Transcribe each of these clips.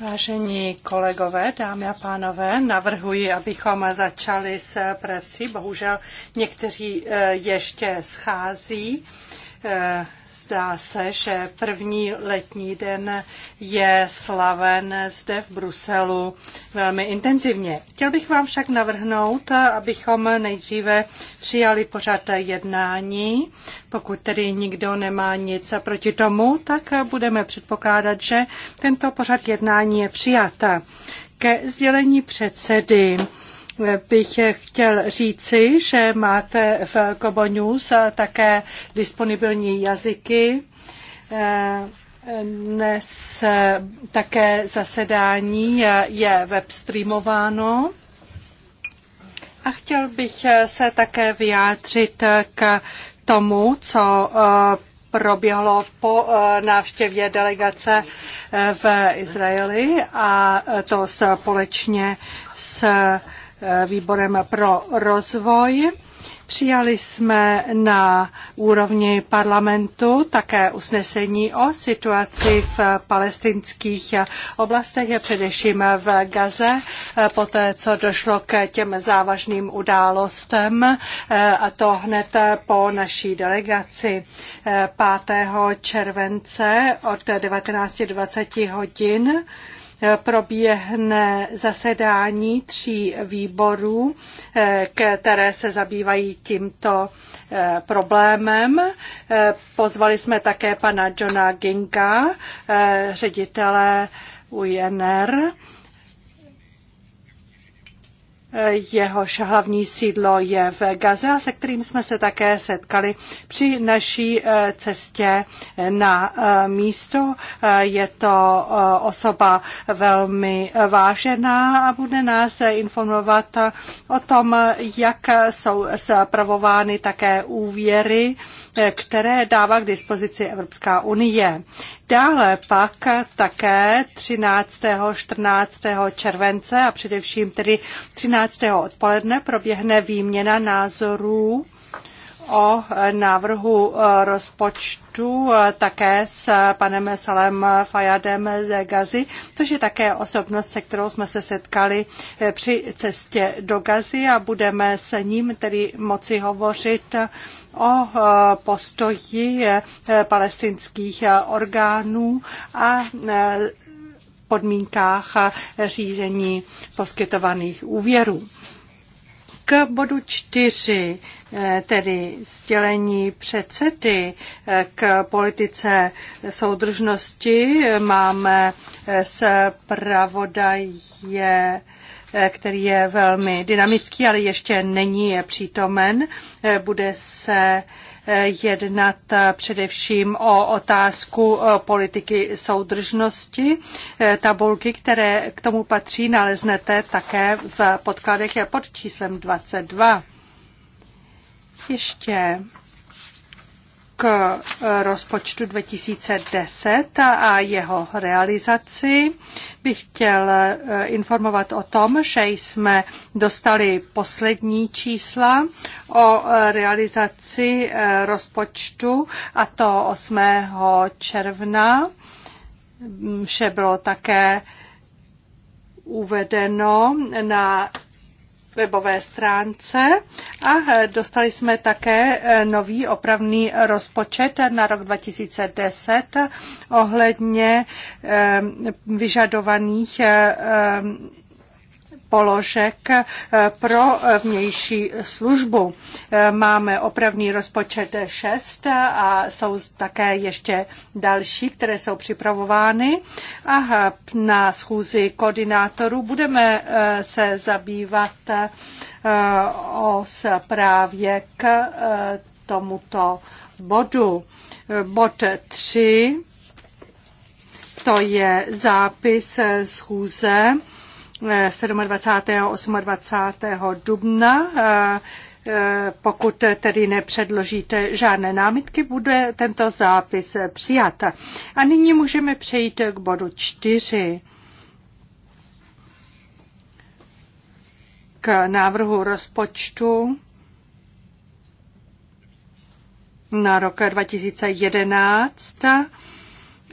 Vážení kolegové, dámy a pánové, navrhuji, abychom začali s prací. Bohužel někteří eh, ještě schází eh, Zdá se, že první letní den je slaven zde v Bruselu velmi intenzivně. Chtěl bych vám však navrhnout, abychom nejdříve přijali pořad jednání. Pokud tedy nikdo nemá nic proti tomu, tak budeme předpokládat, že tento pořad jednání je přijat. Ke sdělení předsedy bych chtěl říci, že máte v Kobo News také disponibilní jazyky. Dnes také zasedání je webstreamováno. A chtěl bych se také vyjádřit k tomu, co eh, proběhlo po eh, návštěvě delegace eh, v Izraeli a to společně s výborem pro rozvoj. Přijali jsme na úrovni parlamentu také usnesení o situaci v palestinských oblastech, především v Gaze, poté co došlo k těm závažným událostem, a to hned po naší delegaci 5. července od 19.20 hodin proběhne zasedání tří výborů, eh, které se zabývají tímto eh, problémem. Eh, pozvali jsme také pana Johna Ginga, ředitele UNR Jehož hlavní sídlo je v Gaze, se kterým jsme se také setkali při naší eh, cestě eh, na eh, místo. Je to osoba velmi vážená a bude nás informovat o tom, jak jsou zpravovány také úvěry, které dává k dispozici Evropská unie. Dále pak také 13. 14. července a především tedy 13 13. odpoledne proběhne výměna názorů o návrhu eh, rozpočtu eh, také s panem Salem Fajadem z Gazy, což je také osobnost, se kterou jsme se setkali eh, při cestě do Gazy a budeme s ním tedy moci hovořit o postoji palestinských orgánů a podmínkách řízení poskytovaných úvěrů. K bodu čtyři, eh, tedy sdělení předsedy eh, k politice soudržnosti, eh, máme zpravodaje který je velmi dynamický, ale ještě není přítomen. Bude se jednat především o otázku eh, politiky soudržnosti. Eh, tabulky, které k tomu patří, naleznete také v podkladech pod číslem 22. Ještě k eh, rozpočtu 2010 a jeho realizaci bych chtěl eh, informovat o tom, že jsme dostali poslední čísla o eh, realizaci rozpočtu a to 8. června, mm, Vše bylo také uvedeno na webové stránce a eh, dostali jsme také eh, nový opravný rozpočet na rok 2010 ohledně eh, vyžadovaných položek eh, pro vnější službu. Eh, máme opravný rozpočet 6 a jsou také ještě další, které jsou připravovány. A na schůzi koordinátorů budeme eh, se zabývat o zprávě k tomuto bodu. Bod 3 to je zápis schůze 27. Eh, a 28. dubna. Eh, eh, pokud tedy nepředložíte žádné námitky, bude tento zápis přijat. A nyní můžeme přejít k bodu 4. K návrhu rozpočtu na rok 2011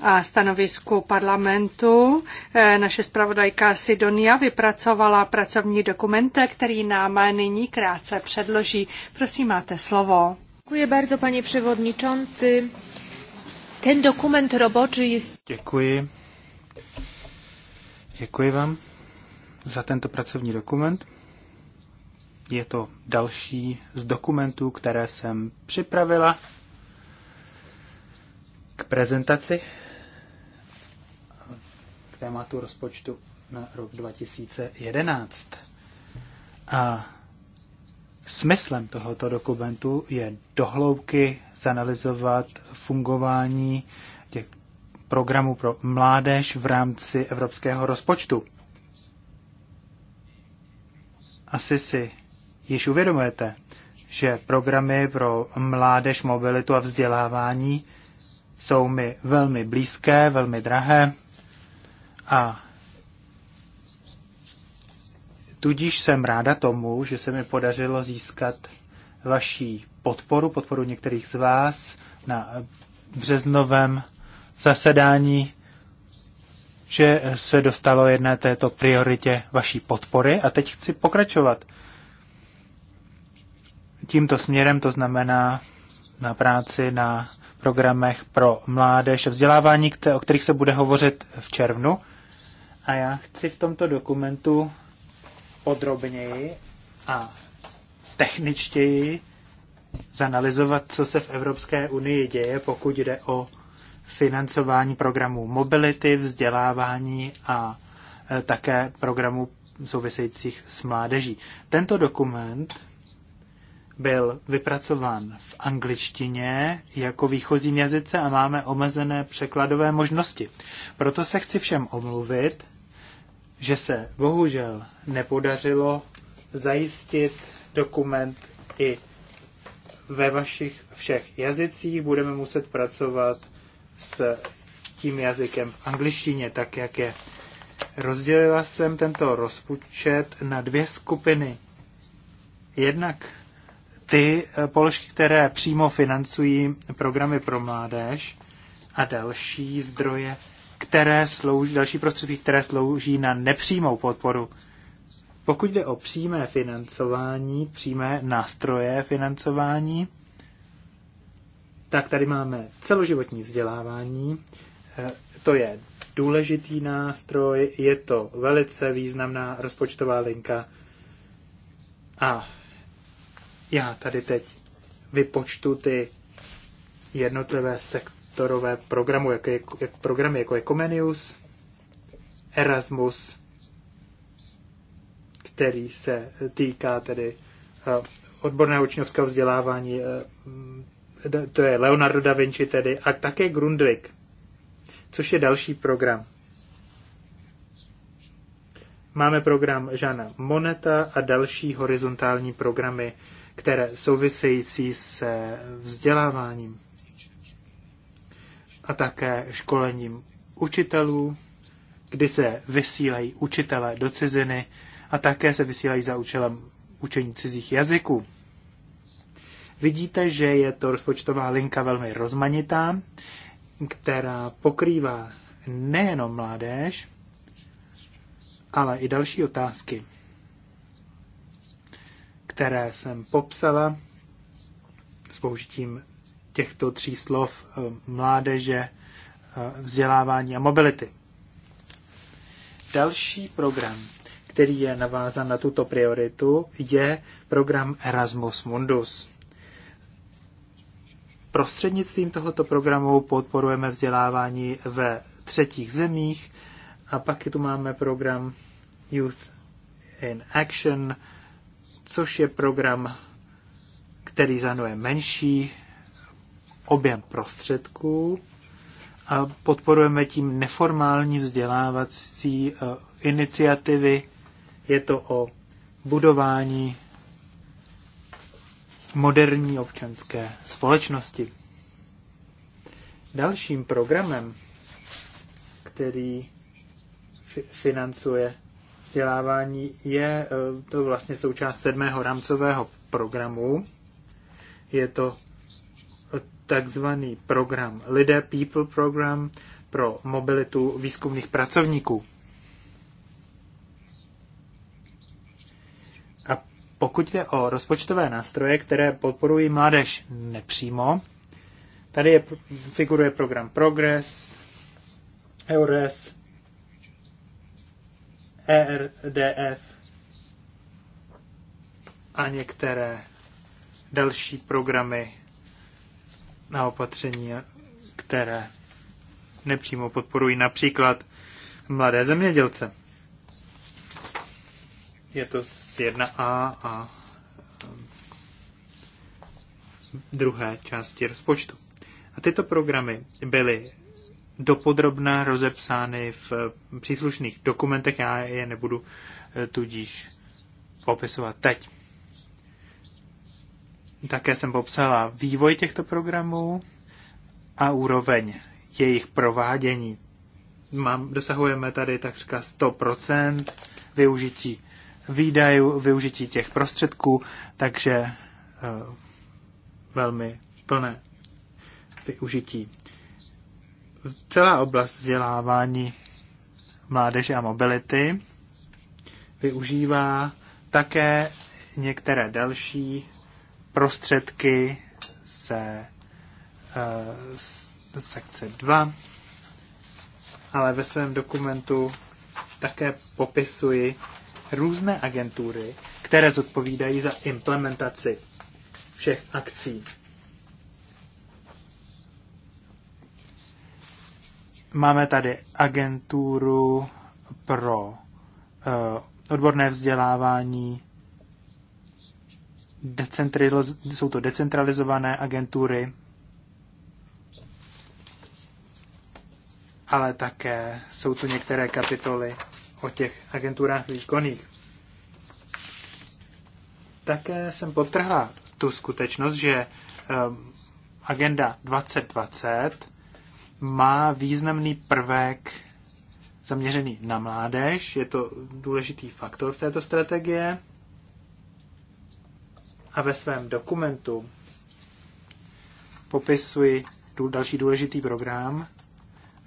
a stanovisku parlamentu. Eh, naše zpravodajka Sidonia vypracovala pracovní dokument, eh, který nám nyní krátce předloží. Prosím, máte slovo. Děkuji bardzo, pane przewodniczący. Ten dokument roboczy jest... Děkuji. Děkuji vám za tento pracovní dokument. Je to další z dokumentů, které jsem připravila k prezentaci tématu rozpočtu na rok 2011. A smyslem tohoto dokumentu je dohloubky zanalizovat fungování těch programů pro mládež v rámci evropského rozpočtu. Asi si již uvědomujete, že programy pro mládež, mobilitu a vzdělávání jsou mi velmi blízké, velmi drahé a tudíž jsem ráda tomu, že se mi podařilo získat vaší podporu, podporu některých z vás na březnovém zasedání, že se dostalo jedné této prioritě vaší podpory a teď chci pokračovat tímto směrem, to znamená na práci na programech pro mládež a vzdělávání, o kterých se bude hovořit v červnu. A já chci v tomto dokumentu podrobněji a techničtěji zanalizovat, co se v Evropské unii děje, pokud jde o financování programů mobility, vzdělávání a e, také programů souvisejících s mládeží. Tento dokument byl vypracován v angličtině jako výchozím jazyce a máme omezené překladové možnosti. Proto se chci všem omluvit, že se bohužel nepodařilo zajistit dokument i ve vašich všech jazycích. Budeme muset pracovat s tím jazykem v angličtině, tak jak je. Rozdělila jsem tento rozpočet na dvě skupiny. Jednak ty eh, položky, které přímo financují programy pro mládež a další zdroje které slouží, další prostředky, které slouží na nepřímou podporu. Pokud jde o přímé financování, přímé nástroje financování, tak tady máme celoživotní vzdělávání. Eh, to je důležitý nástroj, je to velice významná rozpočtová linka. A já tady teď vypočtu ty jednotlivé sektory sektorové programu, jako, je, jak programy jako Ecomenius, Erasmus, který se týká tedy eh, odborného učňovského vzdělávání, eh, hm, to je Leonardo da Vinci tedy, a také Grundvik, což je další program. Máme program Žána Moneta a další horizontální programy, které související se vzděláváním a také školením učitelů, kdy se vysílají učitele do ciziny a také se vysílají za účelem učení cizích jazyků. Vidíte, že je to rozpočtová linka velmi rozmanitá, která pokrývá nejenom mládež, ale i další otázky, které jsem popsala s použitím těchto tří slov eh, mládeže, eh, vzdělávání a mobility. Další program, který je navázan na tuto prioritu, je program Erasmus Mundus. Prostřednictvím tohoto programu podporujeme vzdělávání ve třetích zemích a pak tu máme program Youth in Action, což je program, který zahrnuje menší objem prostředků a podporujeme tím neformální vzdělávací eh, iniciativy. Je to o budování moderní občanské společnosti. Dalším programem, který financuje vzdělávání, je eh, to vlastně součást sedmého rámcového programu. Je to takzvaný program Lidé People Program, pro mobilitu výzkumných pracovníků. A pokud jde o rozpočtové nástroje, které podporují mládež nepřímo, tady je, figuruje program Progress, EURES, ERDF a některé další programy na opatření, které nepřímo podporují například mladé zemědělce. Je to z 1a a um, druhé části rozpočtu. A tyto programy byly dopodrobná rozepsány v eh, příslušných dokumentech, já je nebudu eh, tudíž popisovat teď. Také jsem popsala vývoj těchto programů a úroveň jejich provádění. Mám, dosahujeme tady takřka 100% využití výdajů, využití těch prostředků, takže e, velmi plné využití. Celá oblast vzdělávání mládeže a mobility využívá také některé další prostředky se eh, do sekce 2, ale ve svém dokumentu také popisuji různé agentury, které zodpovídají za implementaci všech akcí. Máme tady agenturu pro uh, odborné vzdělávání, jsou to decentralizované agentury, ale také jsou tu některé kapitoly o těch agenturách výkonných. Také jsem potrhla tu skutečnost, že ehm, agenda 2020 má významný prvek zaměřený na mládež. Je to důležitý faktor této strategie a ve svém dokumentu popisuji další důležitý program,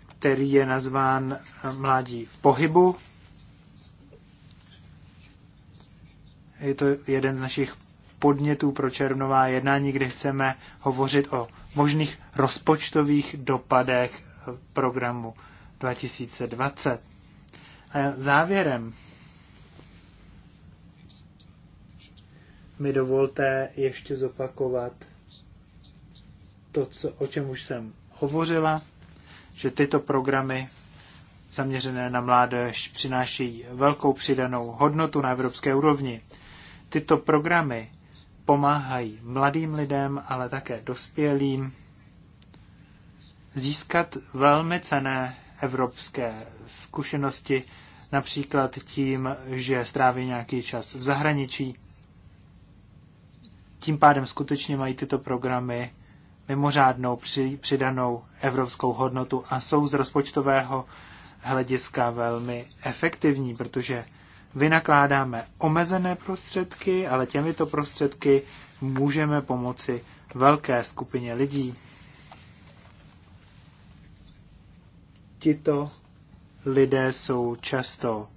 který je nazván eh, Mládí v pohybu. Je to jeden z našich podnětů pro červnová jednání, kde chceme hovořit o možných rozpočtových dopadech eh, programu 2020. A závěrem mi dovolte ještě zopakovat to, co, o čem už jsem hovořila, že tyto programy zaměřené na mládež přináší velkou přidanou hodnotu na evropské úrovni. Tyto programy pomáhají mladým lidem, ale také dospělým získat velmi cené evropské zkušenosti, například tím, že stráví nějaký čas v zahraničí tím pádem skutečně mají tyto programy mimořádnou přidanou evropskou hodnotu a jsou z rozpočtového hlediska velmi efektivní, protože vynakládáme omezené prostředky, ale těmito prostředky můžeme pomoci velké skupině lidí. Tito lidé jsou často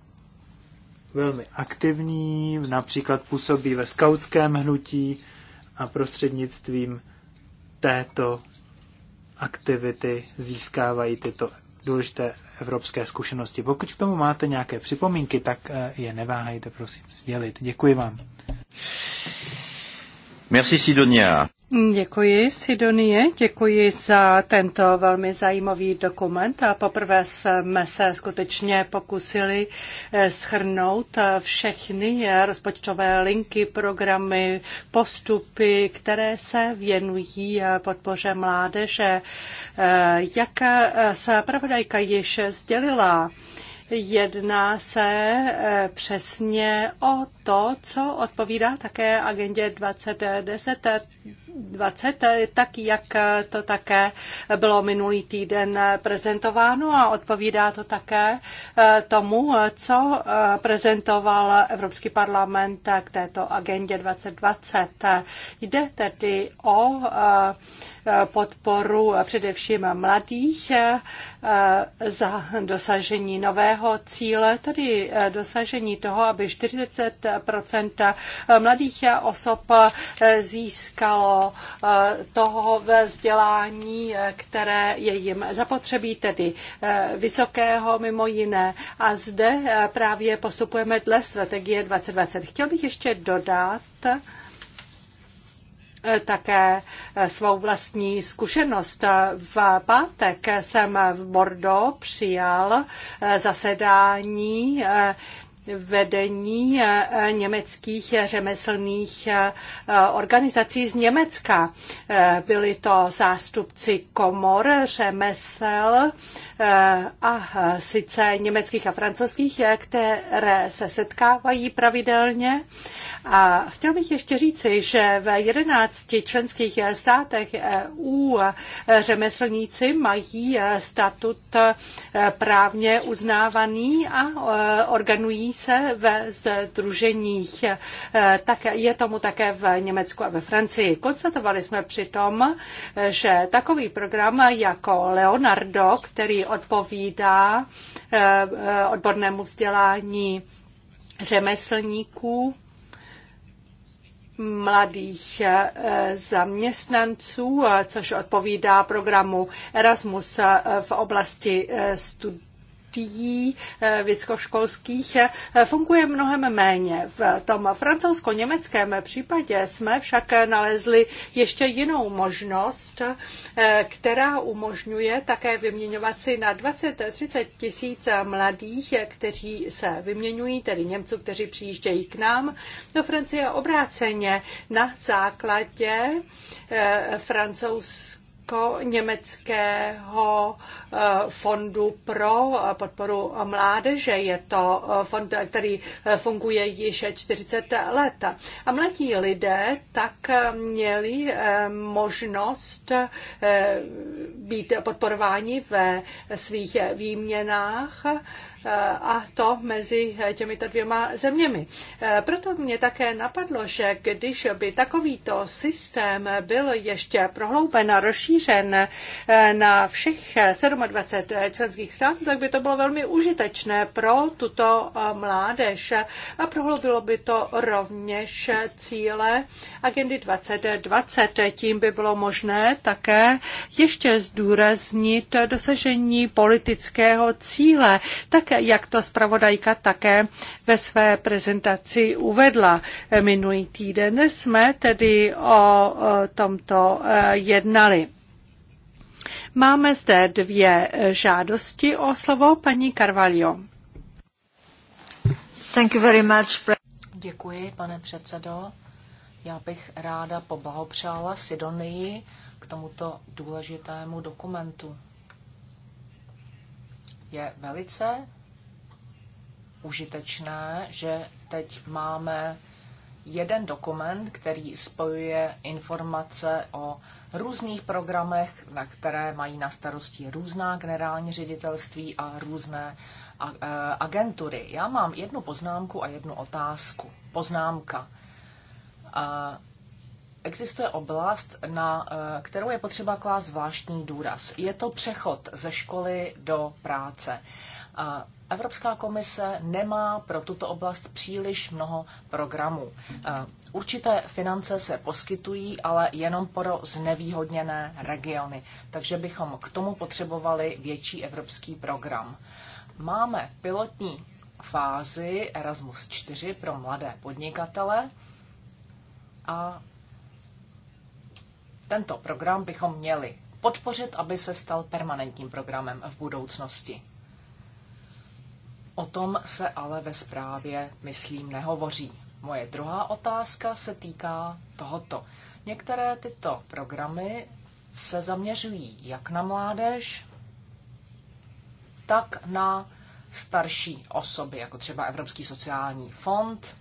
velmi aktivní, například působí ve skautském hnutí a prostřednictvím této aktivity získávají tyto důležité evropské zkušenosti. Pokud k tomu máte nějaké připomínky, tak eh, je neváhejte, prosím, sdělit. Děkuji vám. Merci Sidonia. Děkuji, Sidonie, děkuji za tento velmi zajímavý dokument a poprvé jsme se skutečně pokusili eh, schrnout eh, všechny eh, rozpočtové linky, programy, postupy, které se věnují podpoře mládeže. Jak se pravodajka již sdělila, Jedná se přesně o to, co odpovídá také agendě 2010, 20, tak jak to také bylo minulý týden prezentováno a odpovídá to také eh, tomu, co eh, prezentoval Evropský parlament k této agendě 2020. Jde tedy o eh, podporu především mladých za dosažení nového cíle, tedy dosažení toho, aby 40 mladých osob získalo týkalo eh, toho vzdělání, eh, které je jim zapotřebí, tedy eh, vysokého mimo jiné. A zde právě postupujeme dle strategie 2020. Chtěl bych ještě dodat, také svou vlastní zkušenost. V pátek jsem v Bordeaux přijal zasedání vedení eh, eh, německých eh, řemeslných organizací z Německa. Byli to zástupci komor, řemesel a sice německých a francouzských, které se setkávají pravidelně. A chtěl bych ještě říci, že v 11 členských státech EU řemeslníci mají statut právně uznávaný a organují peníze ve združeních. Eh, tak je tomu také v Německu a ve Francii. Konstatovali jsme přitom, že takový program jako Leonardo, který odpovídá eh, eh, odbornému vzdělání řemeslníků, mladých zaměstnanců, což odpovídá programu Erasmus v oblasti studií studií eh, vysokoškolských eh, funguje mnohem méně. V tom francouzsko-německém případě jsme však nalezli ještě jinou možnost, eh, která umožňuje také vyměňovat si na 20-30 tisíc mladých, kteří se vyměňují, tedy Němců, kteří přijíždějí k nám do Francie obráceně na základě francouzské jako německého eh, fondu pro eh, podporu mládeže. Je to eh, fond, který funguje již 40 let. A mladí lidé tak měli možnost být podporováni ve svých výměnách Eh, a to mezi eh, těmito dvěma zeměmi. Eh, proto mě také napadlo, že když by takovýto systém byl ještě prohlouben a rozšířen na všech 27 členských států, tak by to bylo velmi užitečné pro tuto mládež a prohloubilo by to rovněž cíle agendy 2020. Tím by bylo možné také ještě zdůraznit dosažení politického cíle, také jak to zpravodajka také ve své prezentaci uvedla. Minulý týden jsme tedy o tomto e, jednali. Máme zde dvě žádosti o slovo paní Carvalho. Thank you very much. Děkuji, pane předsedo. Já bych ráda poblahopřála Sidonii k tomuto důležitému dokumentu. Je velice užitečné, že teď máme jeden dokument, který spojuje informace o různých programech, na které mají na starosti různá generální ředitelství a různé e, agentury. Já mám jednu poznámku a jednu otázku. Poznámka. E, existuje oblast, na e, kterou je potřeba klást zvláštní důraz. Je to přechod ze školy do práce. Evropská komise nemá pro tuto oblast příliš mnoho programů. Eh, určité finance se poskytují, ale jenom pro znevýhodněné regiony, takže bychom k tomu potřebovali větší evropský program. Máme pilotní fázi Erasmus 4 pro mladé podnikatele a tento program bychom měli podpořit, aby se stal permanentním programem v budoucnosti. O tom se ale ve zprávě, myslím, nehovoří. Moje druhá otázka se týká tohoto. Některé tyto programy se zaměřují jak na mládež, tak na starší osoby, jako třeba Evropský sociální fond,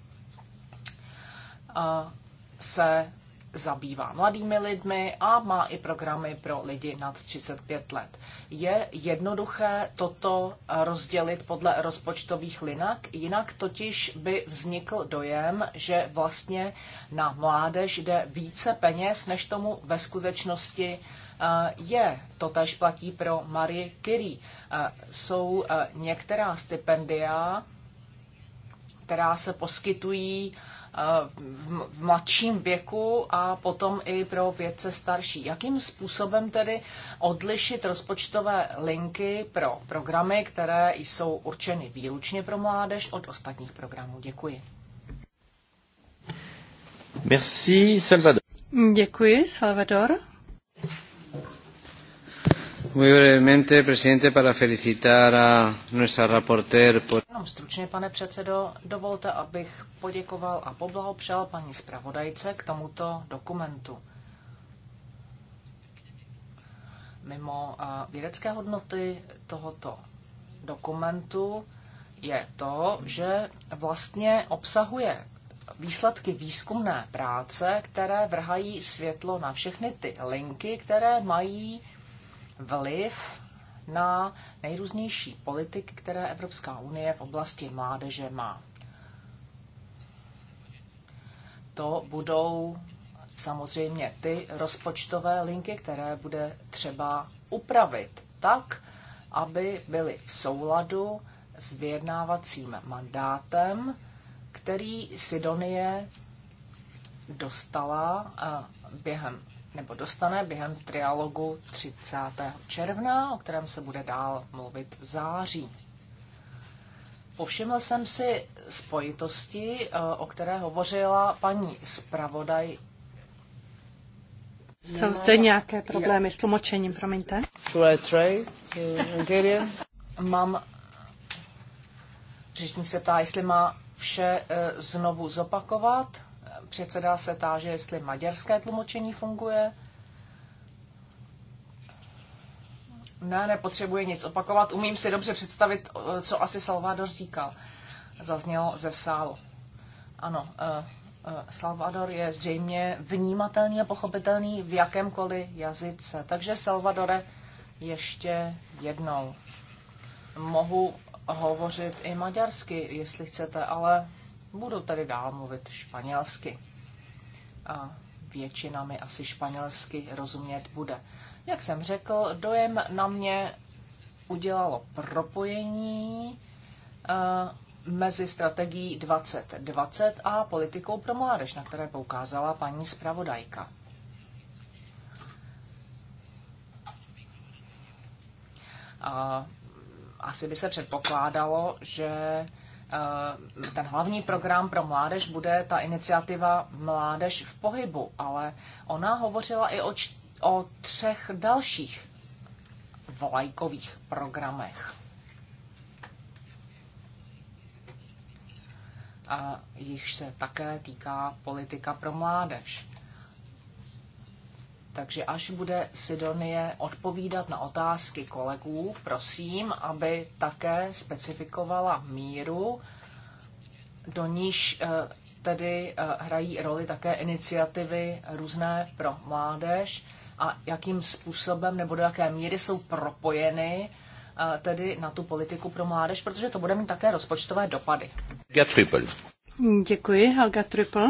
se zabývá mladými lidmi a má i programy pro lidi nad 35 let. Je jednoduché toto rozdělit podle rozpočtových linak, jinak totiž by vznikl dojem, že vlastně na mládež jde více peněz, než tomu ve skutečnosti eh, je. To tež platí pro Marie Curie. Eh, jsou eh, některá stipendia, která se poskytují v mladším věku a potom i pro vědce starší. Jakým způsobem tedy odlišit rozpočtové linky pro programy, které jsou určeny výlučně pro mládež od ostatních programů? Děkuji. Merci, Salvador. Děkuji, Salvador. Muy brevemente, presidente, para felicitar a nuestra reporter por... Jenom stručně, pane předsedo, dovolte, abych poděkoval a poblahopřál paní zpravodajce k tomuto dokumentu. Mimo eh, vědecké hodnoty tohoto dokumentu je to, že vlastně obsahuje výsledky výzkumné práce, které vrhají světlo na všechny ty linky, které mají vliv na nejrůznější politiky, které Evropská unie v oblasti mládeže má. To budou samozřejmě ty rozpočtové linky, které bude třeba upravit tak, aby byly v souladu s vyjednávacím mandátem, který Sidonie dostala eh, během nebo dostane během trialogu 30. června, o kterém se bude dál mluvit v září. Povšiml jsem si spojitosti, eh, o které hovořila paní zpravodaj. Jsou zde nějaké problémy s tlumočením, promiňte. Eh, Mám Řečník se ptá, jestli má vše eh, znovu zopakovat. Předseda se táže, jestli maďarské tlumočení funguje. Ne, nepotřebuje nic opakovat. Umím si dobře představit, co asi Salvador říkal. Zaznělo ze sálu. Ano, e, e, Salvador je zřejmě vnímatelný a pochopitelný v jakémkoliv jazyce. Takže Salvadore, ještě jednou. Mohu hovořit i maďarsky, jestli chcete, ale Budu tady dál mluvit španělsky. A většina mi asi španělsky rozumět bude. Jak jsem řekl, dojem na mě udělalo propojení eh, mezi strategií 2020 a politikou pro mládež, na které poukázala paní zpravodajka. A asi by se předpokládalo, že Eh, ten hlavní program pro mládež bude ta iniciativa Mládež v pohybu, ale ona hovořila i o, č- o třech dalších vlajkových programech. A již se také týká politika pro mládež. Takže až bude Sidonie odpovídat na otázky kolegů, prosím, aby také specifikovala míru, do níž eh, tedy eh, hrají roli také iniciativy různé pro mládež a jakým způsobem nebo do jaké míry jsou propojeny eh, tedy na tu politiku pro mládež, protože to bude mít také rozpočtové dopady. Děkuji, Helga Triple.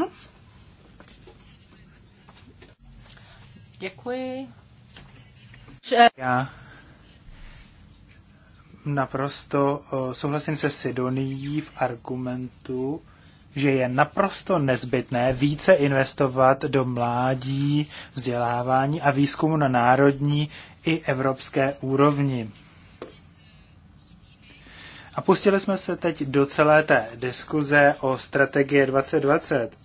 Děkuji. Já naprosto eh, souhlasím se Sidonií v argumentu, že je naprosto nezbytné více investovat do mládí, vzdělávání a výzkumu na národní i evropské úrovni. A pustili jsme se teď do celé té diskuze o strategie 2020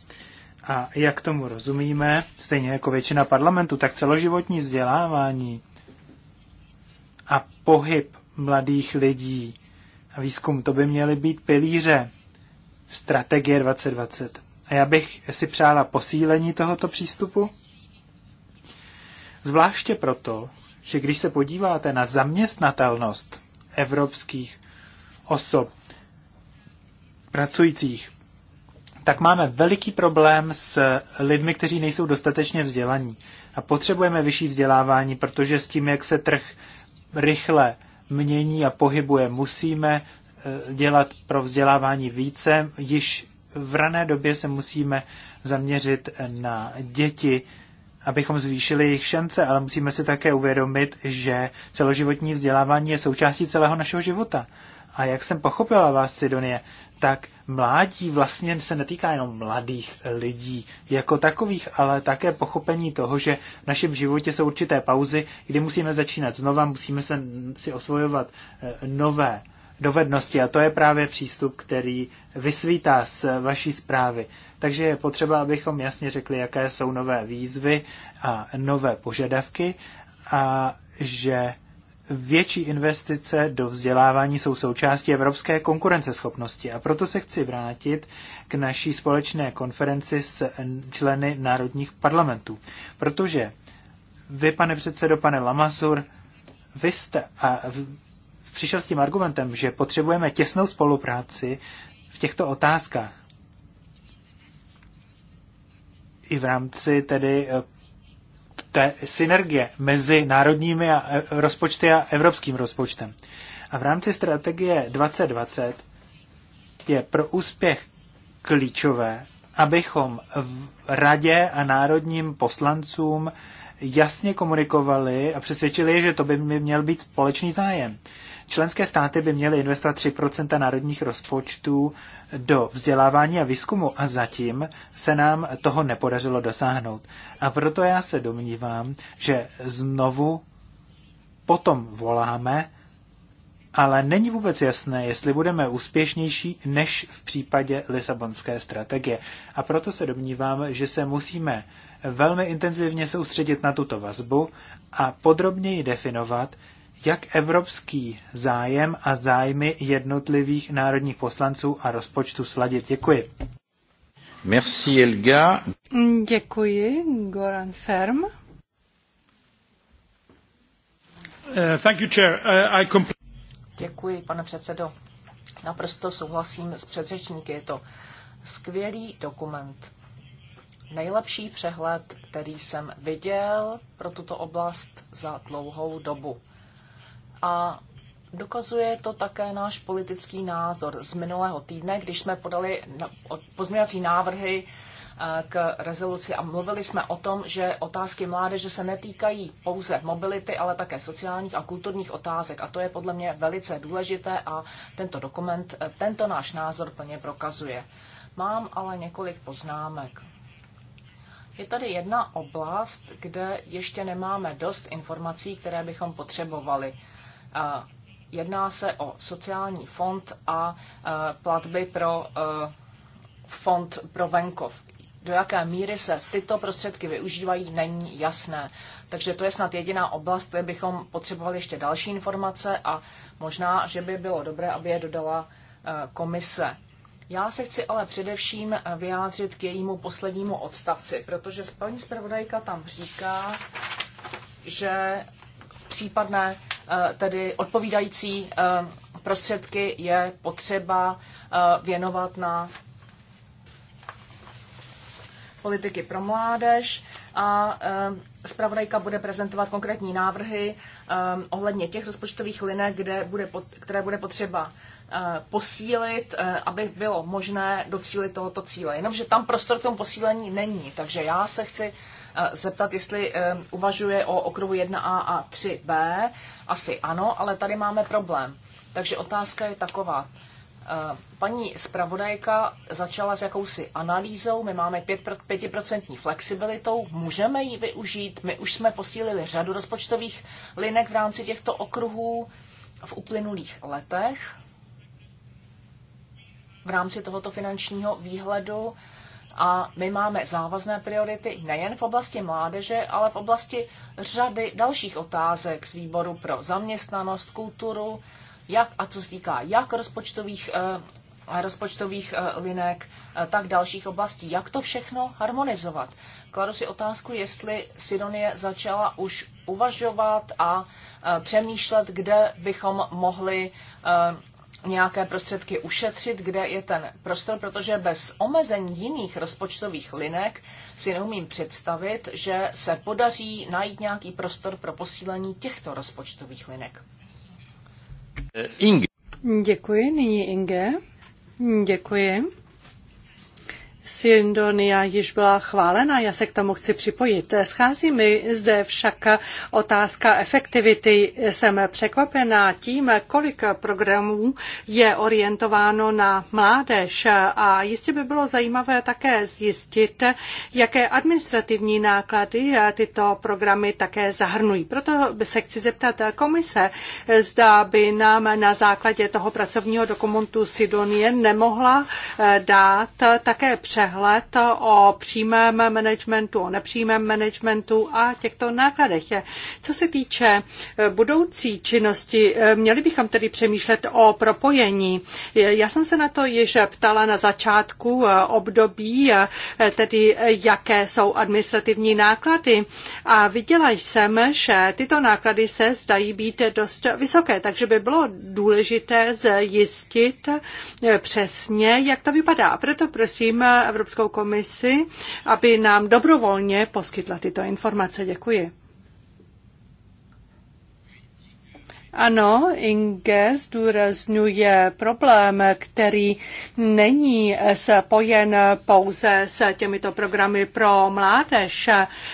a jak tomu rozumíme, stejně jako většina parlamentu, tak celoživotní vzdělávání a pohyb mladých lidí a výzkum, to by měly být pilíře strategie 2020. A já bych si přála posílení tohoto přístupu, zvláště proto, že když se podíváte na zaměstnatelnost evropských osob pracujících tak máme veliký problém s lidmi, kteří nejsou dostatečně vzdělaní. A potřebujeme vyšší vzdělávání, protože s tím, jak se trh rychle mění a pohybuje, musíme eh, dělat pro vzdělávání více. Již v rané době se musíme zaměřit na děti, abychom zvýšili jejich šance, ale musíme si také uvědomit, že celoživotní vzdělávání je součástí celého našeho života. A jak jsem pochopila vás, Sidonie, tak mládí vlastně se netýká jenom mladých lidí jako takových, ale také pochopení toho, že v našem životě jsou určité pauzy, kdy musíme začínat znova, musíme se, si osvojovat eh, nové dovednosti a to je právě přístup, který vysvítá z vaší zprávy. Takže je potřeba, abychom jasně řekli, jaké jsou nové výzvy a nové požadavky a že větší investice do vzdělávání jsou součástí evropské konkurenceschopnosti a proto se chci vrátit k naší společné konferenci s členy národních parlamentů. Protože vy, pane předsedo, pane Lamasur, vy jste a přišel s tím argumentem, že potřebujeme těsnou spolupráci v těchto otázkách i v rámci tedy té synergie mezi národními a e, rozpočty a evropským rozpočtem. A v rámci strategie 2020 je pro úspěch klíčové, abychom v radě a národním poslancům jasně komunikovali a přesvědčili, že to by měl být společný zájem. Členské státy by měly investovat 3 národních rozpočtů do vzdělávání a výzkumu a zatím se nám toho nepodařilo dosáhnout. A proto já se domnívám, že znovu potom voláme, ale není vůbec jasné, jestli budeme úspěšnější než v případě Lisabonské strategie. A proto se domnívám, že se musíme velmi intenzivně soustředit na tuto vazbu a podrobněji definovat, jak evropský zájem a zájmy jednotlivých národních poslanců a rozpočtu sladit. Děkuji. Merci Elga. Děkuji, Goran Ferm. Uh, thank you, chair. Uh, I Děkuji, pane předsedo. Naprosto souhlasím s předřečníky. Je to skvělý dokument. Nejlepší přehled, který jsem viděl pro tuto oblast za dlouhou dobu a dokazuje to také náš politický názor z minulého týdne, když jsme podali pozměňovací návrhy eh, k rezoluci a mluvili jsme o tom, že otázky mládeže se netýkají pouze mobility, ale také sociálních a kulturních otázek. A to je podle mě velice důležité a tento dokument, eh, tento náš názor plně prokazuje. Mám ale několik poznámek. Je tady jedna oblast, kde ještě nemáme dost informací, které bychom potřebovali. Jedná se o sociální fond a e, platby pro e, fond pro venkov. Do jaké míry se tyto prostředky využívají, není jasné. Takže to je snad jediná oblast, kde bychom potřebovali ještě další informace a možná, že by bylo dobré, aby je dodala e, komise. Já se chci ale především vyjádřit k jejímu poslednímu odstavci, protože paní zpravodajka tam říká, že případné Eh, tedy odpovídající eh, prostředky je potřeba eh, věnovat na politiky pro mládež a zpravodajka bude prezentovat konkrétní návrhy ohledně těch rozpočtových linek, kde bude, které bude potřeba posílit, aby bylo možné docílit tohoto cíle. Jenomže tam prostor k tomu posílení není. Takže já se chci zeptat, jestli uvažuje o okruhu 1A a 3B. Asi ano, ale tady máme problém. Takže otázka je taková. Paní zpravodajka začala s jakousi analýzou, my máme 5% flexibilitou, můžeme ji využít, my už jsme posílili řadu rozpočtových linek v rámci těchto okruhů v uplynulých letech v rámci tohoto finančního výhledu a my máme závazné priority nejen v oblasti mládeže, ale v oblasti řady dalších otázek z výboru pro zaměstnanost, kulturu, jak a co se týká jak rozpočtových eh, rozpočtových eh, linek, eh, tak dalších oblastí. Jak to všechno harmonizovat? Kladu si otázku, jestli Sidonie začala už uvažovat a přemýšlet, kde bychom mohli nějaké prostředky ušetřit, kde je ten prostor, protože bez omezení jiných rozpočtových linek si neumím představit, že se podaří najít nějaký prostor pro posílení těchto rozpočtových linek. Eh, Inge. Děkuji, nyní Inge. Děkuji. Sindonia již byla chválena, já se k tomu chci připojit. Schází mi zde však otázka efektivity. Jsem překvapená tím, kolik programů je orientováno na mládež a jistě by bylo zajímavé také zjistit, jaké administrativní náklady tyto programy také zahrnují. Proto by se chci zeptat komise, zda by nám na základě toho pracovního dokumentu Sidonie nemohla dát také před přehled o přímém managementu, o nepřímém managementu a těchto nákladech. Co se týče eh, budoucí činnosti, eh, měli bychom tedy přemýšlet o propojení. Eh, já jsem se na to již ptala na začátku období, tedy jaké jsou administrativní náklady a viděla jsem, že tyto náklady se zdají být dost vysoké, takže by bylo důležité zjistit přesně, jak to vypadá. proto prosím Evropskou komisi, aby nám dobrovolně poskytla tyto informace. Děkuji. Ano, Inge zdůraznuje problém, který není spojen pouze s těmito programy pro mládež.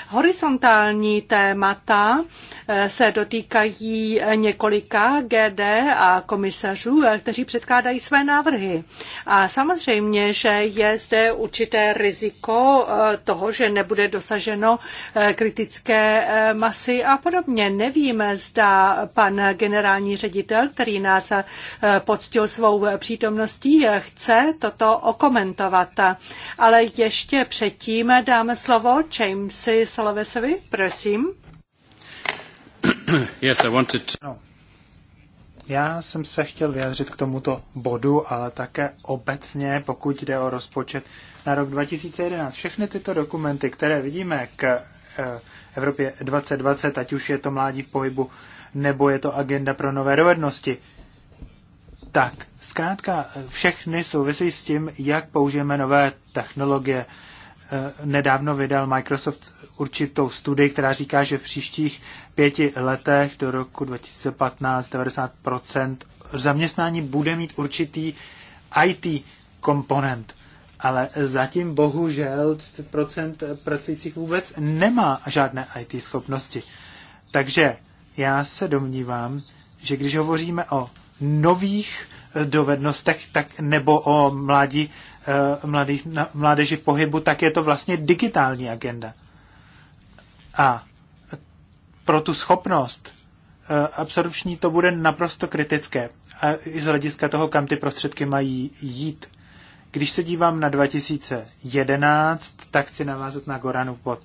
Horizontální témata eh, se dotýkají několika GD a komisařů, eh, kteří předkládají své návrhy. A samozřejmě, že je zde určité riziko eh, toho, že nebude dosaženo kritické masy a podobně. Nevíme, zda pan generální generální ředitel, který nás eh, poctil svou přítomností, chce toto okomentovat. Ale ještě předtím dáme slovo Jamesi Salovesovi, prosím. Yes, I wanted to... no. Já jsem se chtěl vyjádřit k tomuto bodu, ale také obecně, pokud jde o rozpočet na rok 2011. Všechny tyto dokumenty, které vidíme k eh, Evropě 2020, ať už je to mládí v pohybu, nebo je to agenda pro nové dovednosti. Tak, zkrátka, všechny souvisí s tím, jak použijeme nové technologie. Eh, nedávno vydal Microsoft určitou studii, která říká, že v příštích pěti letech do roku 2015 90% zaměstnání bude mít určitý IT komponent. Ale zatím bohužel 30% pracujících vůbec nemá žádné IT schopnosti. Takže já se domnívám, že když hovoříme o nových eh, dovednostech tak, nebo o mládí, eh, mladých, mládeži pohybu, tak je to vlastně digitální agenda. A pro tu schopnost eh, absorpční to bude naprosto kritické. A i z hlediska toho, kam ty prostředky mají jít. Když se dívám na 2011, tak chci navázat na Goranu pod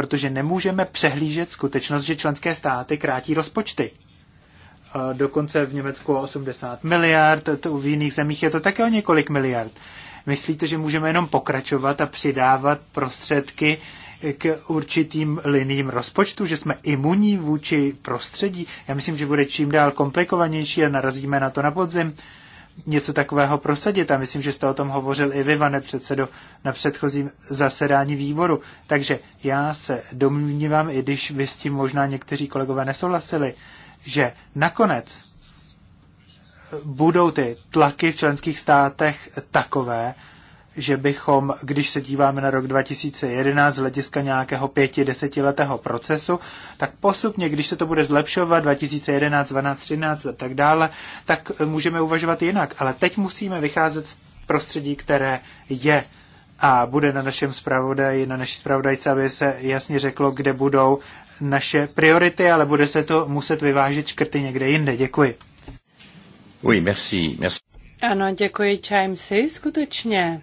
protože nemůžeme přehlížet skutečnost, že členské státy krátí rozpočty. Eh, dokonce v Německu 80 miliard, to v jiných zemích je to také o několik miliard. Myslíte, že můžeme jenom pokračovat a přidávat prostředky k určitým liním rozpočtu, že jsme imunní vůči prostředí? Já myslím, že bude čím dál komplikovanější a narazíme na to na podzim něco takového prosadit. A myslím, že jste o tom hovořil i vy, pane předsedo, na předchozím zasedání výboru. Takže já se domnívám, i když vy s tím možná někteří kolegové nesouhlasili, že nakonec budou ty tlaky v členských státech takové, že bychom, když se díváme na rok 2011 z hlediska nějakého pěti, desetiletého procesu, tak postupně, když se to bude zlepšovat 2011, 12, 13 a tak dále, tak můžeme uvažovat jinak. Ale teď musíme vycházet z prostředí, které je a bude na našem zpravodaji, na naší zpravodajce, aby se jasně řeklo, kde budou naše priority, ale bude se to muset vyvážit škrty někde jinde. Děkuji. Oui, merci, merci. Ano, děkuji Jamesy. Skutečně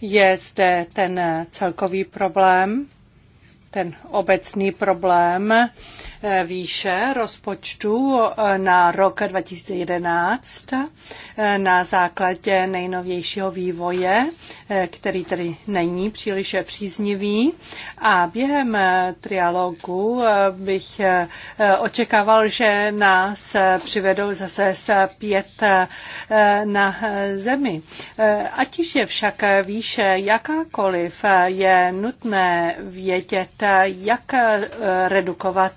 je zde ten celkový problém, ten obecný problém výše rozpočtu eh, na rok 2011 eh, na základě nejnovějšího vývoje, eh, který tedy není příliš příznivý. A během trialogu bych očekával, že nás přivedou zase zpět na zemi. Ať již je však výše jakákoliv, je nutné vědět, jak redukovat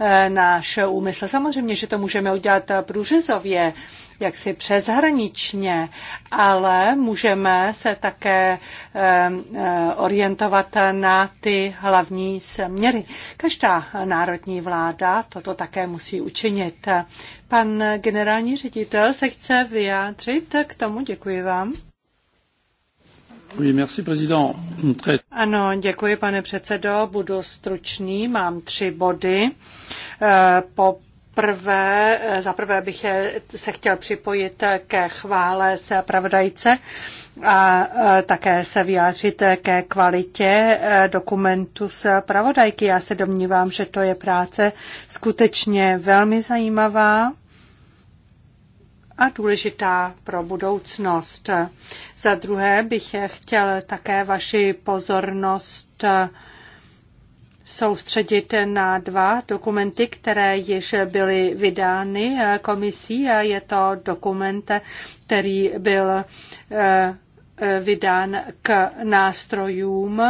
Eh, náš úmysl. Samozřejmě, že to můžeme udělat průřezově, jaksi přeshraničně, ale můžeme se také eh, eh, orientovat na ty hlavní směry. Každá národní vláda toto také musí učinit. Pan generální ředitel se chce vyjádřit k tomu. Děkuji vám. Ano, děkuji, pane předsedo. Budu stručný, mám tři body. Eh, po prvé, eh, za prvé bych se chtěl připojit ke chvále se pravodajce a eh, také se vyjádřit ke kvalitě dokumentu z pravodajky. Já se domnívám, že to je práce skutečně velmi zajímavá a důležitá pro budoucnost. Za druhé bych chtěl také vaši pozornost soustředit na dva dokumenty, které již byly vydány komisí. Je to dokument, který byl eh, vydán k nástrojům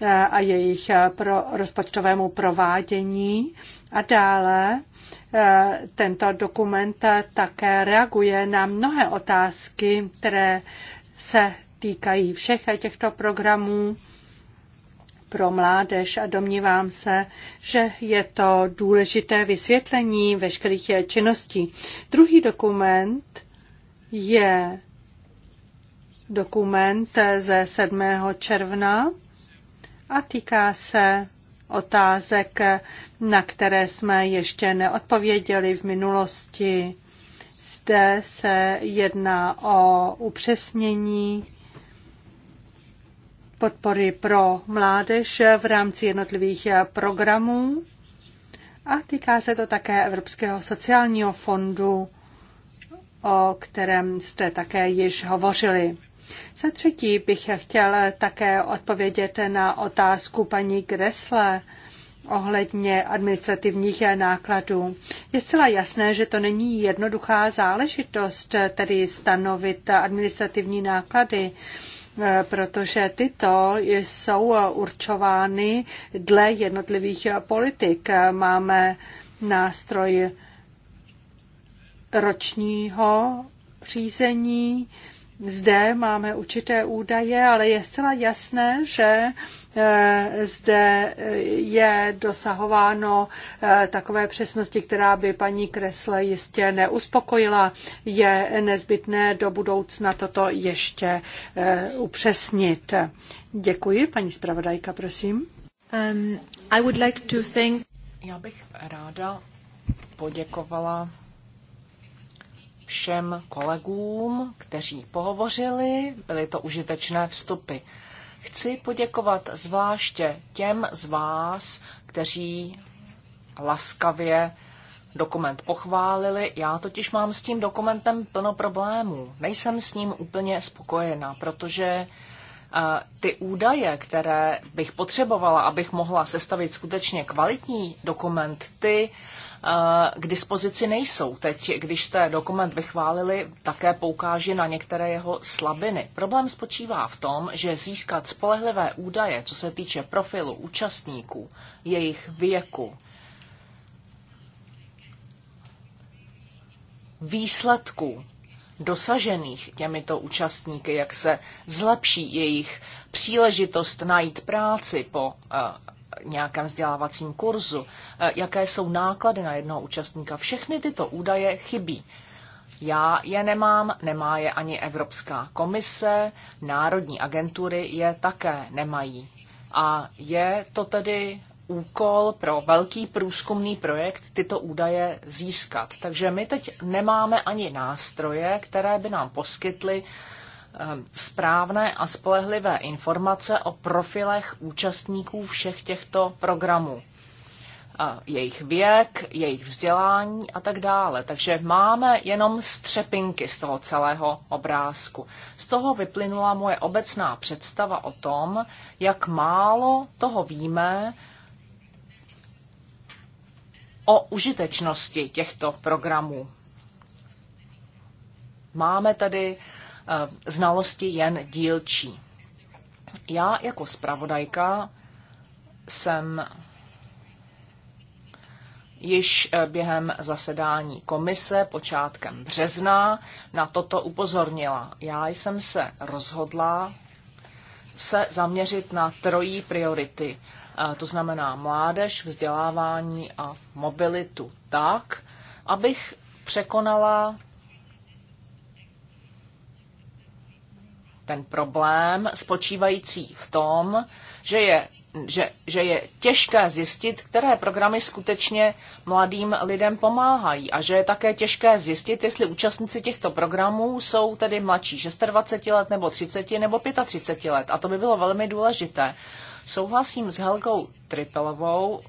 Eh, a jejich eh, pro rozpočtovému provádění. A dále eh, tento dokument také reaguje na mnohé otázky, které se týkají všech těchto programů pro mládež a domnívám se, že je to důležité vysvětlení veškerých činností. Druhý dokument je dokument ze 7. června a týká se otázek, na které jsme ještě neodpověděli v minulosti. Zde se jedná o upřesnění podpory pro mládež v rámci jednotlivých programů a týká se to také Evropského sociálního fondu, o kterém jste také již hovořili. Za třetí bych chtěl také odpovědět na otázku paní Gressle ohledně administrativních nákladů. Je zcela jasné, že to není jednoduchá záležitost, tedy stanovit administrativní náklady protože tyto jsou určovány dle jednotlivých politik. Máme nástroj ročního řízení, zde máme určité údaje, ale je zcela jasné, že eh, zde eh, je dosahováno eh, takové přesnosti, která by paní Kresle jistě neuspokojila. Je nezbytné do budoucna toto ještě upřesnit. Děkuji. Paní zpravodajka, prosím. Um, I would like to Já bych ráda poděkovala všem kolegům, kteří pohovořili. Byly to užitečné vstupy. Chci poděkovat zvláště těm z vás, kteří laskavě dokument pochválili. Já totiž mám s tím dokumentem plno problémů. Nejsem s ním úplně spokojená, protože eh, ty údaje, které bych potřebovala, abych mohla sestavit skutečně kvalitní dokument, ty uh, Eh, k dispozici nejsou. Teď, když jste dokument vychválili, také poukáže na některé jeho slabiny. Problém spočívá v tom, že získat spolehlivé údaje, co se týče profilu účastníků, jejich věku, výsledků dosažených těmito účastníky, jak se zlepší jejich příležitost najít práci po eh, nějakém vzdělávacím kurzu, eh, jaké jsou náklady na jednoho účastníka. Všechny tyto údaje chybí. Já je nemám, nemá je ani Evropská komise, národní agentury je také nemají. A je to tedy úkol pro velký průzkumný projekt tyto údaje získat. Takže my teď nemáme ani nástroje, které by nám poskytly Ehm, správné a spolehlivé informace o profilech účastníků všech těchto programů. Jejich věk, jejich vzdělání a tak dále. Takže máme jenom střepinky z toho celého obrázku. Z toho vyplynula moje obecná představa o tom, jak málo toho víme o užitečnosti těchto programů. Máme tady Eh, znalosti jen dílčí. Já jako zpravodajka jsem již eh, během zasedání komise počátkem března na toto upozornila. Já jsem se rozhodla se zaměřit na trojí priority, eh, to znamená mládež, vzdělávání a mobilitu, tak, abych překonala ten problém spočívající v tom, že je, že, že je těžké zjistit, které programy skutečně mladým lidem pomáhají a že je také těžké zjistit, jestli účastníci těchto programů jsou tedy mladší 26 let nebo 30 nebo 35 let. A to by bylo velmi důležité. Souhlasím s Helgou Tripelovou,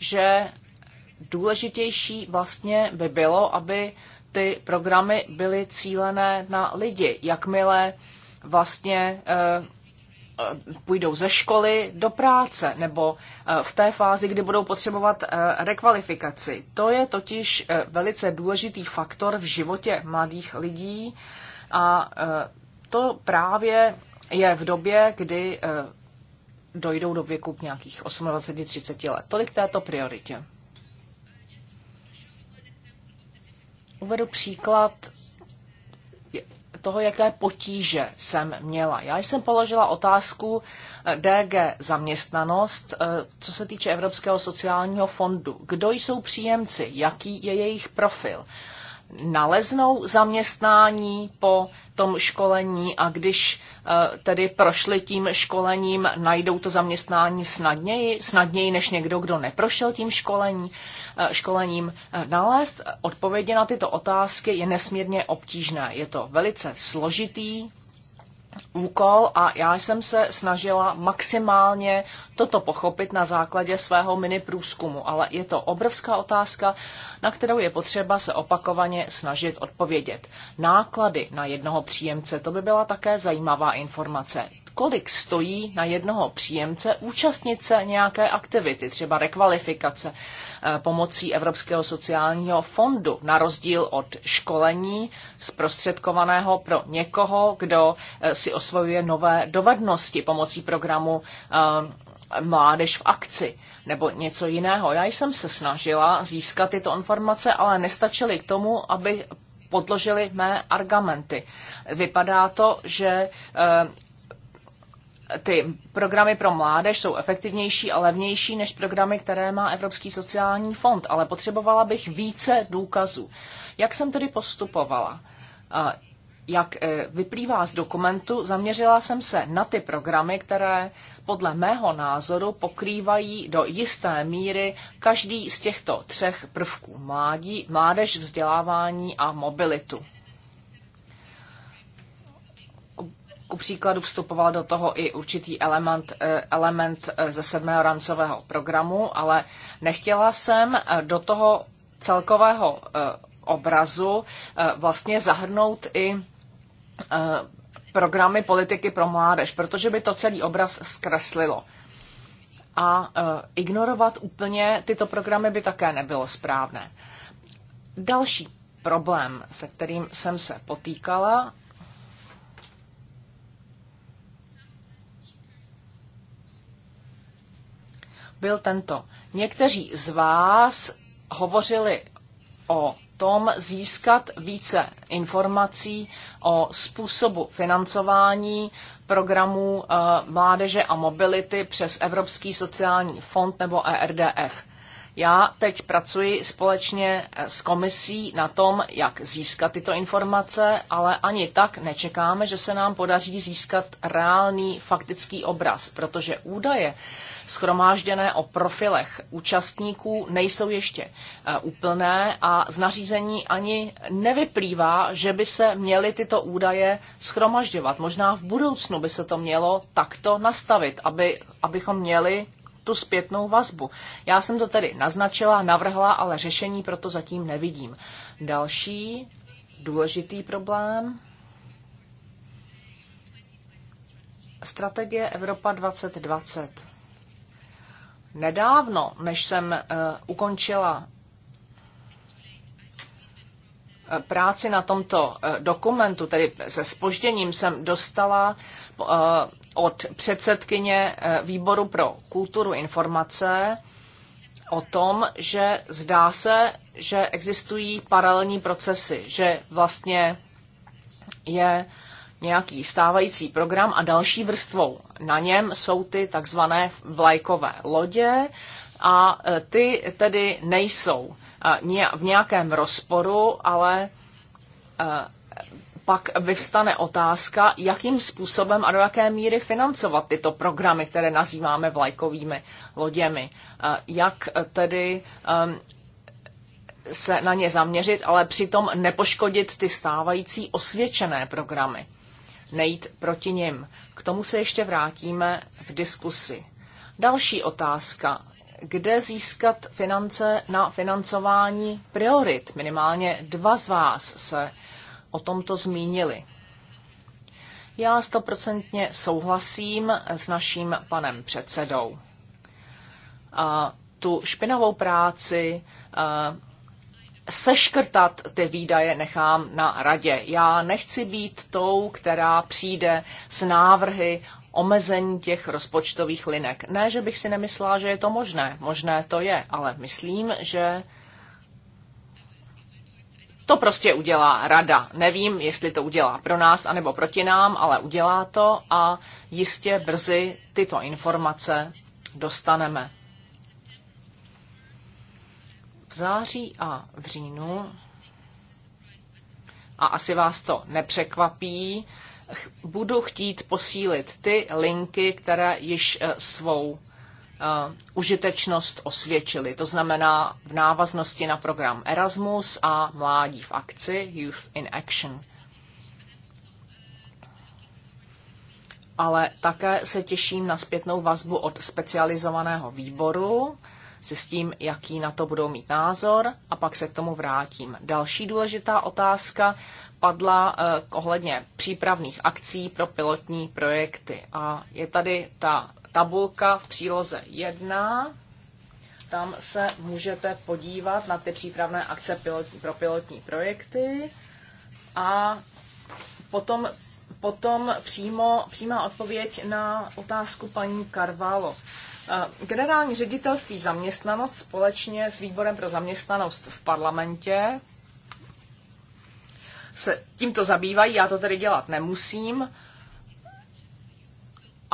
že důležitější vlastně by bylo, aby ty programy byly cílené na lidi. Jakmile uh, vlastně eh, půjdou ze školy do práce nebo eh, v té fázi, kdy budou potřebovat eh, rekvalifikaci. To je totiž velice důležitý faktor v životě mladých lidí a to právě je v době, kdy dojdou do věku nějakých 28-30 let. Tolik této prioritě. Uvedu příklad toho, jaké potíže jsem měla. Já jsem položila otázku eh, DG zaměstnanost, eh, co se týče Evropského sociálního fondu. Kdo jsou příjemci, jaký je jejich profil? naleznou zaměstnání po tom školení a když eh, tedy prošli tím školením, najdou to zaměstnání snadněji, snadněji než někdo, kdo neprošel tím školení, eh, školením. Eh, nalézt odpovědi na tyto otázky je nesmírně obtížné. Je to velice složitý úkol a já jsem se snažila maximálně toto pochopit na základě svého mini průzkumu, ale je to obrovská otázka, na kterou je potřeba se opakovaně snažit odpovědět. Náklady na jednoho příjemce, to by byla také zajímavá informace kolik stojí na jednoho příjemce účastnit se nějaké aktivity, třeba rekvalifikace eh, pomocí Evropského sociálního fondu, na rozdíl od školení zprostředkovaného pro někoho, kdo eh, si osvojuje nové dovednosti pomocí programu eh, mládež v akci nebo něco jiného. Já jsem se snažila získat tyto informace, ale nestačily k tomu, aby podložili mé argumenty. Vypadá to, že ty programy pro mládež jsou efektivnější a levnější než programy, které má Evropský sociální fond, ale potřebovala bych více důkazů. Jak jsem tedy postupovala? Jak e, vyplývá z dokumentu, zaměřila jsem se na ty programy, které podle mého názoru pokrývají do jisté míry každý z těchto třech prvků mládí, mládež, vzdělávání a mobilitu. ku příkladu vstupoval do toho i určitý element, eh, element eh, ze sedmého rancového programu, ale nechtěla jsem eh, do toho celkového obrazu vlastně zahrnout i programy politiky pro mládež, protože by to celý obraz zkreslilo. A ignorovat úplně tyto programy by také nebylo správné. Další problém, se kterým jsem se potýkala, byl tento. Někteří z vás hovořili o tom získat více informací o způsobu financování programů eh, mládeže a mobility přes Evropský sociální fond nebo ERDF. Já teď pracuji společně eh, s komisí na tom, jak získat tyto informace, ale ani tak nečekáme, že se nám podaří získat reálný faktický obraz, protože údaje schromážděné o profilech účastníků nejsou ještě eh, úplné a z nařízení ani nevyplývá, že by se měly tyto údaje schromažďovat. Možná v budoucnu by se to mělo takto nastavit, aby, abychom měli tu zpětnou vazbu. Já jsem to tedy naznačila, navrhla, ale řešení proto zatím nevidím. Další důležitý problém. Strategie Evropa 2020. Nedávno, než jsem uh, ukončila eh, práci na tomto eh, dokumentu, tedy se spožděním, jsem dostala od předsedkyně eh, výboru pro kulturu informace o tom, že zdá se, že existují paralelní procesy, že vlastně je nějaký stávající program a další vrstvou na něm jsou ty takzvané vlajkové lodě a eh, ty tedy nejsou eh, v nějakém rozporu, ale pak vyvstane otázka, jakým způsobem a do jaké míry financovat tyto programy, které nazýváme vlajkovými loděmi. Eh, jak tedy ehm, se na ně zaměřit, ale přitom nepoškodit ty stávající osvědčené programy. Nejít proti nim. K tomu se ještě vrátíme v diskusi. Další otázka. Kde získat finance na financování priorit? Minimálně dva z vás se o tomto zmínili. Já stoprocentně souhlasím s naším panem předsedou. A tu špinavou práci seškrtat ty výdaje nechám na radě. Já nechci být tou, která přijde s návrhy omezení těch rozpočtových linek. Ne, že bych si nemyslela, že je to možné. Možné to je, ale myslím, že to prostě udělá rada. Nevím, jestli to udělá pro nás anebo proti nám, ale udělá to a jistě brzy tyto informace dostaneme. V září a v říjnu, a asi vás to nepřekvapí, budu chtít posílit ty linky, které již eh, svou Uh, užitečnost osvědčili. To znamená v návaznosti na program Erasmus a Mládí v akci, Youth in Action. Ale také se těším na zpětnou vazbu od specializovaného výboru, s tím, jaký na to budou mít názor a pak se k tomu vrátím. Další důležitá otázka padla eh, ohledně přípravných akcí pro pilotní projekty. A je tady ta tabulka v příloze 1. Tam se můžete podívat na ty přípravné akce pro pilotní projekty a potom, potom přímo, přímá odpověď na otázku paní Karvalo. Eh, generální ředitelství zaměstnanost společně s výborem pro zaměstnanost v parlamentě se tímto zabývají, já to tedy dělat nemusím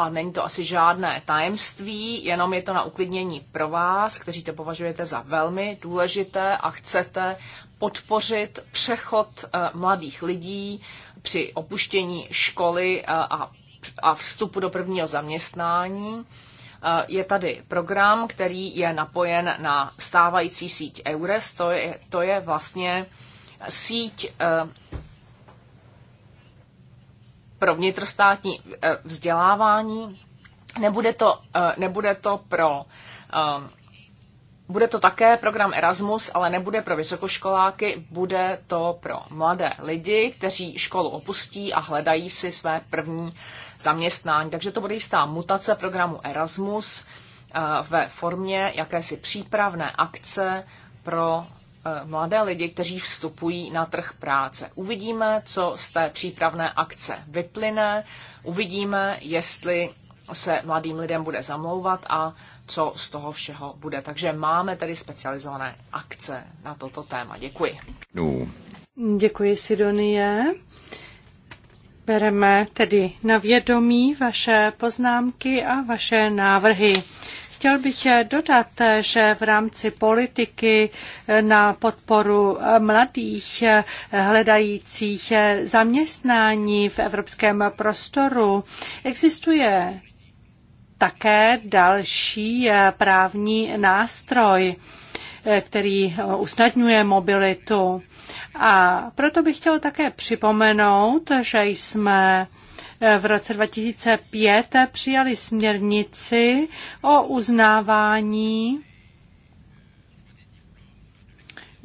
a není to asi žádné tajemství, jenom je to na uklidnění pro vás, kteří to považujete za velmi důležité a chcete podpořit přechod eh, mladých lidí při opuštění školy eh, a, a vstupu do prvního zaměstnání. Eh, je tady program, který je napojen na stávající síť EURES, to je, to je vlastně síť pro vnitrostátní eh, vzdělávání, nebude to, eh, nebude to pro eh, bude to také program Erasmus, ale nebude pro vysokoškoláky, bude to pro mladé lidi, kteří školu opustí a hledají si své první zaměstnání. Takže to bude jistá mutace programu Erasmus ve formě jakési přípravné akce pro Eh, mladé lidi, kteří vstupují na trh práce. Uvidíme, co z té přípravné akce vyplyne, uvidíme, jestli se mladým lidem bude zamlouvat a co z toho všeho bude. Takže máme tedy specializované akce na toto téma. Děkuji. No. Děkuji, Sidonie. Bereme tedy na vědomí vaše poznámky a vaše návrhy. Chtěl bych eh, dodat, eh, že v rámci politiky eh, na podporu mladých hledajících zaměstnání v evropském prostoru existuje také další právní nástroj, který usnadňuje mobilitu. A proto bych chtěl také připomenout, že jsme v roce 2005 přijali směrnici o uznávání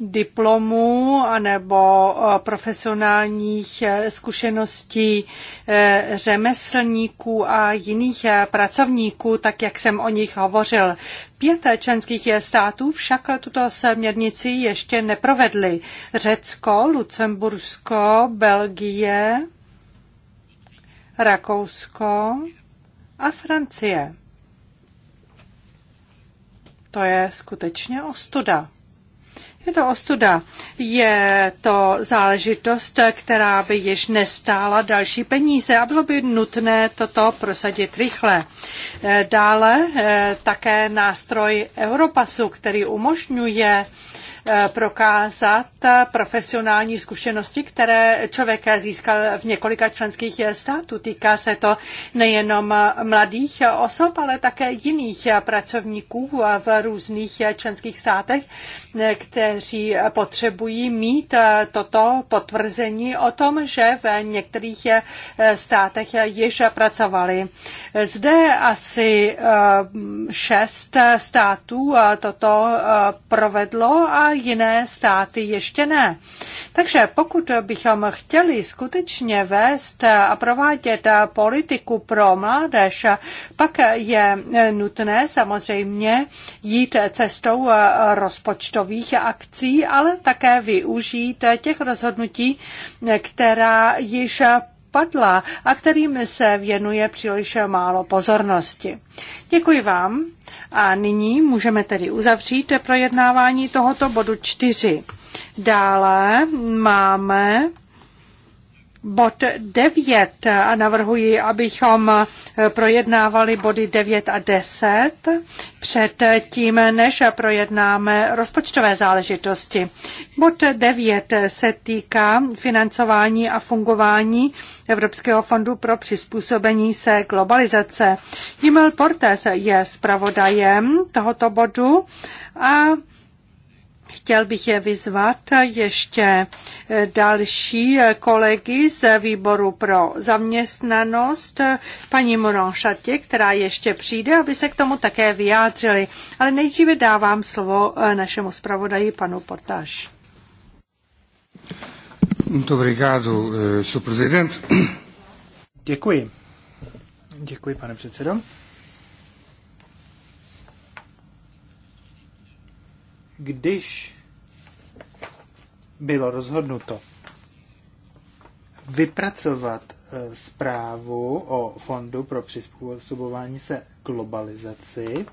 diplomů nebo eh, profesionálních eh, zkušeností eh, řemeslníků a jiných pracovníků, tak jak jsem o nich hovořil. Pět členských států však tuto směrnici ještě neprovedly. Řecko, Lucembursko, Belgie, Rakousko a Francie. To je skutečně ostuda. Je to ostuda. Je to záležitost, která by již nestála další peníze a bylo by nutné toto prosadit rychle. Dále eh, také nástroj Europasu, který umožňuje Eh, prokázat profesionální zkušenosti, které člověk získal v několika členských států. Týká se to nejenom mladých osob, ale také jiných pracovníků v různých členských státech, kteří potřebují mít toto potvrzení o tom, že v některých státech již pracovali. Zde asi eh, šest států toto eh, provedlo a jiné státy ještě ne. Takže pokud bychom chtěli skutečně vést a provádět politiku pro mládež, pak je nutné samozřejmě jít cestou rozpočtových akcí, ale také využít těch rozhodnutí, která již padla a kterým se věnuje příliš málo pozornosti. Děkuji vám a nyní můžeme tedy uzavřít projednávání tohoto bodu čtyři. Dále máme bod 9 a navrhuji, abychom projednávali body 9 a 10 před tím, než projednáme rozpočtové záležitosti. Bod 9 se týká financování a fungování Evropského fondu pro přizpůsobení se globalizace. Jimel Portes je zpravodajem tohoto bodu a Chtěl bych je vyzvat ještě eh, další eh, kolegy z výboru pro zaměstnanost, eh, paní Moronšatě, která ještě přijde, aby se k tomu také vyjádřili. Ale nejdříve dávám slovo našemu zpravodaji, panu Portáš. Děkuji. Děkuji, pane předsedo. když bylo rozhodnuto vypracovat e, zprávu o Fondu pro přizpůsobování se globalizaci,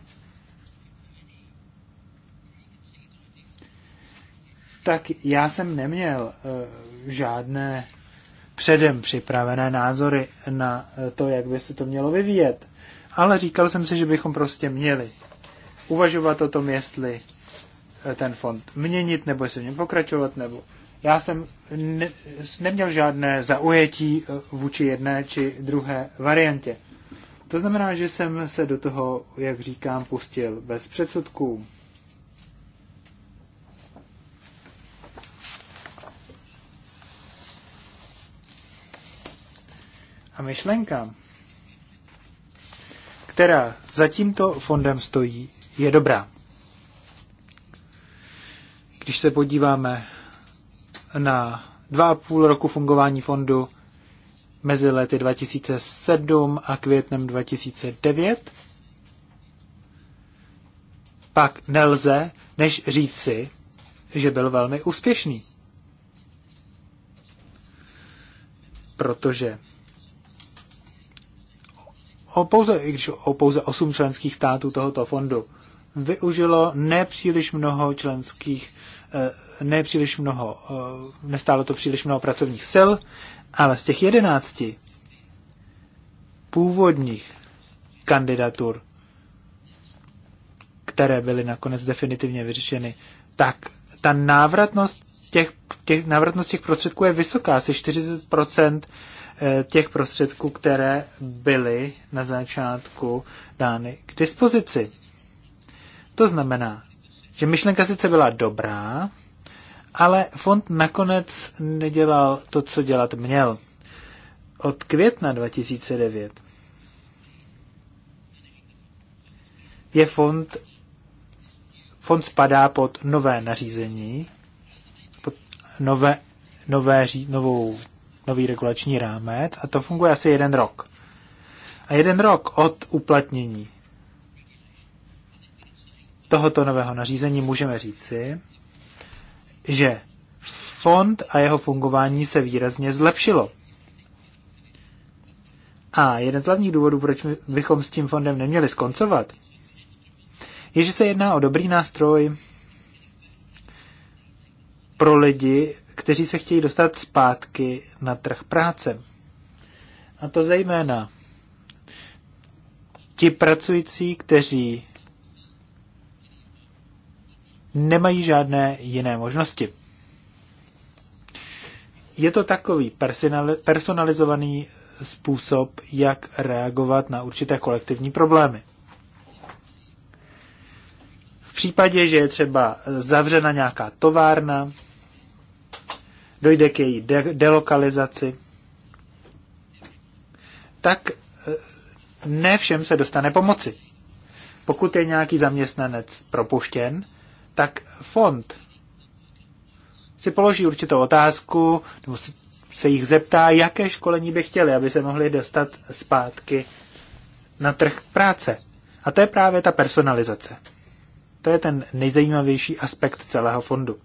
tak já jsem neměl e, žádné předem připravené názory na e, to, jak by se to mělo vyvíjet. Ale říkal jsem si, že bychom prostě měli uvažovat o tom, jestli Eh, ten fond měnit, nebo se v něm pokračovat, nebo já jsem ne, neměl žádné zaujetí eh, vůči jedné či druhé variantě. To znamená, že jsem se do toho, jak říkám, pustil bez předsudků. A myšlenka, která za tímto fondem stojí, je dobrá. Když se podíváme na dva a půl roku fungování fondu mezi lety 2007 a květnem 2009, pak nelze než říci, že byl velmi úspěšný. Protože o pouze, když o pouze 8 členských států tohoto fondu využilo nepříliš mnoho členských, eh, nepříliš mnoho, eh, nestálo to příliš mnoho pracovních sil, ale z těch jedenácti původních kandidatur, které byly nakonec definitivně vyřešeny, tak ta návratnost těch, těch, návratnost těch prostředků je vysoká, asi 40% eh, těch prostředků, které byly na začátku dány k dispozici. To znamená, že myšlenka sice byla dobrá, ale fond nakonec nedělal to, co dělat měl. Od května 2009 je fond, fond spadá pod nové nařízení, pod nové, nové, novou, nový regulační rámec a to funguje asi jeden rok. A jeden rok od uplatnění tohoto nového nařízení můžeme říci, že fond a jeho fungování se výrazně zlepšilo. A jeden z hlavních důvodů, proč bychom s tím fondem neměli skoncovat, je, že se jedná o dobrý nástroj pro lidi, kteří se chtějí dostat zpátky na trh práce. A to zejména ti pracující, kteří nemají žádné jiné možnosti. Je to takový personalizovaný způsob, jak reagovat na určité kolektivní problémy. V případě, že je třeba zavřena nějaká továrna, dojde k její de- delokalizaci, tak eh, ne všem se dostane pomoci. Pokud je nějaký zaměstnanec propuštěn, tak fond si položí určitou otázku, nebo se jich zeptá, jaké školení by chtěli, aby se mohli dostat zpátky na trh práce. A to je právě ta personalizace. To je ten nejzajímavější aspekt celého fondu.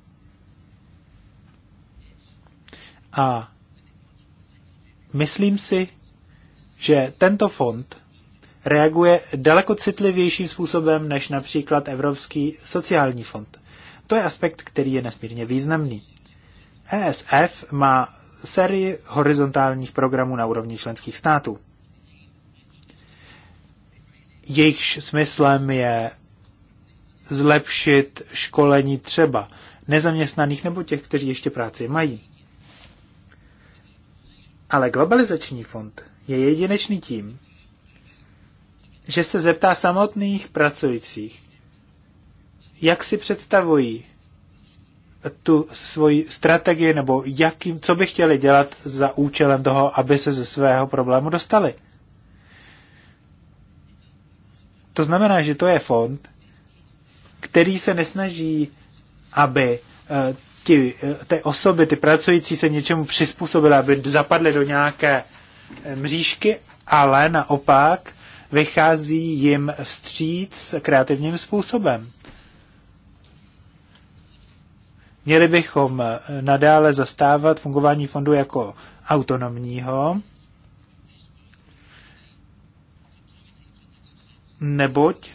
A myslím si, že tento fond reaguje daleko citlivějším způsobem než například Evropský sociální fond. To je aspekt, který je nesmírně významný. ESF má sérii horizontálních programů na úrovni členských států. Jejich smyslem je zlepšit školení třeba nezaměstnaných nebo těch, kteří ještě práci mají. Ale globalizační fond je jedinečný tím, že se zeptá samotných pracujících, jak si představují tu svoji strategii nebo jakým, co by chtěli dělat za účelem toho, aby se ze svého problému dostali. To znamená, že to je fond, který se nesnaží, aby ty, eh, ty eh, osoby, ty pracující se něčemu přizpůsobily, aby zapadly do nějaké eh, mřížky, ale naopak vychází jim vstříc kreativním způsobem. Měli bychom nadále zastávat fungování fondu jako autonomního, neboť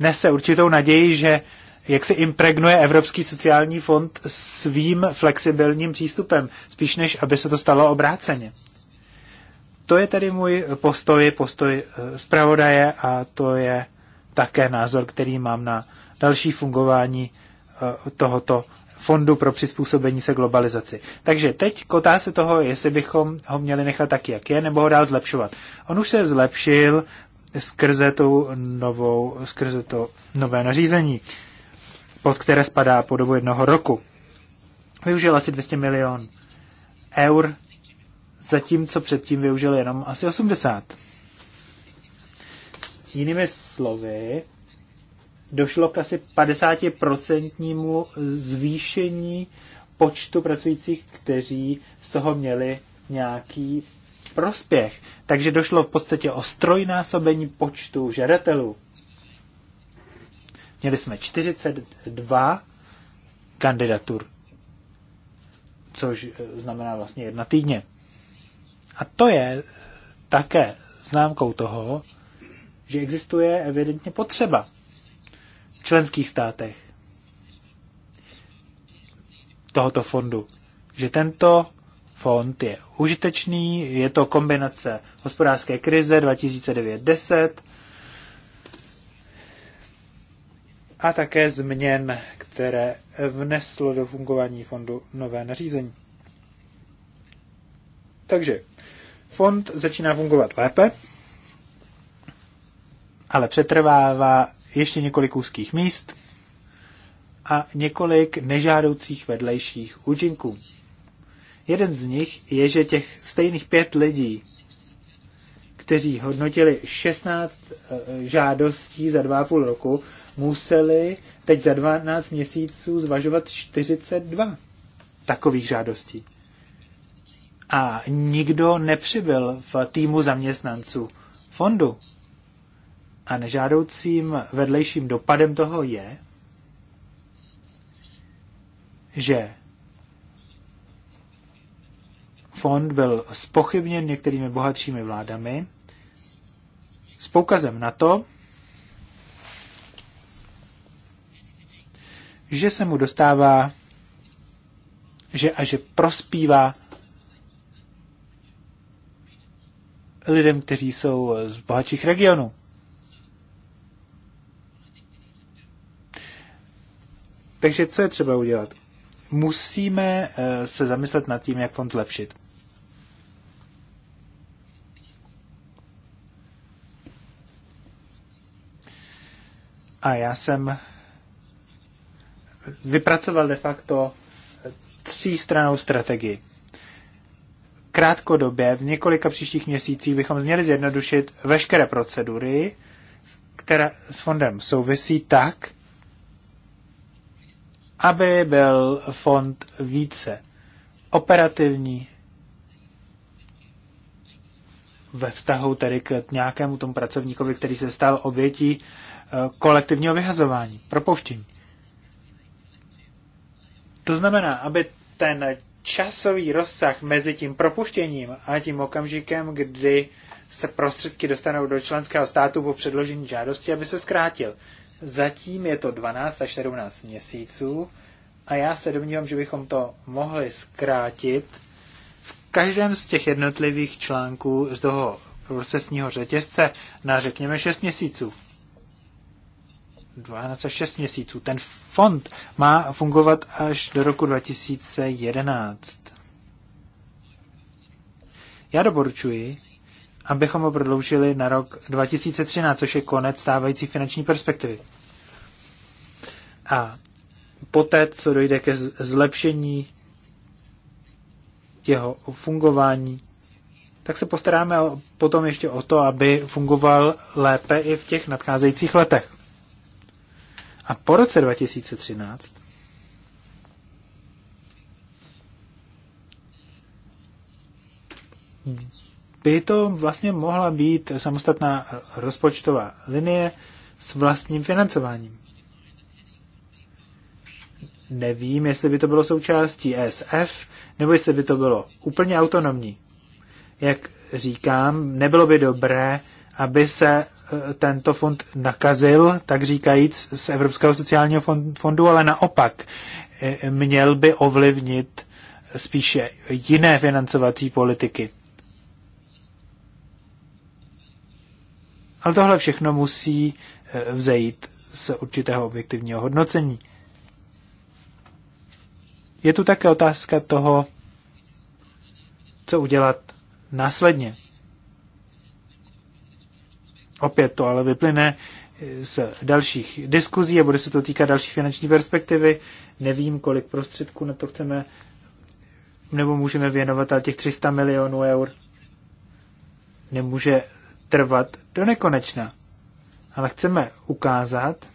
nese určitou naději, že jak se impregnuje Evropský sociální fond svým flexibilním přístupem, spíš než aby se to stalo obráceně. To je tedy můj postoj, postoj eh, zpravodaje a to je také názor, který mám na další fungování eh, tohoto fondu pro přizpůsobení se globalizaci. Takže teď kotá se toho, jestli bychom ho měli nechat tak, jak je, nebo ho dál zlepšovat. On už se zlepšil skrze, tu novou, skrze to nové nařízení, pod které spadá po dobu jednoho roku. Využil asi 200 milion eur zatímco předtím využili jenom asi 80. Jinými slovy, došlo k asi 50% zvýšení počtu pracujících, kteří z toho měli nějaký prospěch. Takže došlo v podstatě o strojnásobení počtu žadatelů. Měli jsme 42 kandidatur, což e, znamená vlastně jedna týdně. A to je také známkou toho, že existuje evidentně potřeba v členských státech tohoto fondu. Že tento fond je užitečný, je to kombinace hospodářské krize 2009-10 a také změn, které vneslo do fungování fondu nové nařízení. Takže Fond začíná fungovat lépe, ale přetrvává ještě několik úzkých míst a několik nežádoucích vedlejších účinků. Jeden z nich je, že těch stejných pět lidí, kteří hodnotili 16 eh, žádostí za 2,5 roku, museli teď za 12 měsíců zvažovat 42 takových žádostí a nikdo nepřibyl v týmu zaměstnanců fondu. A nežádoucím vedlejším dopadem toho je, že fond byl spochybněn některými bohatšími vládami s poukazem na to, že se mu dostává, že a že prospívá lidem, kteří jsou z bohatších regionů. Takže co je třeba udělat? Musíme eh, se zamyslet nad tím, jak fond zlepšit. A já jsem vypracoval de facto třístranou strategii krátkodobě, v několika příštích měsících, bychom měli zjednodušit veškeré procedury, které s fondem souvisí tak, aby byl fond více operativní ve vztahu tedy k nějakému tomu pracovníkovi, který se stal obětí eh, kolektivního vyhazování, propouštění. To znamená, aby ten časový rozsah mezi tím propuštěním a tím okamžikem, kdy se prostředky dostanou do členského státu po předložení žádosti, aby se zkrátil. Zatím je to 12 až 17 měsíců a já se domnívám, že bychom to mohli zkrátit v každém z těch jednotlivých článků z toho procesního řetězce na řekněme 6 měsíců. 12 6 měsíců. Ten fond má fungovat až do roku 2011. Já doporučuji, abychom ho prodloužili na rok 2013, což je konec stávající finanční perspektivy. A poté, co dojde ke zlepšení jeho fungování, tak se postaráme potom ještě o to, aby fungoval lépe i v těch nadcházejících letech. A po roce 2013 by to vlastně mohla být samostatná rozpočtová linie s vlastním financováním. Nevím, jestli by to bylo součástí e SF, nebo jestli by to bylo úplně autonomní. Jak říkám, nebylo by dobré, aby se Eh, tento fond nakazil, tak říkajíc, z Evropského sociálního fondu, ale naopak eh, měl by ovlivnit spíše jiné financovací politiky. Ale tohle všechno musí eh, vzejít z určitého objektivního hodnocení. Je tu také otázka toho, co udělat následně opět to ale vyplyne z dalších diskuzí a bude se to týkat další finanční perspektivy. Nevím, kolik prostředků na to chceme nebo můžeme věnovat, ale těch 300 milionů eur nemůže trvat do nekonečna. Ale chceme ukázat,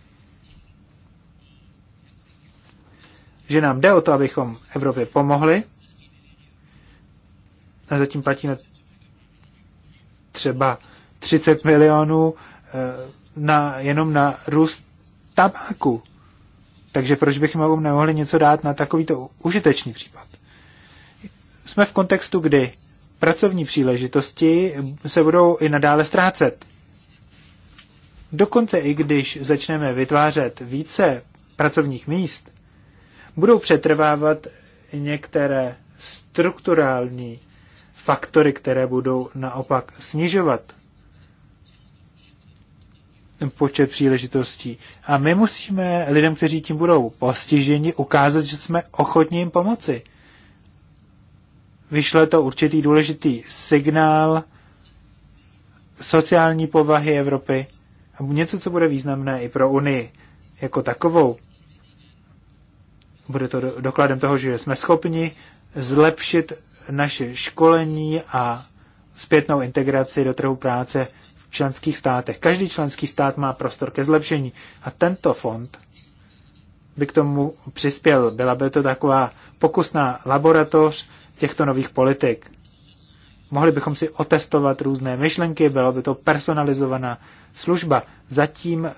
že nám jde o to, abychom Evropě pomohli. A zatím platíme třeba 30 milionů eh, na, jenom na růst tabáku. Takže proč bychom nemohli něco dát na takovýto užitečný případ? Jsme v kontextu, kdy pracovní příležitosti se budou i nadále ztrácet. Dokonce i když začneme vytvářet více pracovních míst, budou přetrvávat některé strukturální faktory, které budou naopak snižovat počet příležitostí. A my musíme lidem, kteří tím budou postiženi, ukázat, že jsme ochotní jim pomoci. Vyšle to určitý důležitý signál sociální povahy Evropy a něco, co bude významné i pro Unii jako takovou. Bude to dokladem toho, že jsme schopni zlepšit naše školení a zpětnou integraci do trhu práce v členských státech. Každý členský stát má prostor ke zlepšení a tento fond by k tomu přispěl. Byla by to taková pokusná laboratoř těchto nových politik. Mohli bychom si otestovat různé myšlenky, byla by to personalizovaná služba. Zatím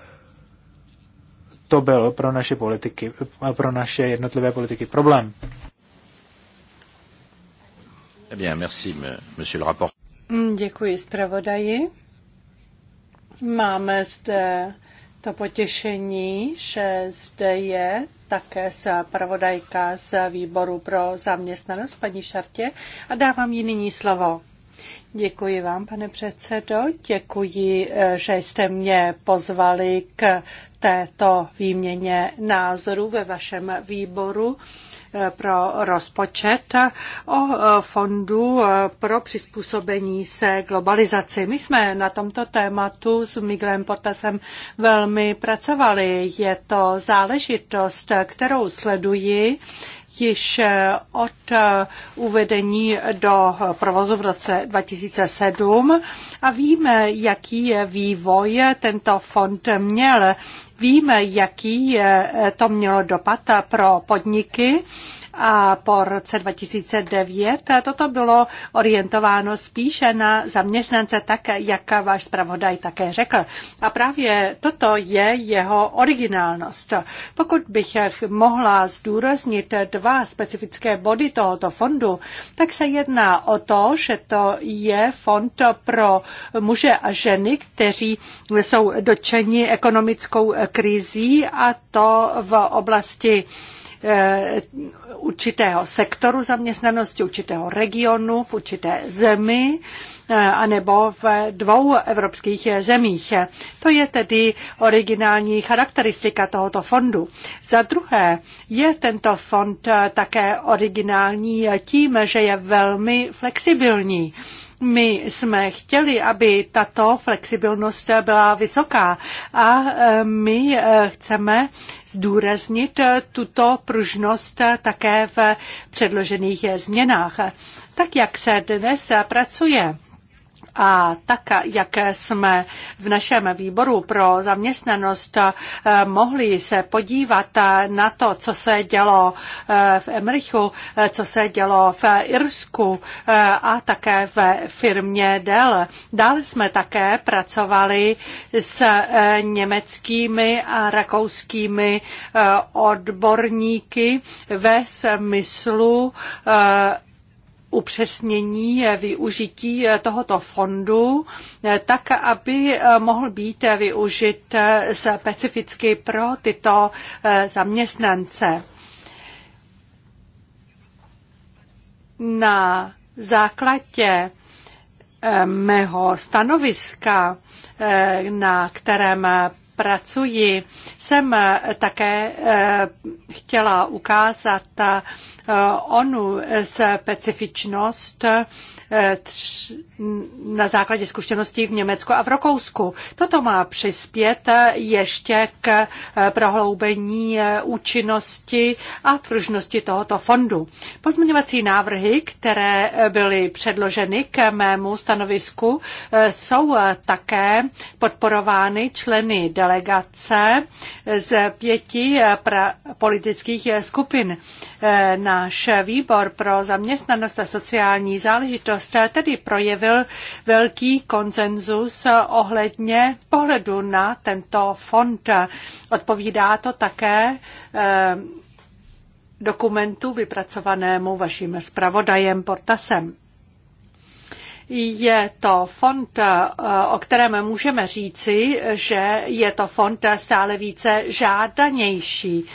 to byl pro naše, politiky, pro naše jednotlivé politiky problém. Eh mm, děkuji zpravodaji. Máme zde to potěšení, že zde je také pravodajka z výboru pro zaměstnanost, paní Šartě, a dávám jí nyní slovo. Děkuji vám, pane předsedo. Děkuji, eh, že jste mě pozvali k této výměně názorů ve vašem výboru pro rozpočet o e, fondu e, pro přizpůsobení se globalizaci. My jsme na tomto tématu s Miglem Portasem velmi pracovali. Je to záležitost, kterou sleduji již e, od uvedení do provozu v roce 2007 a víme, jaký vývoj tento fond měl. Víme, jaký to mělo dopad pro podniky a po roce 2009 toto bylo orientováno spíše na zaměstnance, tak jak váš zpravodaj také řekl. A právě toto je jeho originálnost. Pokud bych mohla zdůraznit dva specifické body tohoto fondu, tak se jedná o to, že to je fond pro muže a ženy, kteří jsou dotčeni ekonomickou krizí a to v oblasti Eh, určitého sektoru zaměstnanosti, určitého regionu, v určité zemi eh, anebo v dvou evropských zemích. To je tedy originální charakteristika tohoto fondu. Za druhé je tento fond eh, také originální tím, že je velmi flexibilní. My jsme chtěli, aby tato flexibilnost byla vysoká a e, my e, chceme zdůraznit e, tuto pružnost také v předložených změnách. Tak jak se dnes pracuje a tak, jak jsme v našem výboru pro zaměstnanost eh, mohli se podívat na to, co se dělo eh, v Emrichu, eh, co se dělo v Irsku a také v firmě Dell. Dále jsme také pracovali s německými a rakouskými odborníky ve smyslu upřesnění eh, využití eh, tohoto fondu, eh, tak aby mohl být využit specificky pro tyto zaměstnance. Na základě mého stanoviska, na kterém pracuji, jsem eh, také eh, chtěla ukázat eh, onu specifičnost na základě zkušeností v Německu a v Rakousku. Toto má přispět ještě k prohloubení účinnosti a pružnosti tohoto fondu. Pozměňovací návrhy, které byly předloženy k mému stanovisku, jsou také podporovány členy delegace z pěti eh, pra- politických eh, skupin. Eh, náš výbor pro zaměstnanost a sociální záležitost tedy projevil velký konsenzus ohledně pohledu na tento fond. Odpovídá to také dokumentu vypracovanému vaším zpravodajem Portasem. Je to fond, eh, o kterém můžeme říci, že je to fond stále více žádanější.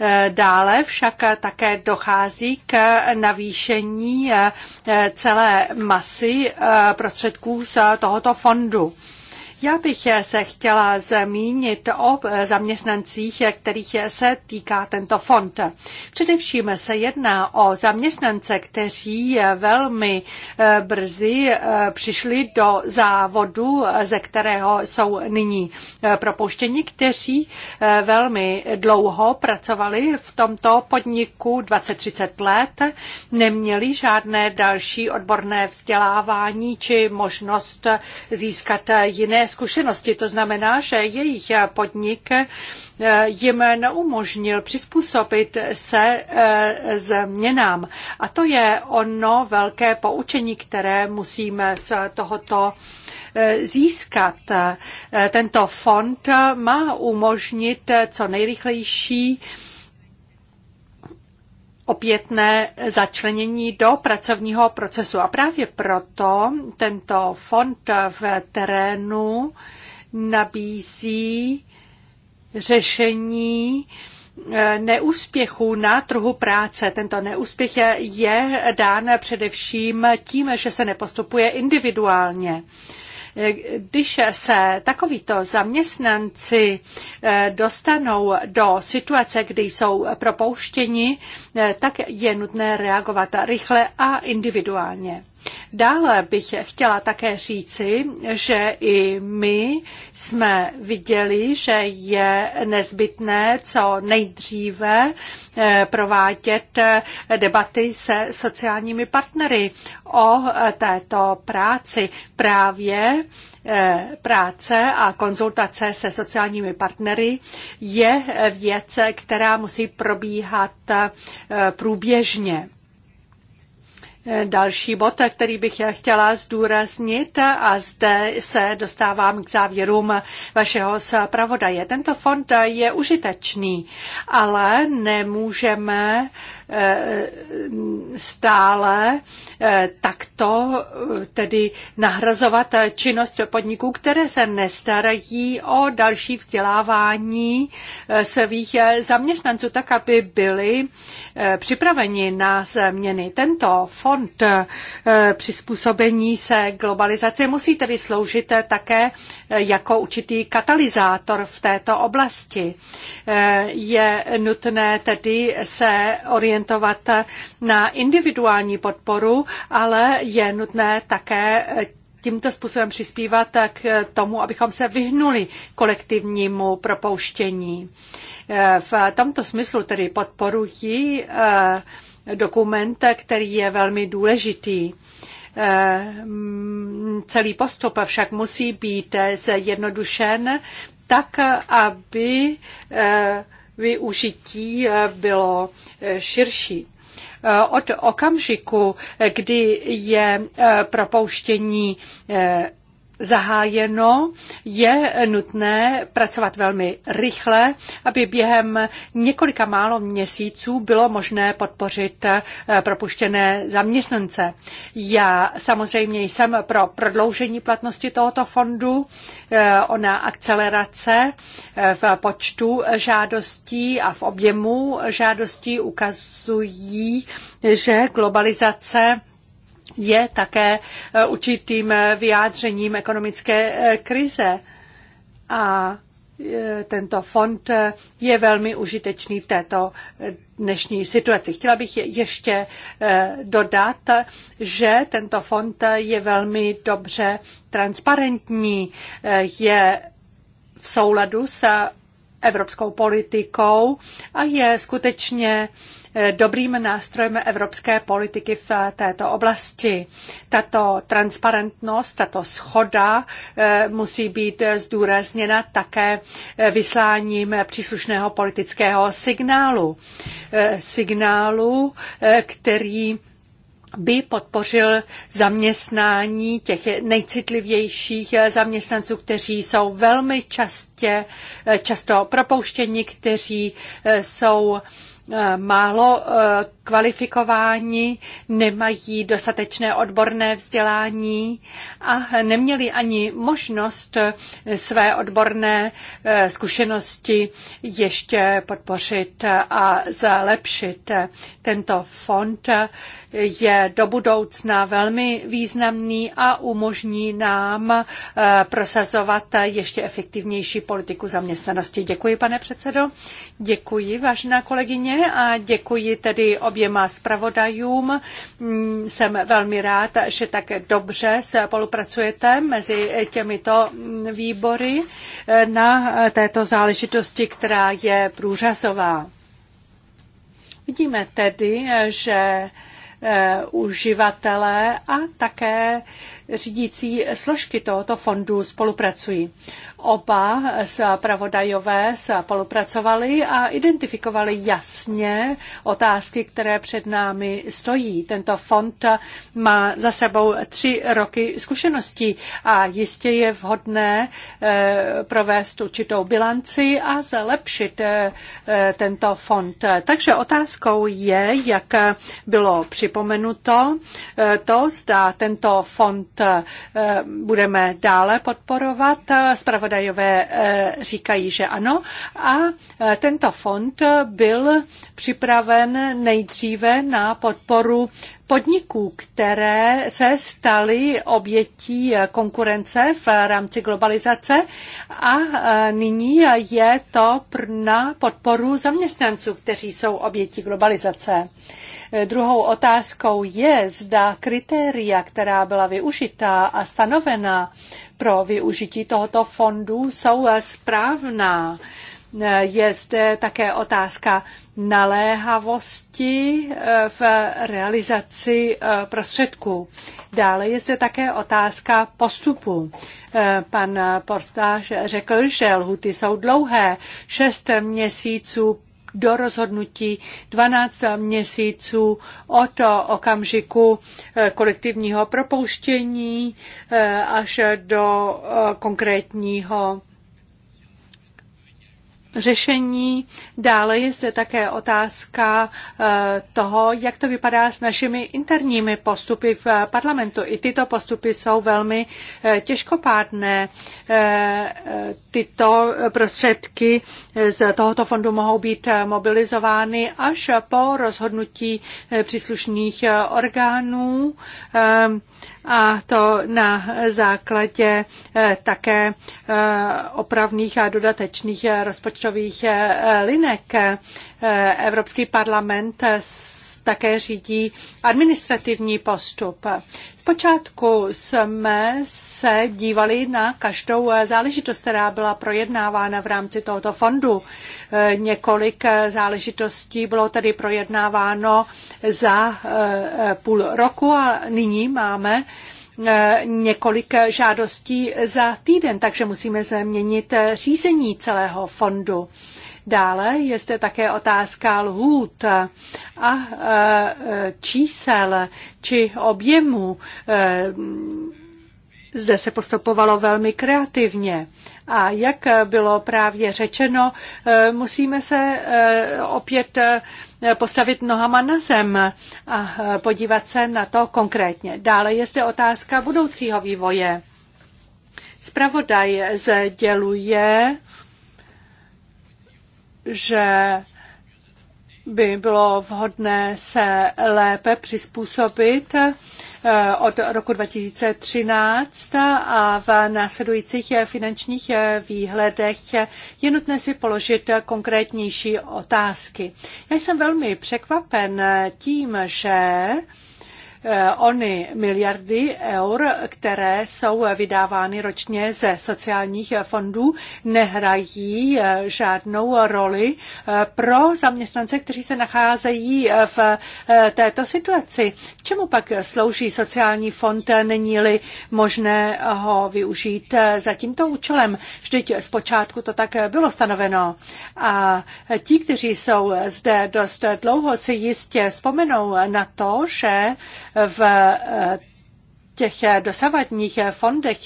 Eh, dále však také dochází k navýšení eh, celé masy prostředků z tohoto fondu. Já bych se chtěla zmínit o zaměstnancích, kterých se týká tento fond. Především se jedná o zaměstnance, kteří velmi eh, brzy eh, přišli do závodu, eh, ze kterého jsou nyní propuštěni, kteří velmi dlouho pracovali v tomto podniku 20-30 let, neměli žádné další odborné vzdělávání či možnost získat jiné zkušenosti. To znamená, že jejich podnik eh, jim neumožnil přizpůsobit se eh, změnám. A to je ono velké poučení, které musíme z tohoto eh, získat. Tento fond má umožnit co nejrychlejší opětné začlenění do pracovního procesu. A právě proto tento fond v terénu nabízí řešení eh, neúspěchů na trhu práce. Tento neúspěch je, je dán především tím, že se nepostupuje individuálně. Když se takovýto zaměstnanci eh, dostanou do situace, kdy jsou propouštěni, eh, tak je nutné reagovat rychle a individuálně. Dále bych chtěla také říci, že i my jsme viděli, že je nezbytné co nejdříve eh, provádět eh, debaty se sociálními partnery o eh, této práci. Právě práce a konzultace se sociálními partnery je věc, která musí probíhat průběžně. Další bod, který bych já chtěla zdůraznit a zde se dostávám k závěrům vašeho zpravodaje. Tento fond je užitečný, ale nemůžeme stále eh, takto eh, tedy nahrazovat eh, činnost podniků, které se nestarají o další vzdělávání svých zaměstnanců, tak aby byli připraveni na změny. Tento fond přizpůsobení se globalizaci musí tedy sloužit také jako určitý katalyzátor v této oblasti. Je nutné tedy se orientovat orientovat na individuální podporu, ale je nutné také tímto způsobem přispívat k tomu, abychom se vyhnuli kolektivnímu propouštění. V tomto smyslu tedy podporují eh, dokument, který je velmi důležitý. Eh, celý postup však musí být zjednodušen tak, aby eh, využití eh, bylo eh, širší eh, od okamžiku, kdy je propouštění zahájeno, je nutné pracovat velmi rychle, aby během několika málo měsíců bylo možné podpořit eh, propuštěné zaměstnance. Já samozřejmě jsem pro prodloužení platnosti tohoto fondu, eh, ona akcelerace eh, v počtu žádostí a v objemu žádostí ukazují, že globalizace je také eh, určitým eh, vyjádřením ekonomické eh, krize. A tento fond je velmi užitečný v této dnešní situaci. Chtěla bych ještě dodat, že tento fond je velmi dobře transparentní, je v souladu s evropskou politikou a je skutečně dobrým nástrojem evropské politiky v této oblasti. Tato transparentnost, tato schoda eh, musí být zdůrazněna také eh, vysláním příslušného politického signálu. Eh, signálu, který by podpořil zaměstnání těch nejcitlivějších zaměstnanců, kteří jsou velmi častě, často propouštěni, kteří jsou Eh, málo eh, kvalifikováni, nemají dostatečné odborné vzdělání a neměli ani možnost eh, své odborné zkušenosti ještě podpořit a zlepšit. Tento fond je do budoucna velmi významný a umožní nám eh, prosazovat ještě efektivnější politiku zaměstnanosti. Děkuji, pane předsedo. Děkuji, vážená kolegyně, a děkuji tedy oběma zpravodajům. Mm, jsem velmi rád, že tak dobře spolupracujete mezi těmito mm, výbory eh, na této záležitosti, která je průřazová. Vidíme tedy, eh, že Eh, uživatelé a také řídící složky tohoto fondu spolupracují. Oba zpravodajové spolupracovali a identifikovali jasně otázky, které před námi stojí. Tento fond má za sebou tři roky zkušeností a jistě je vhodné eh, provést určitou bilanci a zlepšit eh, tento fond. Takže otázkou je, jak bylo připomenuto, eh, to, zda tento fond budeme dále podporovat. Spravodaj zpravodajové eh, říkají, že ano. A eh, tento fond byl připraven nejdříve na podporu podniků, které se staly obětí konkurence v rámci globalizace a e, nyní je to na podporu zaměstnanců, kteří jsou obětí globalizace. E, druhou otázkou je, zda kritéria, která byla využitá a stanovena pro využití tohoto fondu, jsou e, správná. Je zde také otázka naléhavosti eh, v realizaci eh, prostředků. Dále je zde také otázka postupu. Eh, pan portář řekl, že lhuty jsou dlouhé, šest měsíců do rozhodnutí 12 měsíců od okamžiku kolektivního propouštění až do konkrétního řešení. Dále je zde také otázka eh, toho, jak to vypadá s našimi interními postupy v parlamentu. I tyto postupy jsou velmi eh, těžkopádné. Eh, tyto prostředky z tohoto fondu mohou být mobilizovány až po rozhodnutí příslušných orgánů a to na základě eh, také eh, opravných a dodatečných rozpočtových eh, linek. Evropský parlament také řídí administrativní postup. Zpočátku jsme se dívali na každou záležitost, která byla projednávána v rámci tohoto fondu. Několik záležitostí bylo tedy projednáváno za eh, půl roku a nyní máme eh, několik žádostí za týden, takže musíme změnit eh, řízení celého fondu. Dále je zde také otázka lhůt a čísel či objemu. E, zde se postupovalo velmi kreativně. A jak bylo právě řečeno, e, musíme se e, opět postavit nohama na zem a podívat se na to konkrétně. Dále je zde otázka budoucího vývoje. Spravodaj sděluje že by bylo vhodné se lépe přizpůsobit eh, od roku 2013 a v následujících finančních eh, výhledech je nutné si položit konkrétnější otázky. Já jsem velmi překvapen eh, tím, že Eh, ony miliardy eur, které jsou vydávány ročně ze sociálních fondů, nehrají eh, žádnou roli eh, pro zaměstnance, kteří se nacházejí v této situaci. K čemu pak slouží sociální fond, není-li možné ho využít za tímto účelem? Vždyť zpočátku to tak bylo stanoveno. A ti, kteří jsou zde dost dlouho, si jistě vzpomenou na to, že v eh, těch eh, dosavadních fondech,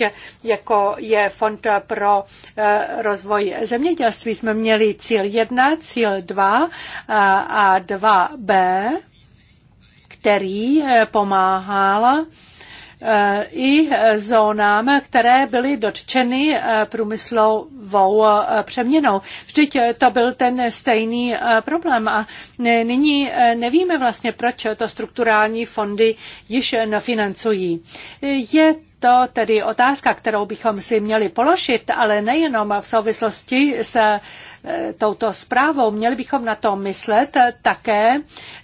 jako je Fond pro eh, rozvoj zemědělství, jsme měli cíl 1, cíl 2 a 2b, který pomáhal Eh, i zónám, které byly dotčeny eh, průmyslovou eh, přeměnou. Vždyť to byl ten stejný problém a nyní nevíme vlastně, proč to strukturální fondy již nefinancují. Je to tedy otázka, kterou bychom si měli položit, ale nejenom v souvislosti s e, touto zprávou. Měli bychom na to myslet také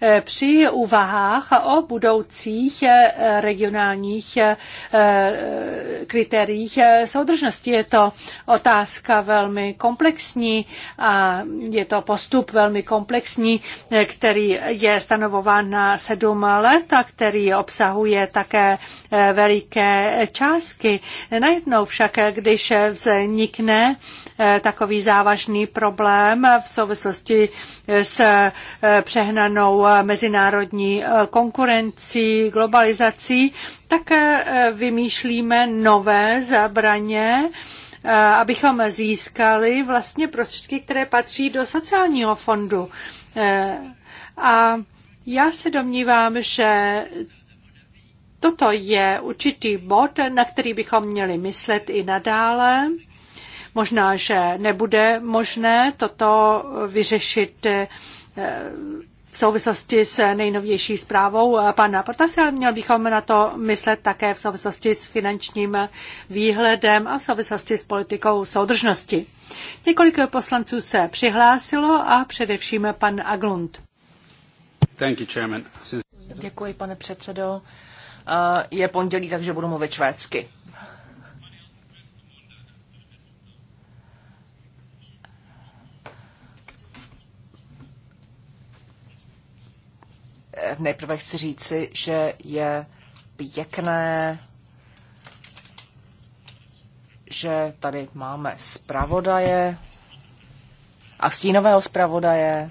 e, při úvahách o budoucích e, regionálních kritériích soudržnosti. Je to otázka velmi komplexní a je to postup velmi komplexní, který je stanovován na sedm let a který obsahuje také veliké částky. Najednou však, když vznikne eh, takový závažný problém v souvislosti s eh, přehnanou mezinárodní eh, konkurencí, globalizací, tak vymýšlíme nové zabraně, abychom získali vlastně prostředky, které patří do sociálního fondu. A já se domnívám, že Toto je určitý bod, na který bychom měli myslet i nadále. Možná, že nebude možné toto vyřešit eh, v souvislosti s nejnovější zprávou pana Patase, ale měl bychom na to myslet také v souvislosti s finančním výhledem a v souvislosti s politikou soudržnosti. Několik poslanců se přihlásilo a především pan Aglund. You, Děkuji, pane předsedo. Eh, je pondělí, takže budu mluvit švédsky. Eh, nejprve chci říci, že je pěkné, že tady máme zpravodaje a stínového zpravodaje.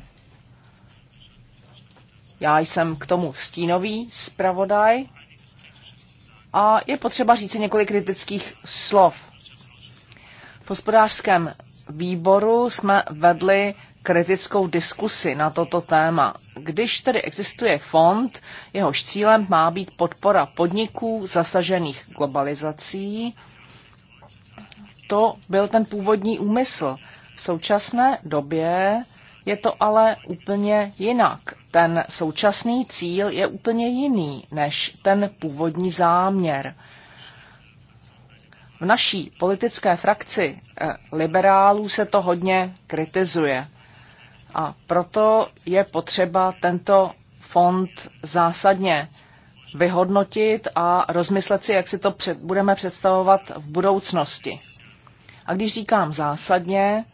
Já jsem k tomu stínový zpravodaj a je potřeba říct několik kritických slov. V hospodářském výboru jsme vedli kritickou diskusi na toto téma. Když tedy existuje fond, jehož cílem má být podpora podniků zasažených globalizací, to byl ten původní úmysl. V současné době je to ale úplně jinak. Ten současný cíl je úplně jiný než ten původní záměr. V naší politické frakci eh, liberálů se to hodně kritizuje. A proto je potřeba tento fond zásadně vyhodnotit a rozmyslet si, jak si to před, budeme představovat v budoucnosti. A když říkám zásadně,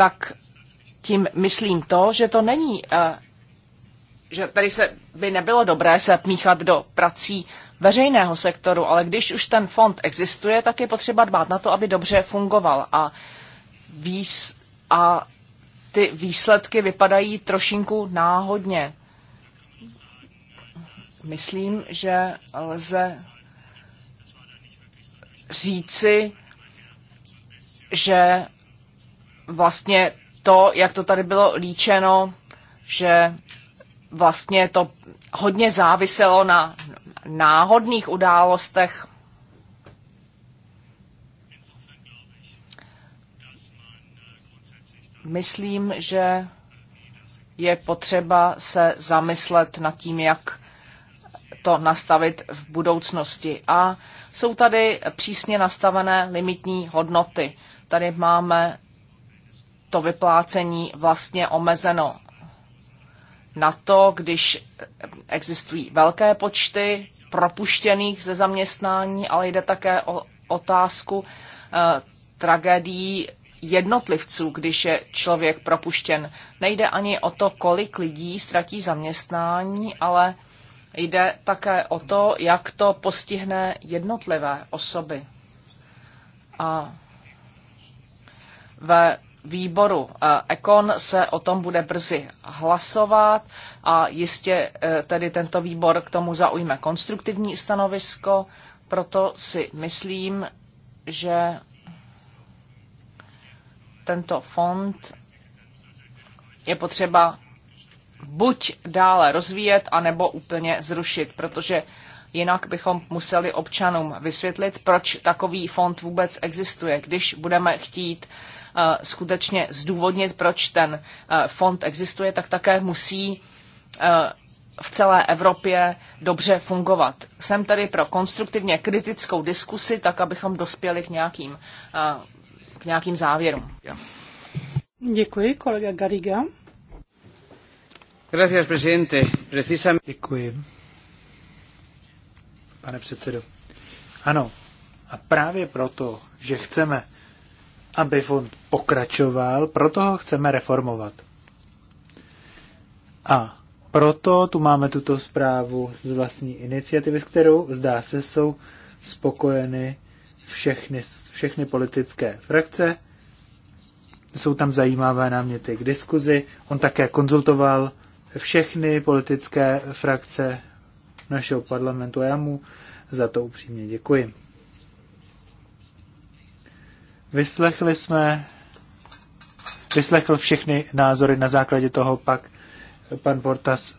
tak tím myslím to, že to není, eh, že tady se by nebylo dobré se míchat do prací veřejného sektoru, ale když už ten fond existuje, tak je potřeba dbát na to, aby dobře fungoval. A, výs, a ty výsledky vypadají trošinku náhodně. Myslím, že lze říci, že vlastně to, jak to tady bylo líčeno, že vlastně to hodně záviselo na náhodných událostech. Myslím, že je potřeba se zamyslet nad tím, jak to nastavit v budoucnosti. A jsou tady přísně nastavené limitní hodnoty. Tady máme to vyplácení vlastně omezeno na to, když existují velké počty propuštěných ze zaměstnání, ale jde také o otázku eh, tragédií jednotlivců, když je člověk propuštěn. Nejde ani o to, kolik lidí ztratí zaměstnání, ale jde také o to, jak to postihne jednotlivé osoby. A ve výboru Ekon se o tom bude brzy hlasovat a jistě e, tedy tento výbor k tomu zaujme konstruktivní stanovisko, proto si myslím, že tento fond je potřeba buď dále rozvíjet, anebo úplně zrušit, protože jinak bychom museli občanům vysvětlit, proč takový fond vůbec existuje. Když budeme chtít uh, Eh, skutečně zdůvodnit, proč ten eh, fond existuje, tak také musí eh, v celé Evropě dobře fungovat. Jsem tady pro konstruktivně kritickou diskusi, tak abychom dospěli k nějakým, k nějakým závěrům. Děkuji, kolega Gariga. Gracias, presidente. Precisam... Děkuji, pane předsedo. Ano, a právě proto, že chceme aby fond pokračoval, proto ho chceme reformovat. A proto tu máme tuto zprávu z vlastní iniciativy, s kterou, zdá se, jsou spokojeny všechny, všechny politické frakce. Jsou tam zajímavé náměty k diskuzi. On také konzultoval všechny politické frakce našeho parlamentu a já mu za to upřímně děkuji. Vyslechli jsme, vyslechl všechny názory, na základě toho pak pan Portas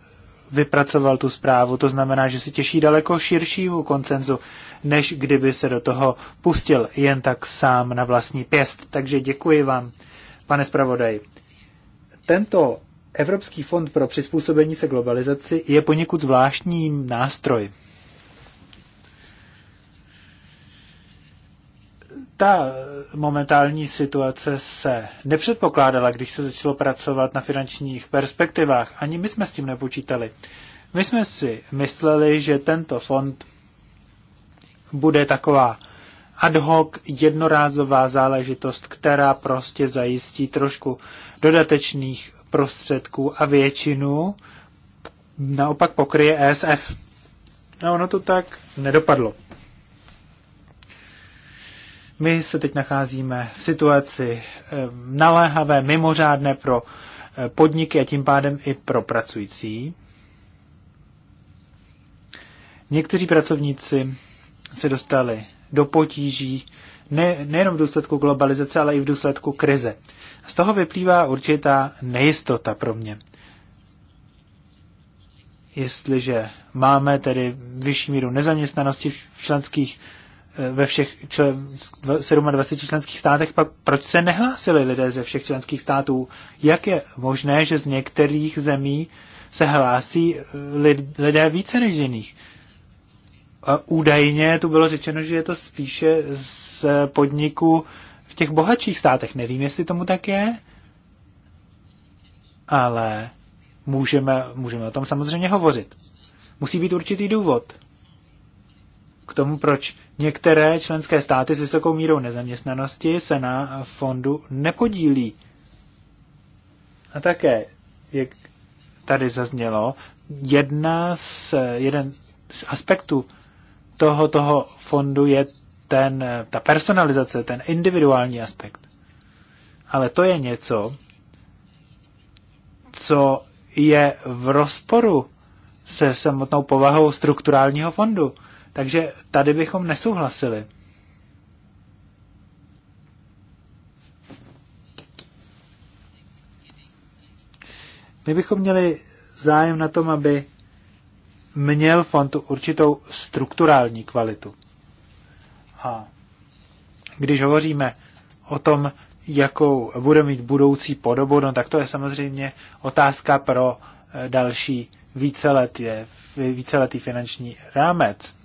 vypracoval tu zprávu. To znamená, že se těší daleko širšímu koncenzu, než kdyby se do toho pustil jen tak sám na vlastní pěst. Takže děkuji vám, pane zpravodaj. Tento Evropský fond pro přizpůsobení se globalizaci je poněkud zvláštní nástroj. Ta momentální situace se nepředpokládala, když se začalo pracovat na finančních perspektivách. Ani my jsme s tím nepočítali. My jsme si mysleli, že tento fond bude taková ad hoc jednorázová záležitost, která prostě zajistí trošku dodatečných prostředků a většinu naopak pokryje ESF. A no, ono to tak nedopadlo. My se teď nacházíme v situaci eh, naléhavé, mimořádné pro eh, podniky a tím pádem i pro pracující. Někteří pracovníci se dostali do potíží ne, nejenom v důsledku globalizace, ale i v důsledku krize. Z toho vyplývá určitá nejistota pro mě. Jestliže máme tedy vyšší míru nezaměstnanosti v členských ve všech čl- 27 členských státech, pak proč se nehlásili lidé ze všech členských států? Jak je možné, že z některých zemí se hlásí eh, lid- lidé více než z jiných? A údajně tu bylo řečeno, že je to spíše z podniku v těch bohatších státech. Nevím, jestli tomu tak je, ale můžeme, můžeme o tom samozřejmě hovořit. Musí být určitý důvod k tomu, proč Některé členské státy s vysokou mírou nezaměstnanosti se na fondu nepodílí. A také, jak tady zaznělo, jedna z, jeden z aspektů toho, toho fondu je ten, ta personalizace, ten individuální aspekt. Ale to je něco, co je v rozporu se samotnou povahou strukturálního fondu. Takže tady bychom nesouhlasili. My bychom měli zájem na tom, aby měl fond určitou strukturální kvalitu. A když hovoříme o tom, jakou bude mít budoucí podobu, no tak to je samozřejmě otázka pro eh, další víceletý, víceletý finanční rámec.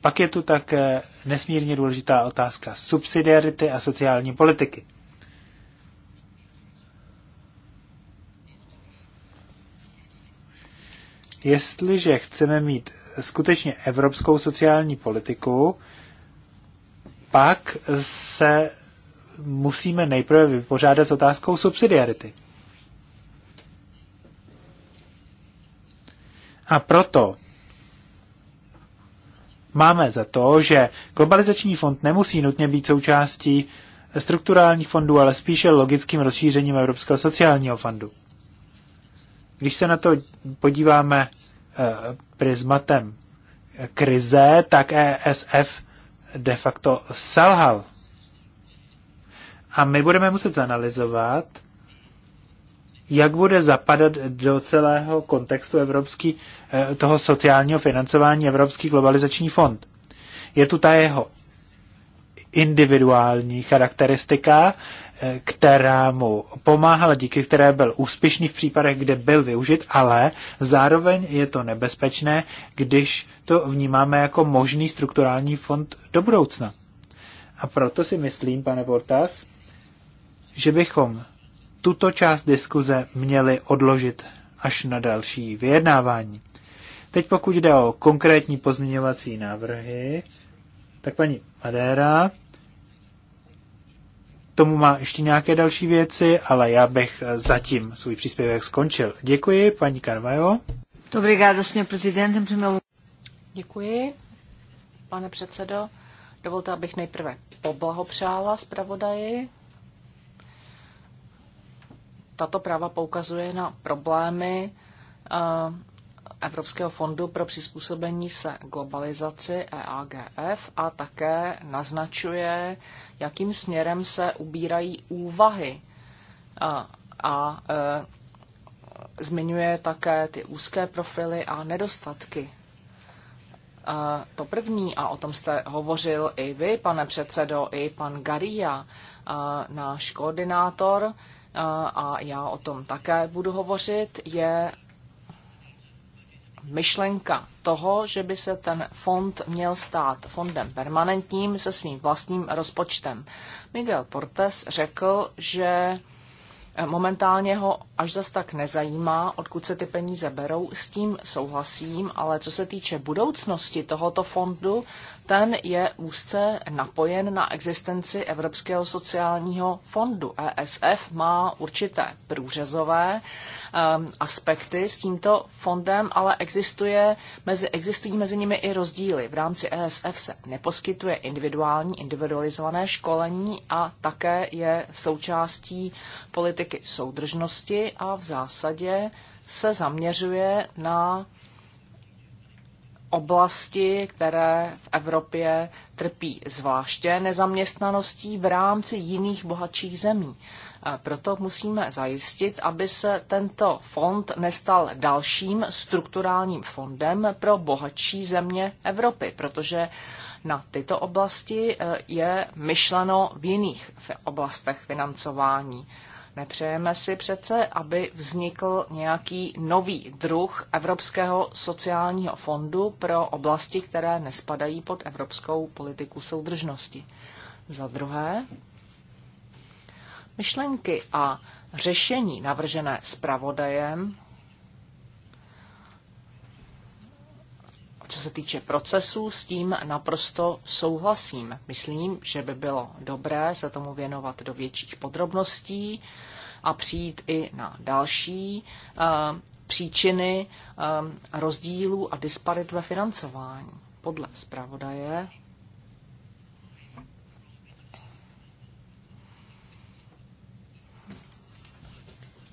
Pak je tu tak nesmírně důležitá otázka subsidiarity a sociální politiky. Jestliže chceme mít skutečně evropskou sociální politiku, pak se musíme nejprve vypořádat s otázkou subsidiarity. A proto máme za to, že globalizační fond nemusí nutně být součástí strukturálních fondů, ale spíše logickým rozšířením Evropského sociálního fondu. Když se na to podíváme eh, prismatem krize, tak ESF de facto selhal. A my budeme muset zanalizovat, jak bude zapadat do celého kontextu evropský, eh, toho sociálního financování Evropský globalizační fond. Je tu ta jeho individuální charakteristika, eh, která mu pomáhala, díky které byl úspěšný v případech, kde byl využit, ale zároveň je to nebezpečné, když to vnímáme jako možný strukturální fond do budoucna. A proto si myslím, pane Portas, že bychom tuto část diskuze měli odložit až na další vyjednávání. Teď pokud jde o konkrétní pozměňovací návrhy, tak paní Madéra tomu má ještě nějaké další věci, ale já bych zatím svůj příspěvek skončil. Děkuji, paní Carvajo. Dobrý den, presidente. Děkuji, pane předsedo. Dovolte, abych nejprve poblahopřála zpravodaji tato práva poukazuje na problémy eh, Evropského fondu pro přizpůsobení se globalizaci EAGF a také naznačuje, jakým směrem se ubírají úvahy eh, a, a eh, e, zmiňuje také ty úzké profily a nedostatky. E, to první, a o tom jste hovořil i vy, pane předsedo, i pan Garia, e, náš koordinátor, e, a já o tom také budu hovořit, je myšlenka toho, že by se ten fond měl stát fondem permanentním se svým vlastním rozpočtem. Miguel Portes řekl, že momentálně ho až zas tak nezajímá, odkud se ty peníze berou, s tím souhlasím, ale co se týče budoucnosti tohoto fondu, ten je úzce napojen na existenci Evropského sociálního fondu. ESF má určité průřezové um, aspekty s tímto fondem, ale existuje, mezi, existují mezi nimi i rozdíly. V rámci ESF se neposkytuje individuální, individualizované školení a také je součástí politiky soudržnosti a v zásadě se zaměřuje na oblasti, které v Evropě trpí zvláště nezaměstnaností v rámci jiných bohatších zemí. Proto musíme zajistit, aby se tento fond nestal dalším strukturálním fondem pro bohatší země Evropy, protože na tyto oblasti eh, je myšleno v jiných oblastech financování. Nepřejeme si přece, aby vznikl nějaký nový druh Evropského sociálního fondu pro oblasti, které nespadají pod evropskou politiku soudržnosti. Za druhé, myšlenky a řešení navržené zpravodajem Co se týče procesů, s tím naprosto souhlasím. Myslím, že by bylo dobré se tomu věnovat do větších podrobností a přijít i na další eh, příčiny eh, rozdílů a disparit ve financování. Podle zpravodaje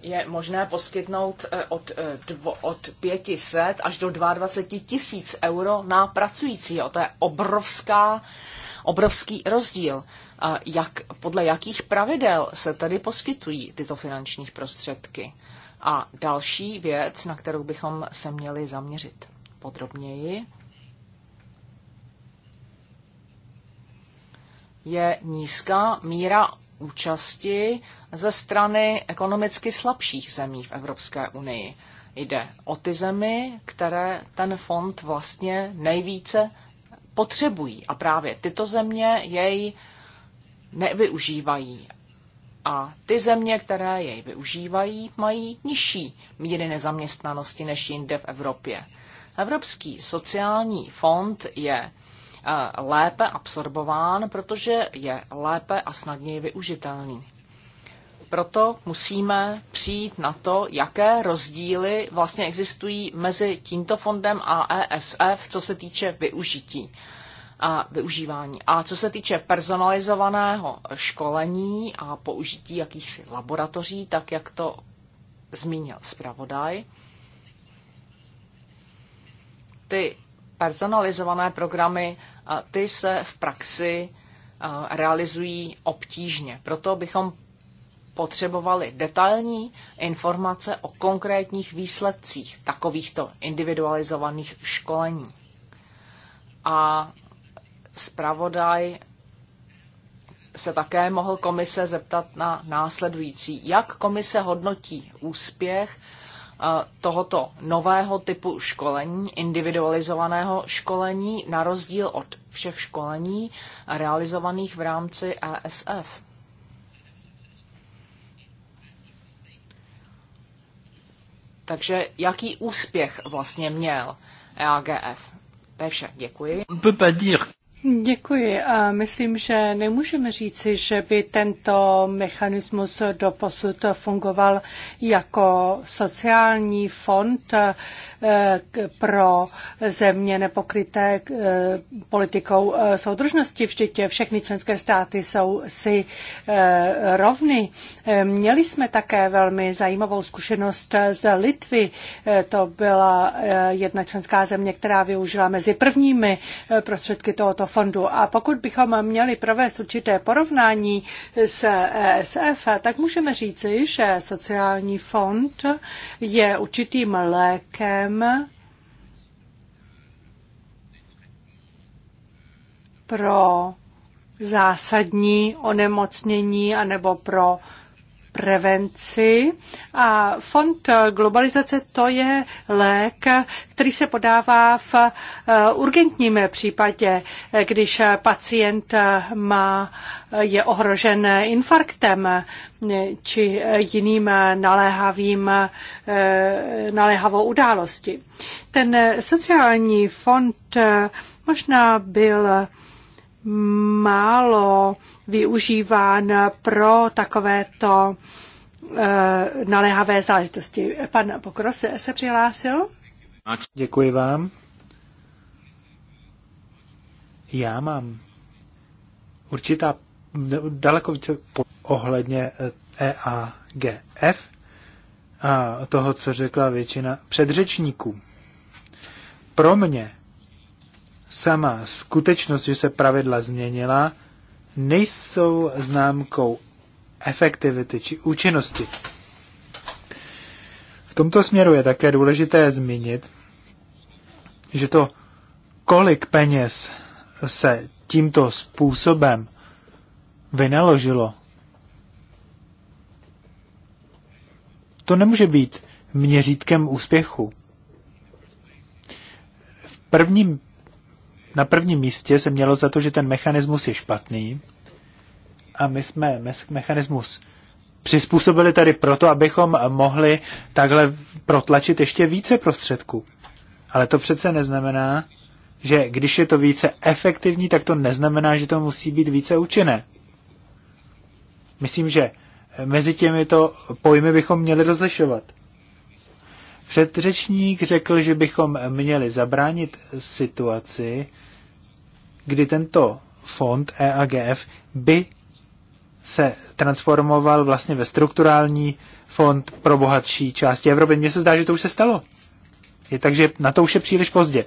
je možné poskytnout eh, od, eh, dvo, od 500 až do 22 tisíc euro na pracujícího. To je obrovská, obrovský rozdíl. A jak, podle jakých pravidel se tedy poskytují tyto finanční prostředky? A další věc, na kterou bychom se měli zaměřit podrobněji, je nízká míra účasti ze strany ekonomicky slabších zemí v Evropské unii. Jde o ty zemi, které ten fond vlastně nejvíce potřebují. A právě tyto země jej nevyužívají. A ty země, které jej využívají, mají nižší míry nezaměstnanosti než jinde v Evropě. Evropský sociální fond je Eh, lépe absorbován, protože je lépe a snadněji využitelný. Proto musíme přijít na to, jaké rozdíly vlastně existují mezi tímto fondem a ESF, co se týče využití a využívání. A co se týče personalizovaného školení a použití jakýchsi laboratoří, tak jak to zmínil zpravodaj, ty personalizované programy ty se v praxi eh, realizují obtížně. Proto bychom potřebovali detailní informace o konkrétních výsledcích takovýchto individualizovaných školení. A zpravodaj se také mohl komise zeptat na následující. Jak komise hodnotí úspěch Eh, tohoto nového typu školení, individualizovaného školení, na rozdíl od všech školení realizovaných v rámci ESF. Takže jaký úspěch vlastně měl EAGF? To je vše, děkuji. Děkuji. A myslím, že nemůžeme říci, že by tento mechanismus doposud fungoval jako sociální fond eh, pro země nepokryté eh, politikou eh, soudržnosti. Vždyť všechny členské státy jsou si rovny. Měli jsme také velmi zajímavou zkušenost z Litvy. To byla jedna členská země, která využila mezi prvními prostředky tohoto fondu fondu. A pokud bychom měli provést určité porovnání s ESF, tak můžeme říci, že sociální fond je určitým lékem pro zásadní onemocnění anebo pro prevenci a fond globalizace to je lék, který se podává v eh, urgentním případě, když pacient eh, má, eh, je ohrožen infarktem či jiným naléhavým, naléhavou události. Ten sociální fond možná byl málo využíván pro takovéto eh, naléhavé záležitosti. Pan Pokros se přihlásil. Děkuji vám. Já mám určitá daleko více ohledně EAGF eh, e a toho, co řekla většina předřečníků. Pro mě sama skutečnost, že se pravidla změnila, nejsou známkou efektivity či účinnosti. V tomto směru je také důležité zmínit, že to, kolik peněz se tímto způsobem vynaložilo, to nemůže být měřítkem úspěchu. V prvním na prvním místě se mělo za to, že ten mechanismus je špatný a my jsme mechanismus přizpůsobili tady proto, abychom mohli takhle protlačit ještě více prostředků. Ale to přece neznamená, že když je to více efektivní, tak to neznamená, že to musí být více účinné. Myslím, že mezi těmito pojmy bychom měli rozlišovat. Předřečník řekl, že bychom měli zabránit situaci, kdy tento fond EAGF by se transformoval vlastně ve strukturální fond pro bohatší části Evropy. Mně se zdá, že to už se stalo. Je takže na to už je příliš pozdě.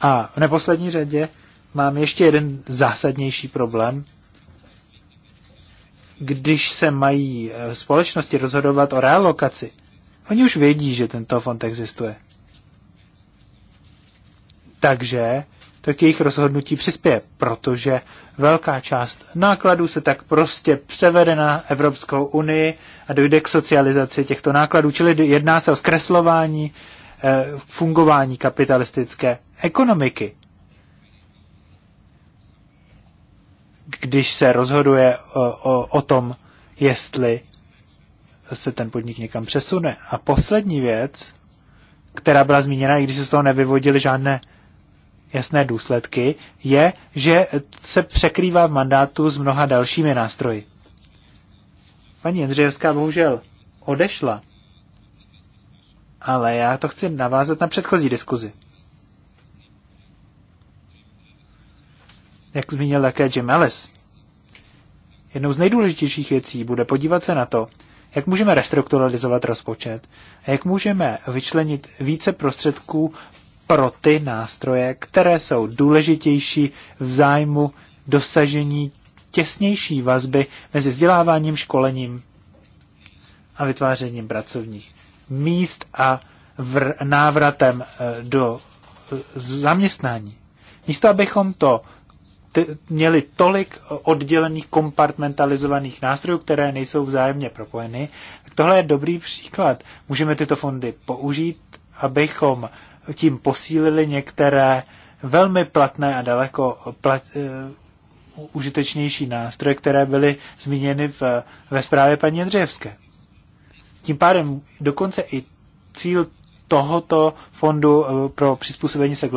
A v neposlední řadě mám ještě jeden zásadnější problém. Když se mají eh, společnosti rozhodovat o realokaci, Oni už vědí, že ten telefon existuje. Takže to k jejich rozhodnutí přispěje, protože velká část nákladů se tak prostě převede na Evropskou unii a dojde k socializaci těchto nákladů, čili jedná se o zkreslování eh, fungování kapitalistické ekonomiky. Když se rozhoduje o, o, o tom, jestli se ten podnik někam přesune. A poslední věc, která byla zmíněna, i když se z toho nevyvodily žádné jasné důsledky, je, že se překrývá v mandátu s mnoha dalšími nástroji. Paní Jendřejevská bohužel odešla, ale já to chci navázat na předchozí diskuzi. Jak zmínil také Jim Ellis, jednou z nejdůležitějších věcí bude podívat se na to, jak můžeme restrukturalizovat rozpočet? jak můžeme vyčlenit více prostředků pro ty nástroje, které jsou důležitější v zájmu dosažení těsnější vazby mezi vzděláváním, školením a vytvářením pracovních míst a návratem eh, do eh, zaměstnání. Místo, abychom to měli tolik oddělených, kompartmentalizovaných nástrojů, které nejsou vzájemně propojeny. Tak tohle je dobrý příklad. Můžeme tyto fondy použít, abychom tím posílili některé velmi platné a daleko plat, uh, užitečnější nástroje, které byly zmíněny v, ve zprávě paní Dřevské. Tím pádem dokonce i cíl tohoto fondu eh, pro přizpůsobení se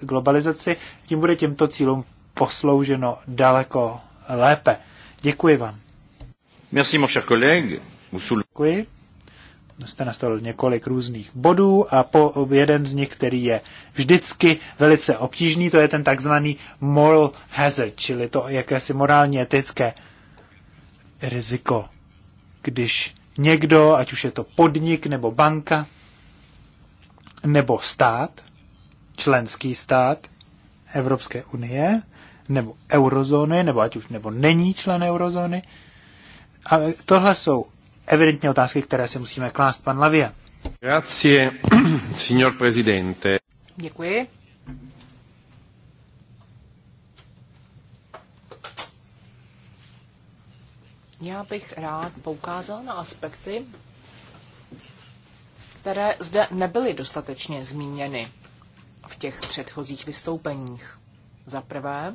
globalizaci, tím bude těmto cílům poslouženo daleko lépe. Děkuji vám. Merci, mon cher collègue. Děkuji. Jste nastavil několik různých bodů a po jeden z nich, který je vždycky velice obtížný, to je ten takzvaný moral hazard, čili to jakési morálně etické riziko. Když někdo, ať už je to podnik nebo banka, nebo stát, členský stát Evropské unie, nebo eurozóny, nebo ať už nebo není člen eurozóny. A tohle jsou evidentně otázky, které si musíme klást, pan Lavia. Grazie, signor presidente. Děkuji. Já bych rád poukázal na aspekty, které zde nebyly dostatečně zmíněny v těch předchozích vystoupeních. Za prvé,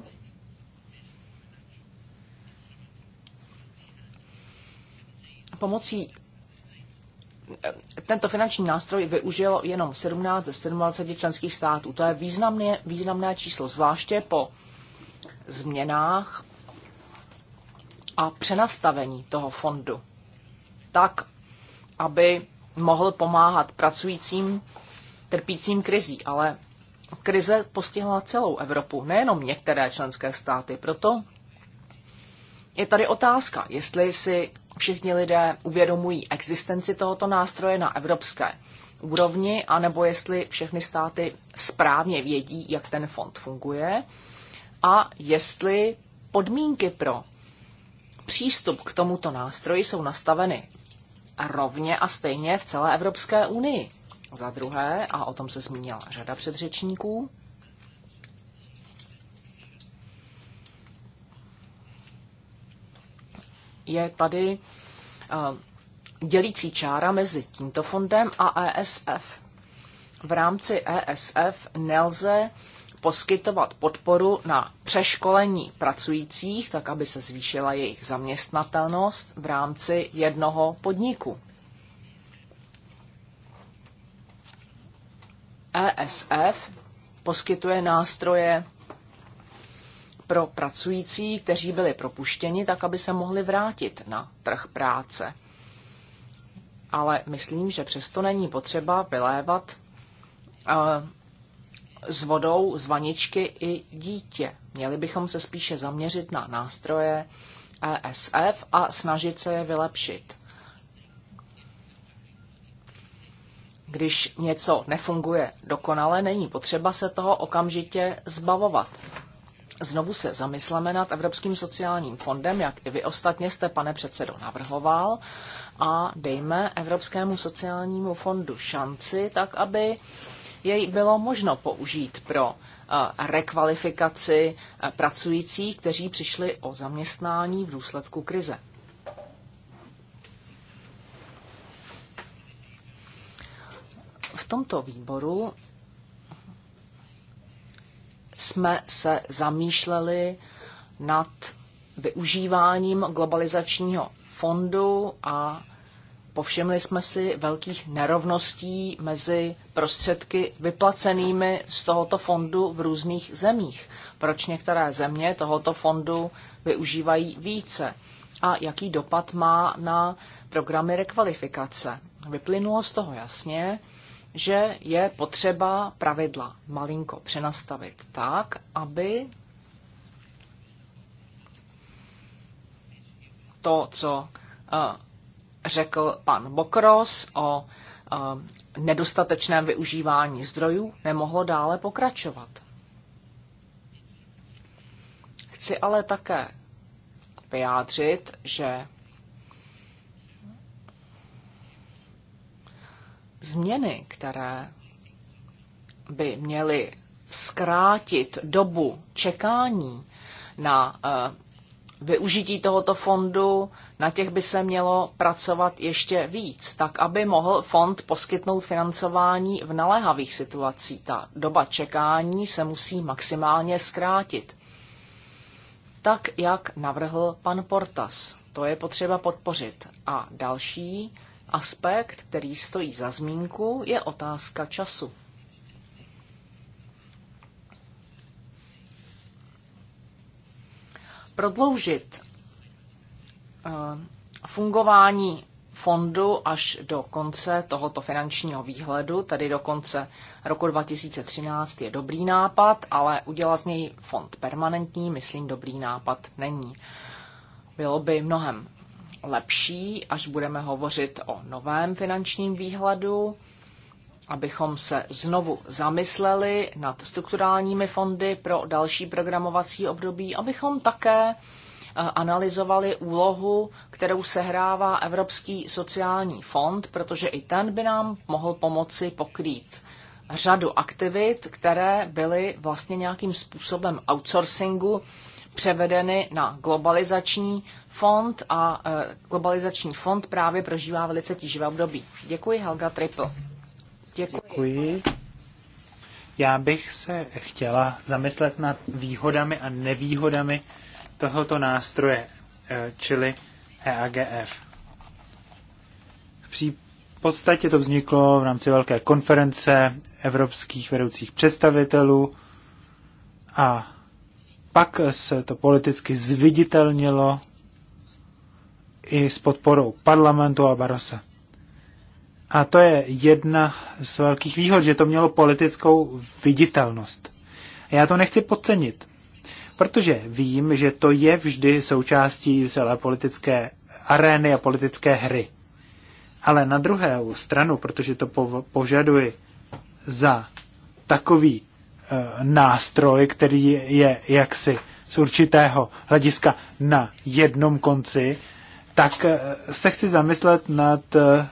pomocí eh, tento finanční nástroj využilo jenom 17 ze 27 členských států. To je významné, významné číslo, zvláště po změnách a přenastavení toho fondu. Tak, aby mohl pomáhat pracujícím trpícím krizí, ale krize postihla celou Evropu, nejenom některé členské státy. Proto je tady otázka, jestli si všichni lidé uvědomují existenci tohoto nástroje na evropské úrovni, anebo jestli všechny státy správně vědí, jak ten fond funguje a jestli podmínky pro přístup k tomuto nástroji jsou nastaveny rovně a stejně v celé Evropské unii. Za druhé, a o tom se zmínila řada předřečníků, je tady eh, dělící čára mezi tímto fondem a ESF. V rámci ESF nelze poskytovat podporu na přeškolení pracujících, tak aby se zvýšila jejich zaměstnatelnost v rámci jednoho podniku. ESF poskytuje nástroje pro pracující, kteří byli propuštěni, tak aby se mohli vrátit na trh práce. Ale myslím, že přesto není potřeba vylévat eh, s vodou z vaničky i dítě. Měli bychom se spíše zaměřit na nástroje ESF a snažit se je vylepšit. Když něco nefunguje dokonale, není potřeba se toho okamžitě zbavovat znovu se zamysleme nad Evropským sociálním fondem, jak i vy ostatně jste, pane předsedo, navrhoval a dejme Evropskému sociálnímu fondu šanci, tak aby jej bylo možno použít pro eh, rekvalifikaci eh, pracujících, kteří přišli o zaměstnání v důsledku krize. V tomto výboru jsme se zamýšleli nad využíváním globalizačního fondu a povšimli jsme si velkých nerovností mezi prostředky vyplacenými z tohoto fondu v různých zemích. Proč některé země tohoto fondu využívají více a jaký dopad má na programy rekvalifikace. Vyplynulo z toho jasně, že je potřeba pravidla malinko přenastavit tak, aby to, co eh, řekl pan Bokros o eh, nedostatečném využívání zdrojů, nemohlo dále pokračovat. Chci ale také vyjádřit, že Změny, které by měly zkrátit dobu čekání na eh, využití tohoto fondu, na těch by se mělo pracovat ještě víc, tak aby mohl fond poskytnout financování v naléhavých situacích. Ta doba čekání se musí maximálně zkrátit. Tak, jak navrhl pan Portas. To je potřeba podpořit. A další aspekt, který stojí za zmínku, je otázka času. Prodloužit eh, fungování fondu až do konce tohoto finančního výhledu, tedy do konce roku 2013, je dobrý nápad, ale udělat z něj fond permanentní, myslím, dobrý nápad není. Bylo by mnohem lepší, až budeme hovořit o novém finančním výhledu, abychom se znovu zamysleli nad strukturálními fondy pro další programovací období, abychom také eh, analyzovali úlohu, kterou sehrává Evropský sociální fond, protože i ten by nám mohl pomoci pokrýt řadu aktivit, které byly vlastně nějakým způsobem outsourcingu převedeny na globalizační fond a e, globalizační fond právě prožívá velice tíživé období. Děkuji, Helga Triple. Děkuji. Děkuji. Já bych se chtěla zamyslet nad výhodami a nevýhodami tohoto nástroje, e, čili EAGF. V podstatě to vzniklo v rámci velké konference evropských vedoucích představitelů a pak se to politicky zviditelnilo i s podporou parlamentu a Barosa. A to je jedna z velkých výhod, že to mělo politickou viditelnost. A já to nechci podcenit, protože vím, že to je vždy součástí celé politické arény a politické hry. Ale na druhé stranu, protože to po- požaduji za takový e, nástroj, který je jaksi z určitého hlediska na jednom konci tak eh, se chci zamyslet nad eh,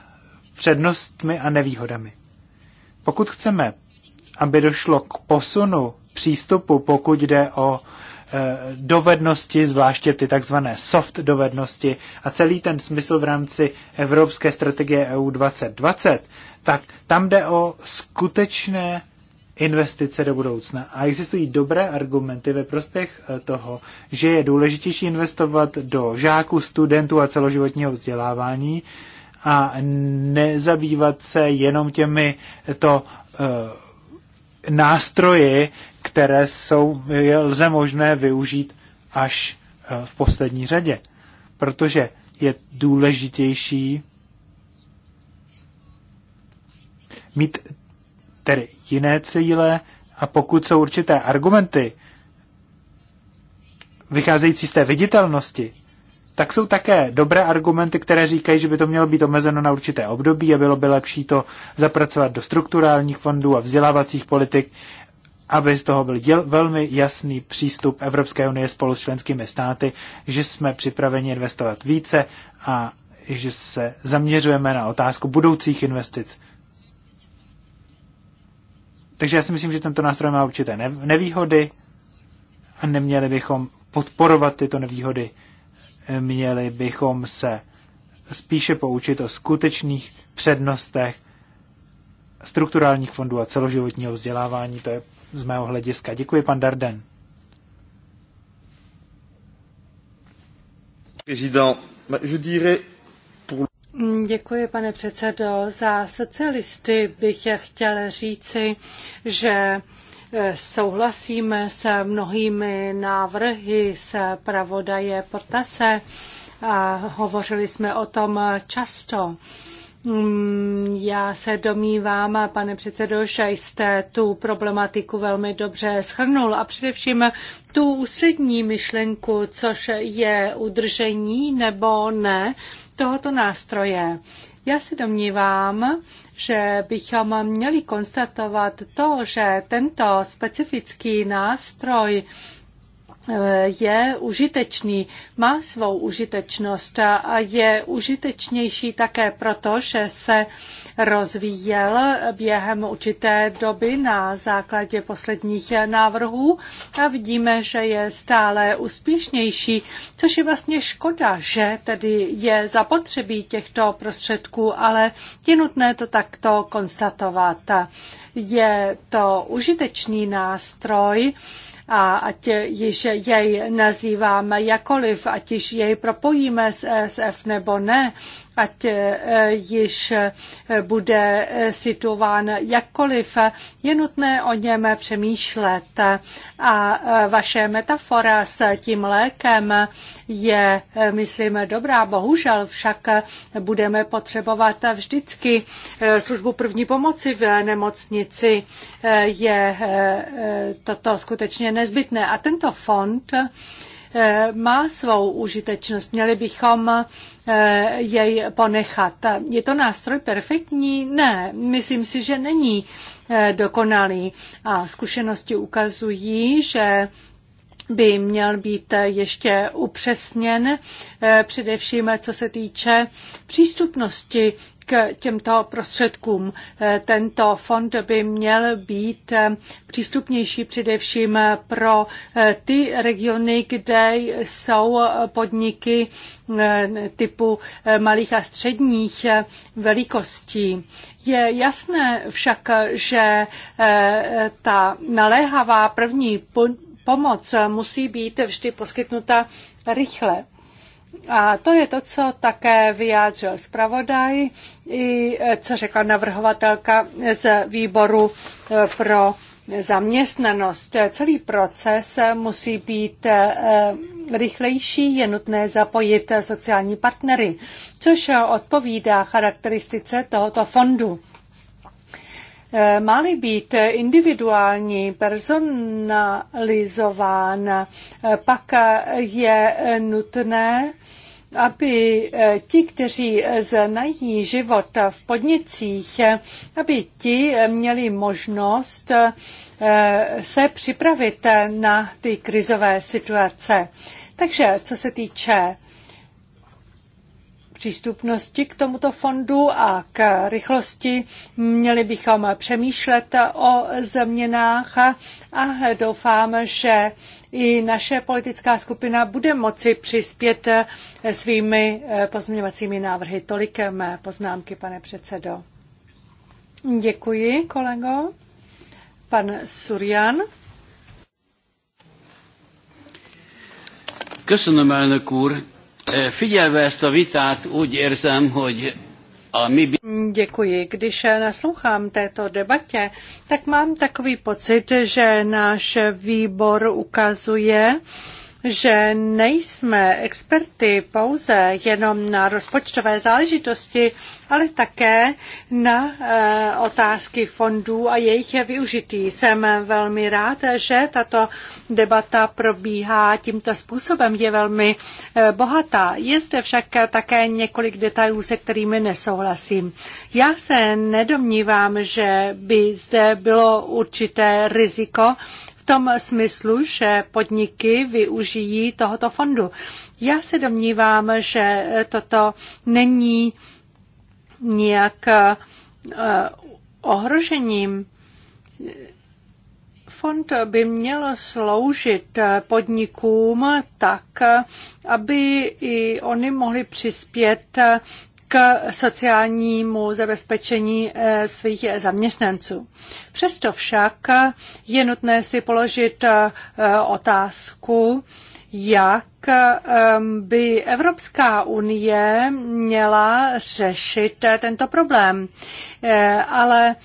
přednostmi a nevýhodami. Pokud chceme, aby došlo k posunu přístupu, pokud jde o eh, dovednosti, zvláště ty takzvané soft dovednosti a celý ten smysl v rámci Evropské strategie EU 2020, tak tam jde o skutečné investice do budoucna. A existují dobré argumenty ve prospěch eh, toho, že je důležitější investovat do žáků, studentů a celoživotního vzdělávání a nezabývat se jenom těmi eh, to e, nástroji, které jsou, je, lze možné využít až e, v poslední řadě. Protože je důležitější mít tedy jiné cíle a pokud jsou určité argumenty vycházející z té viditelnosti, tak jsou také dobré argumenty, které říkají, že by to mělo být omezeno na určité období a bylo by lepší to zapracovat do strukturálních fondů a vzdělávacích politik, aby z toho byl děl, velmi jasný přístup Evropské unie spolu s členskými státy, že jsme připraveni investovat více a že se zaměřujeme na otázku budoucích investic. Takže já si myslím, že tento nástroj má určité nevýhody a neměli bychom podporovat tyto nevýhody. Měli bychom se spíše poučit o skutečných přednostech strukturálních fondů a celoživotního vzdělávání. To je z mého hlediska. Děkuji, pan Darden. Président, je dirais Mm, děkuji, pane předsedo. Za socialisty bych chtěl říci, že eh, souhlasíme s mnohými návrhy z pravodaje Portase a hovořili jsme o tom často. Mm, já se domnívám, pane předsedo, že jste tu problematiku velmi dobře schrnul a především tu ústřední myšlenku, což je udržení nebo ne tohoto nástroje. Já se domnívám, že bychom měli konstatovat to, že tento specifický nástroj je užitečný, má svou užitečnost a je užitečnější také proto, že se rozvíjel během určité doby na základě posledních návrhů a vidíme, že je stále úspěšnější, což je vlastně škoda, že tedy je zapotřebí těchto prostředků, ale je nutné to takto konstatovat. Je to užitečný nástroj, a ať již jej nazýváme jakoliv, ať již jej propojíme s ESF nebo ne, ať eh, již eh, bude eh, situován jakkoliv, je nutné o něm přemýšlet. A vaše metafora s tím lékem je, myslím, dobrá. Bohužel však budeme potřebovat vždycky službu první pomoci v nemocnici. Je toto skutečně nezbytné. A tento fond Eh, má svou užitečnost. Měli bychom eh, jej ponechat. Je to nástroj perfektní? Ne, myslím si, že není eh, dokonalý. A zkušenosti ukazují, že by měl být ještě upřesněn, především co se týče přístupnosti k těmto prostředkům. Eh, tento fond by měl být eh, přístupnější především pro eh, ty regiony, kde jsou podniky typu malých a středních velikostí. Je jasné však, že ta naléhavá první pomoc musí být vždy poskytnuta rychle. A to je to, co také vyjádřil zpravodaj, i e, co řekla navrhovatelka z výboru e, pro zaměstnanost. Celý proces e, musí být rychlejší, je nutné zapojit sociální partnery, což odpovídá charakteristice tohoto fondu. Eh, má-li být individuální, personalizován, eh, pak je nutné aby eh, ti, kteří znají život v podnicích, aby ti měli možnost se připravit na ty krizové situace. Takže co se týče přístupnosti k tomuto fondu a k rychlosti. Měli bychom přemýšlet o změnách a doufám, že i naše politická skupina bude moci přispět svými pozměňovacími návrhy. Tolik mé poznámky, pane předsedo. Děkuji, kolego. Pan Surjan. Köszönöm, elnök úr! Figyelve ezt a vitát, úgy érzem, hogy a mi... Děkuji. Když naslouchám této debatě, tak mám takový pocit, že náš výbor ukazuje, že nejsme experty pouze jenom na rozpočtové záležitosti, ale také na eh, otázky fondů a jejich využití. Jsem velmi rád, že tato debata probíhá tímto způsobem, je velmi eh, bohatá. Je zde však také několik detailů, se kterými nesouhlasím. Já se nedomnívám, že by zde bylo určité riziko, tom smyslu, že podniky využijí tohoto fondu. Já se domnívám, že toto není nějak eh, ohrožením fond by měl sloužit eh, podnikům tak, aby i oni mohli přispět eh, k sociálnímu zabezpečení eh, svých zaměstnanců. Přesto však je nutné si položit eh, otázku, jak ehm, by Evropská unie měla řešit eh, tento problém. Ale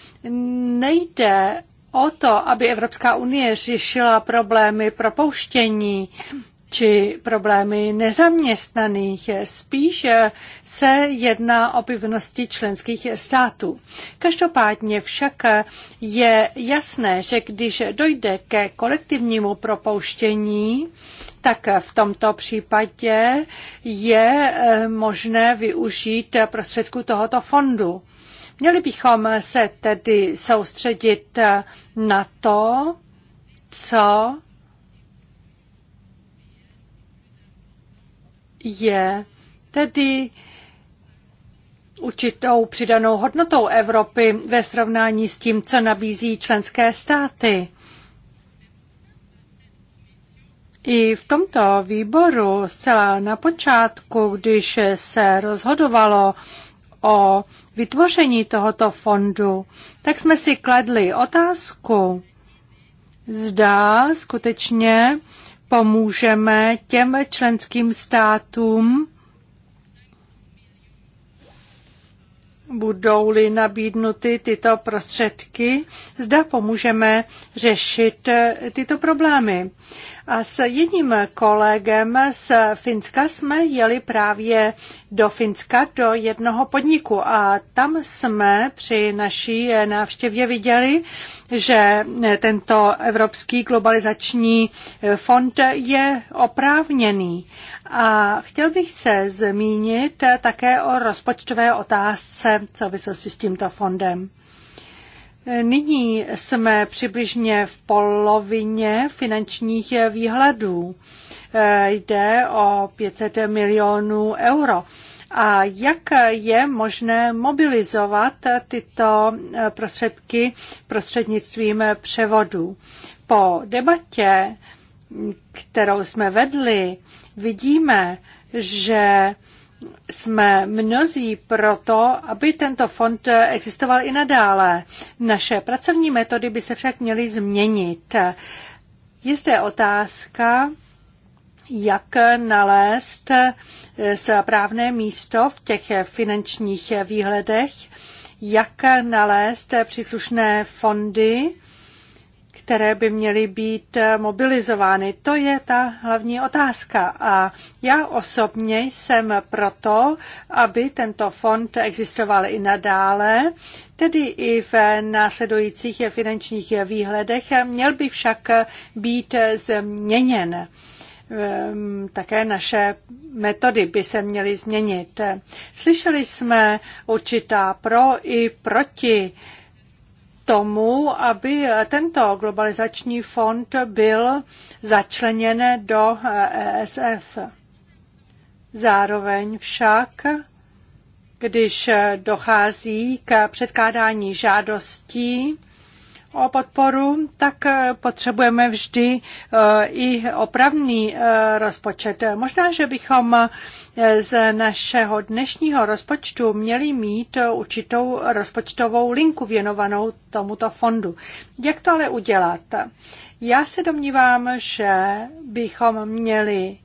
nejde o to, aby Evropská unie řešila problémy propouštění či problémy nezaměstnaných. Spíš se jedná o pivnosti členských států. Každopádně však je jasné, že když dojde ke kolektivnímu propouštění, tak v tomto případě je eh, možné využít prostředku tohoto fondu. Měli bychom se tedy soustředit eh, na to, co je tedy určitou přidanou hodnotou Evropy ve srovnání s tím, co nabízí členské státy. I v tomto výboru zcela na počátku, když se rozhodovalo o vytvoření tohoto fondu, tak jsme si kladli otázku, zda skutečně pomůžeme těm členským státům, budou-li nabídnuty tyto prostředky, zda pomůžeme řešit eh, tyto problémy. A s jedním kolegem z Finska jsme jeli právě do Finska, do jednoho podniku a tam jsme při naší eh, návštěvě viděli, že eh, tento Evropský globalizační fond je oprávněný a chtěl bych se zmínit také o rozpočtové otázce v souvislosti s tímto fondem. Nyní jsme přibližně v polovině finančních výhledů. Jde o 500 milionů euro. A jak je možné mobilizovat tyto prostředky prostřednictvím převodu? Po debatě, kterou jsme vedli vidíme, že jsme mnozí proto, aby tento fond existoval i nadále. Naše pracovní metody by se však měly změnit. Je zde otázka, jak nalézt eh, správné místo v těch finančních výhledech, jak nalézt eh, příslušné fondy, které by měly být eh, mobilizovány. To je ta hlavní otázka. A já osobně jsem proto, aby tento fond existoval i nadále, tedy i v následujících finančních výhledech, měl by však být změněn ehm, také naše metody by se měly změnit. Slyšeli jsme určitá pro i proti tomu, aby tento globalizační fond byl začleněn do ESF. Zároveň však, když dochází k předkládání žádostí, o podporu, tak eh, potřebujeme vždy eh, i opravný eh, rozpočet. Možná, že bychom z našeho dnešního rozpočtu měli mít určitou rozpočtovou linku věnovanou tomuto fondu. Jak to ale udělat? Já se domnívám, že bychom měli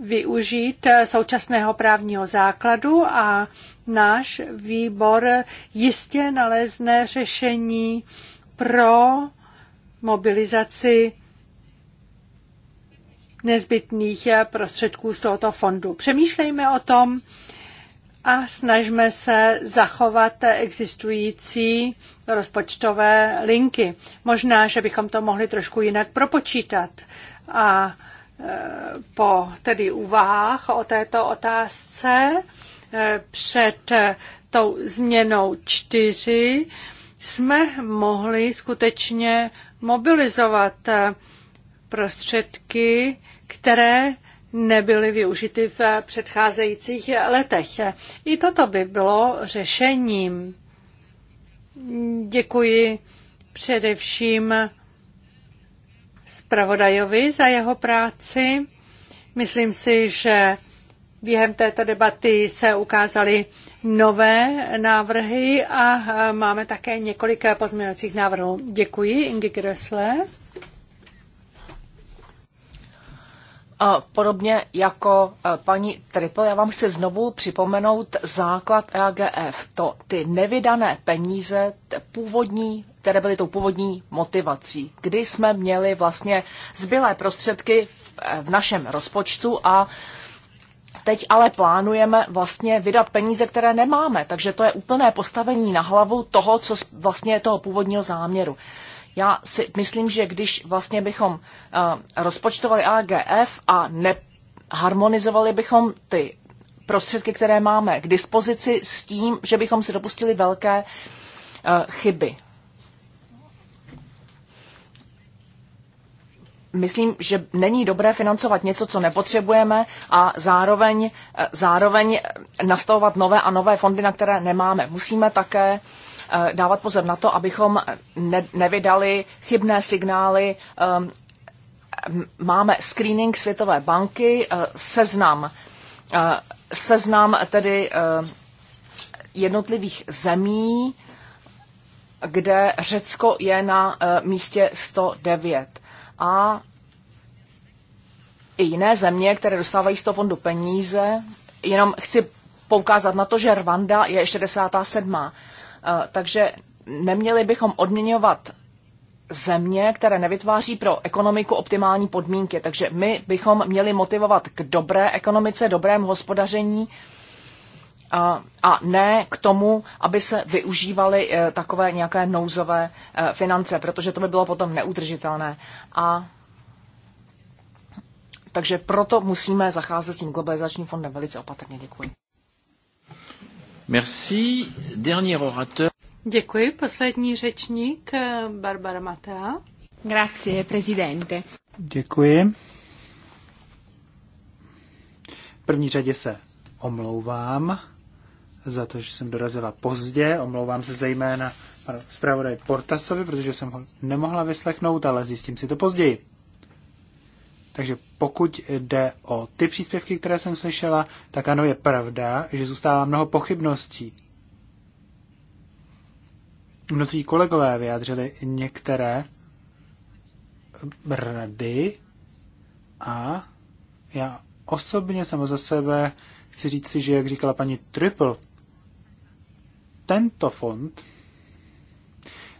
využít eh, současného právního základu a náš výbor jistě nalezne řešení pro mobilizaci nezbytných eh, prostředků z tohoto fondu. Přemýšlejme o tom a snažme se zachovat existující rozpočtové linky. Možná, že bychom to mohli trošku jinak propočítat a Eh, po tedy úvahách o této otázce eh, před tou změnou čtyři jsme mohli skutečně mobilizovat eh, prostředky, které nebyly využity v předcházejících letech. I toto by bylo řešením. Děkuji především zpravodajovi za jeho práci. Myslím si, že během této debaty se ukázaly nové návrhy a máme také několik pozměňovacích návrhů. Děkuji, Ingi Gressle. Podobně jako e, paní Triple, já vám chci znovu připomenout základ EAGF. To ty nevydané peníze, původní které byly tou původní motivací, kdy jsme měli vlastně zbylé prostředky eh, v našem rozpočtu a Teď ale plánujeme vlastně vydat peníze, které nemáme, takže to je úplné postavení na hlavu toho, co vlastně je toho původního záměru. Já si myslím, že když vlastně bychom eh, rozpočtovali AGF a neharmonizovali bychom ty prostředky, které máme k dispozici s tím, že bychom si dopustili velké eh, chyby. myslím, že není dobré financovat něco, co nepotřebujeme a zároveň, eh, zároveň eh, nastavovat nové a nové fondy, na které nemáme. Musíme také eh, dávat pozor na to, abychom ne, nevydali chybné signály. Ehm, máme screening Světové banky, seznam, seznam tedy jednotlivých zemí, kde Řecko je na místě 109 a i jiné země, které dostávají z toho fondu peníze. Jenom chci poukázat na to, že Rwanda je 67. Eh, takže neměli bychom odměňovat země, které nevytváří pro ekonomiku optimální podmínky. Takže my bychom měli motivovat k dobré ekonomice, dobrému hospodaření a ne k tomu, aby se využívaly eh, takové nějaké nouzové eh, finance, protože to by bylo potom neudržitelné. A takže proto musíme zacházet s tím globalizačním fondem velice opatrně. Děkuji. Merci. Dernier orateur. Děkuji. Poslední řečník eh, Barbara Matea. Grazie, prezidente. Děkuji. V první řadě se omlouvám za to, že jsem dorazila pozdě. Omlouvám se zejména panu zpravodaj Portasovi, protože jsem ho nemohla vyslechnout, ale zjistím si to později. Takže pokud jde o ty příspěvky, které jsem slyšela, tak ano, je pravda, že zůstává mnoho pochybností. Mnozí kolegové vyjádřili některé rady a já osobně jsem za sebe chci říct si, že jak říkala paní Triple, tento fond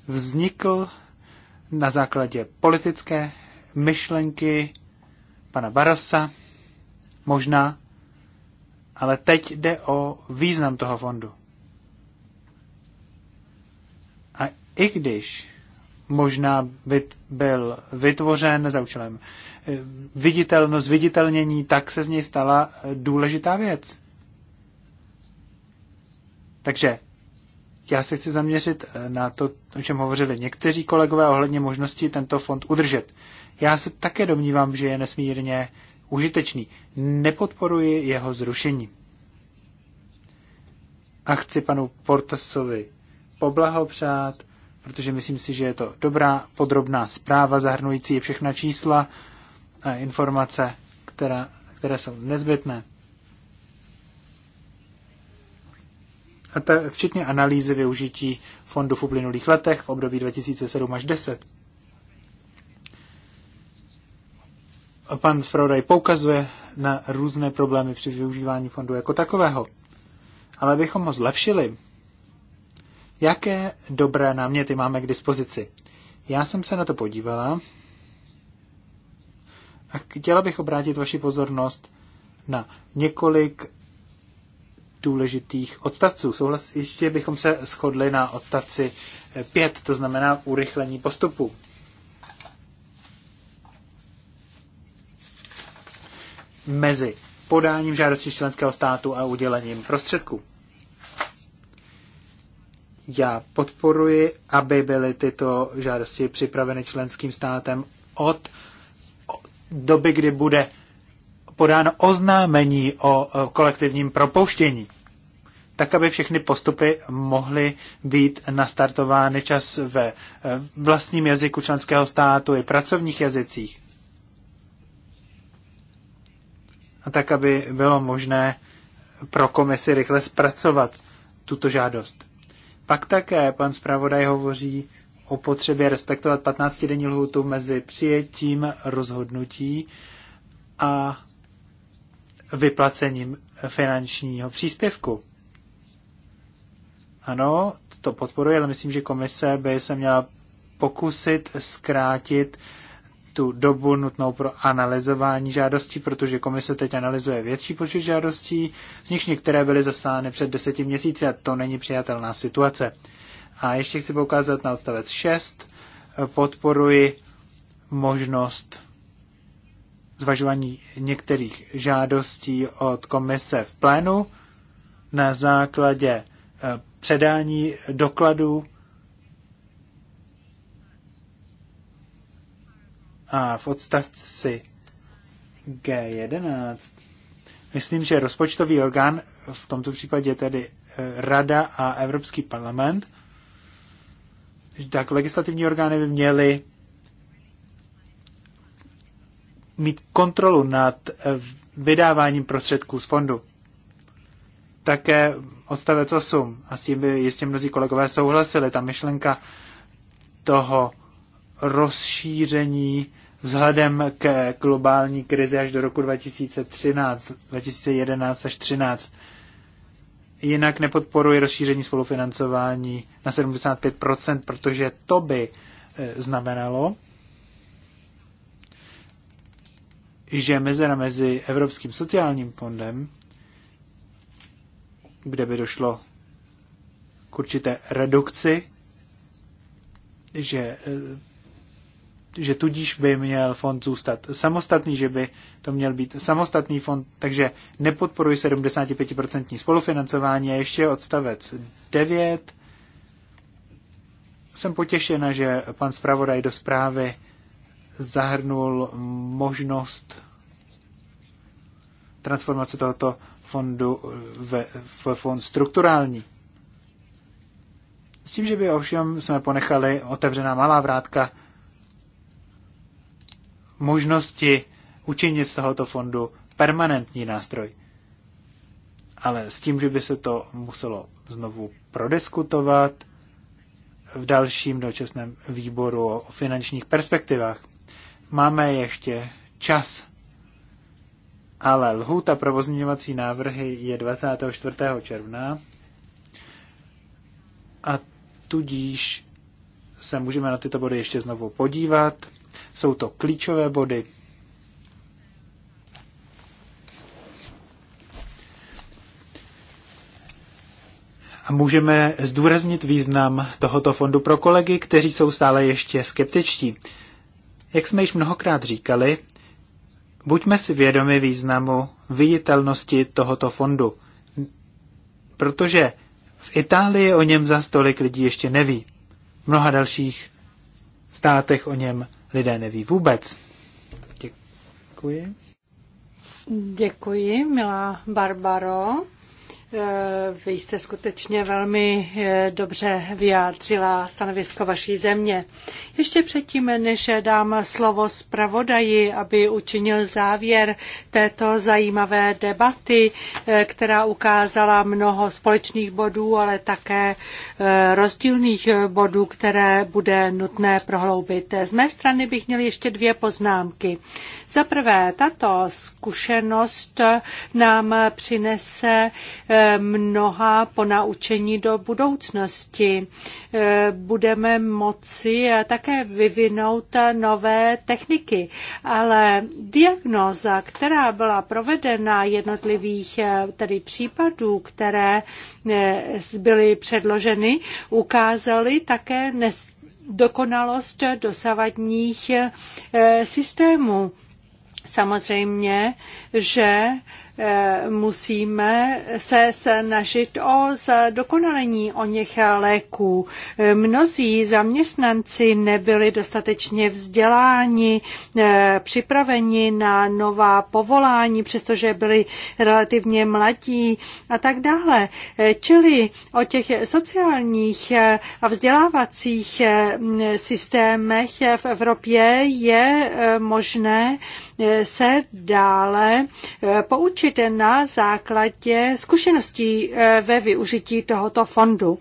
vznikl na základě politické myšlenky pana Barosa, možná, ale teď jde o význam toho fondu. A i když možná byl vytvořen za účelem eh, viditelnost, viditelnění, tak se z něj stala důležitá věc. Takže já se chci zaměřit eh, na to, o čem hovořili někteří kolegové ohledně možnosti tento fond udržet. Já se také domnívám, že je nesmírně užitečný. Nepodporuji jeho zrušení. A chci panu Portasovi poblahopřát, protože myslím si, že je to dobrá podrobná zpráva zahrnující všechna čísla a informace, která, které jsou nezbytné. a ta, včetně analýzy využití fondu v uplynulých letech v období 2007 až 10. A pan Frodaj poukazuje na různé problémy při využívání fondu jako takového. Ale abychom ho zlepšili, jaké dobré náměty máme k dispozici? Já jsem se na to podívala a chtěla bych obrátit vaši pozornost na několik důležitých odstavců. Souhlas, ještě bychom se shodli na odstavci 5, to znamená urychlení postupu. Mezi podáním žádosti členského státu a udělením prostředků. Já podporuji, aby byly tyto žádosti připraveny členským státem od doby, kdy bude podáno oznámení o kolektivním propouštění, tak aby všechny postupy mohly být nastartovány čas ve e, vlastním jazyku členského státu i pracovních jazycích. A tak, aby bylo možné pro komisi rychle zpracovat tuto žádost. Pak také pan zpravodaj hovoří o potřebě respektovat 15-denní lhůtu mezi přijetím rozhodnutí a vyplacením finančního příspěvku. Ano, to podporuje, ale myslím, že komise by se měla pokusit zkrátit tu dobu nutnou pro analyzování žádostí, protože komise teď analyzuje větší počet žádostí, z nich některé byly zasány před deseti měsíci a to není přijatelná situace. A ještě chci poukázat na odstavec 6. Podporuji možnost zvažování některých žádostí od komise v plénu na základě eh, předání dokladů a v odstavci G11 myslím, že rozpočtový orgán, v tomto případě tedy eh, Rada a Evropský parlament, tak legislativní orgány by měly mít kontrolu nad eh, vydáváním prostředků z fondu. Také odstavec 8, a s tím by jistě mnozí kolegové souhlasili, ta myšlenka toho rozšíření vzhledem k globální krizi až do roku 2013, 2011 až 13. Jinak nepodporuji rozšíření spolufinancování na 75%, protože to by eh, znamenalo, že mezera mezi Evropským sociálním fondem, kde by došlo k určité redukci, že, eh, že tudíž by měl fond zůstat samostatný, že by to měl být samostatný fond, takže nepodporuji 75% spolufinancování a ještě odstavec 9. Jsem potěšena, že pan zpravodaj do zprávy zahrnul možnost transformace tohoto fondu ve, v fond strukturální. S tím, že by ovšem jsme ponechali otevřená malá vrátka možnosti učinit z tohoto fondu permanentní nástroj. Ale s tím, že by se to muselo znovu prodiskutovat v dalším dočasném výboru o finančních perspektivách. Máme ještě čas. Ale lhůta pro pozměňovací návrhy je 24. června a tudíž se můžeme na tyto body ještě znovu podívat. Jsou to klíčové body. A můžeme zdůraznit význam tohoto fondu pro kolegy, kteří jsou stále ještě skeptičtí. Jak jsme již mnohokrát říkali, buďme si vědomi významu viditelnosti tohoto fondu, protože v Itálii o něm za stolik lidí ještě neví. V mnoha dalších státech o něm lidé neví vůbec. Děkuji. Děkuji, milá Barbaro. Eh, vy jste skutečně velmi eh, dobře vyjádřila stanovisko vaší země. Ještě předtím, než dám slovo zpravodaji, aby učinil závěr této zajímavé debaty, eh, která ukázala mnoho společných bodů, ale také rozdílných bodů, které bude nutné prohloubit. Z mé strany bych měl ještě dvě poznámky. Za prvé, tato zkušenost nám přinese mnoha ponaučení do budoucnosti. Eh, budeme moci eh, také vyvinout eh, nové techniky, ale diagnoza, která byla provedena jednotlivých tedy případů, které byly předloženy, ukázaly také dokonalost dosavadních systémů. Samozřejmě, že Eh, musíme se snažit o zdokonalení o něch léků. Eh, mnozí zaměstnanci nebyli dostatečně vzděláni, eh, připraveni na nová povolání, přestože byli relativně mladí a tak dále. Čili o těch sociálních a vzdělávacích systémech v Evropě je možné se dále poučit učit na základě zkušeností eh, ve využití tohoto fondu.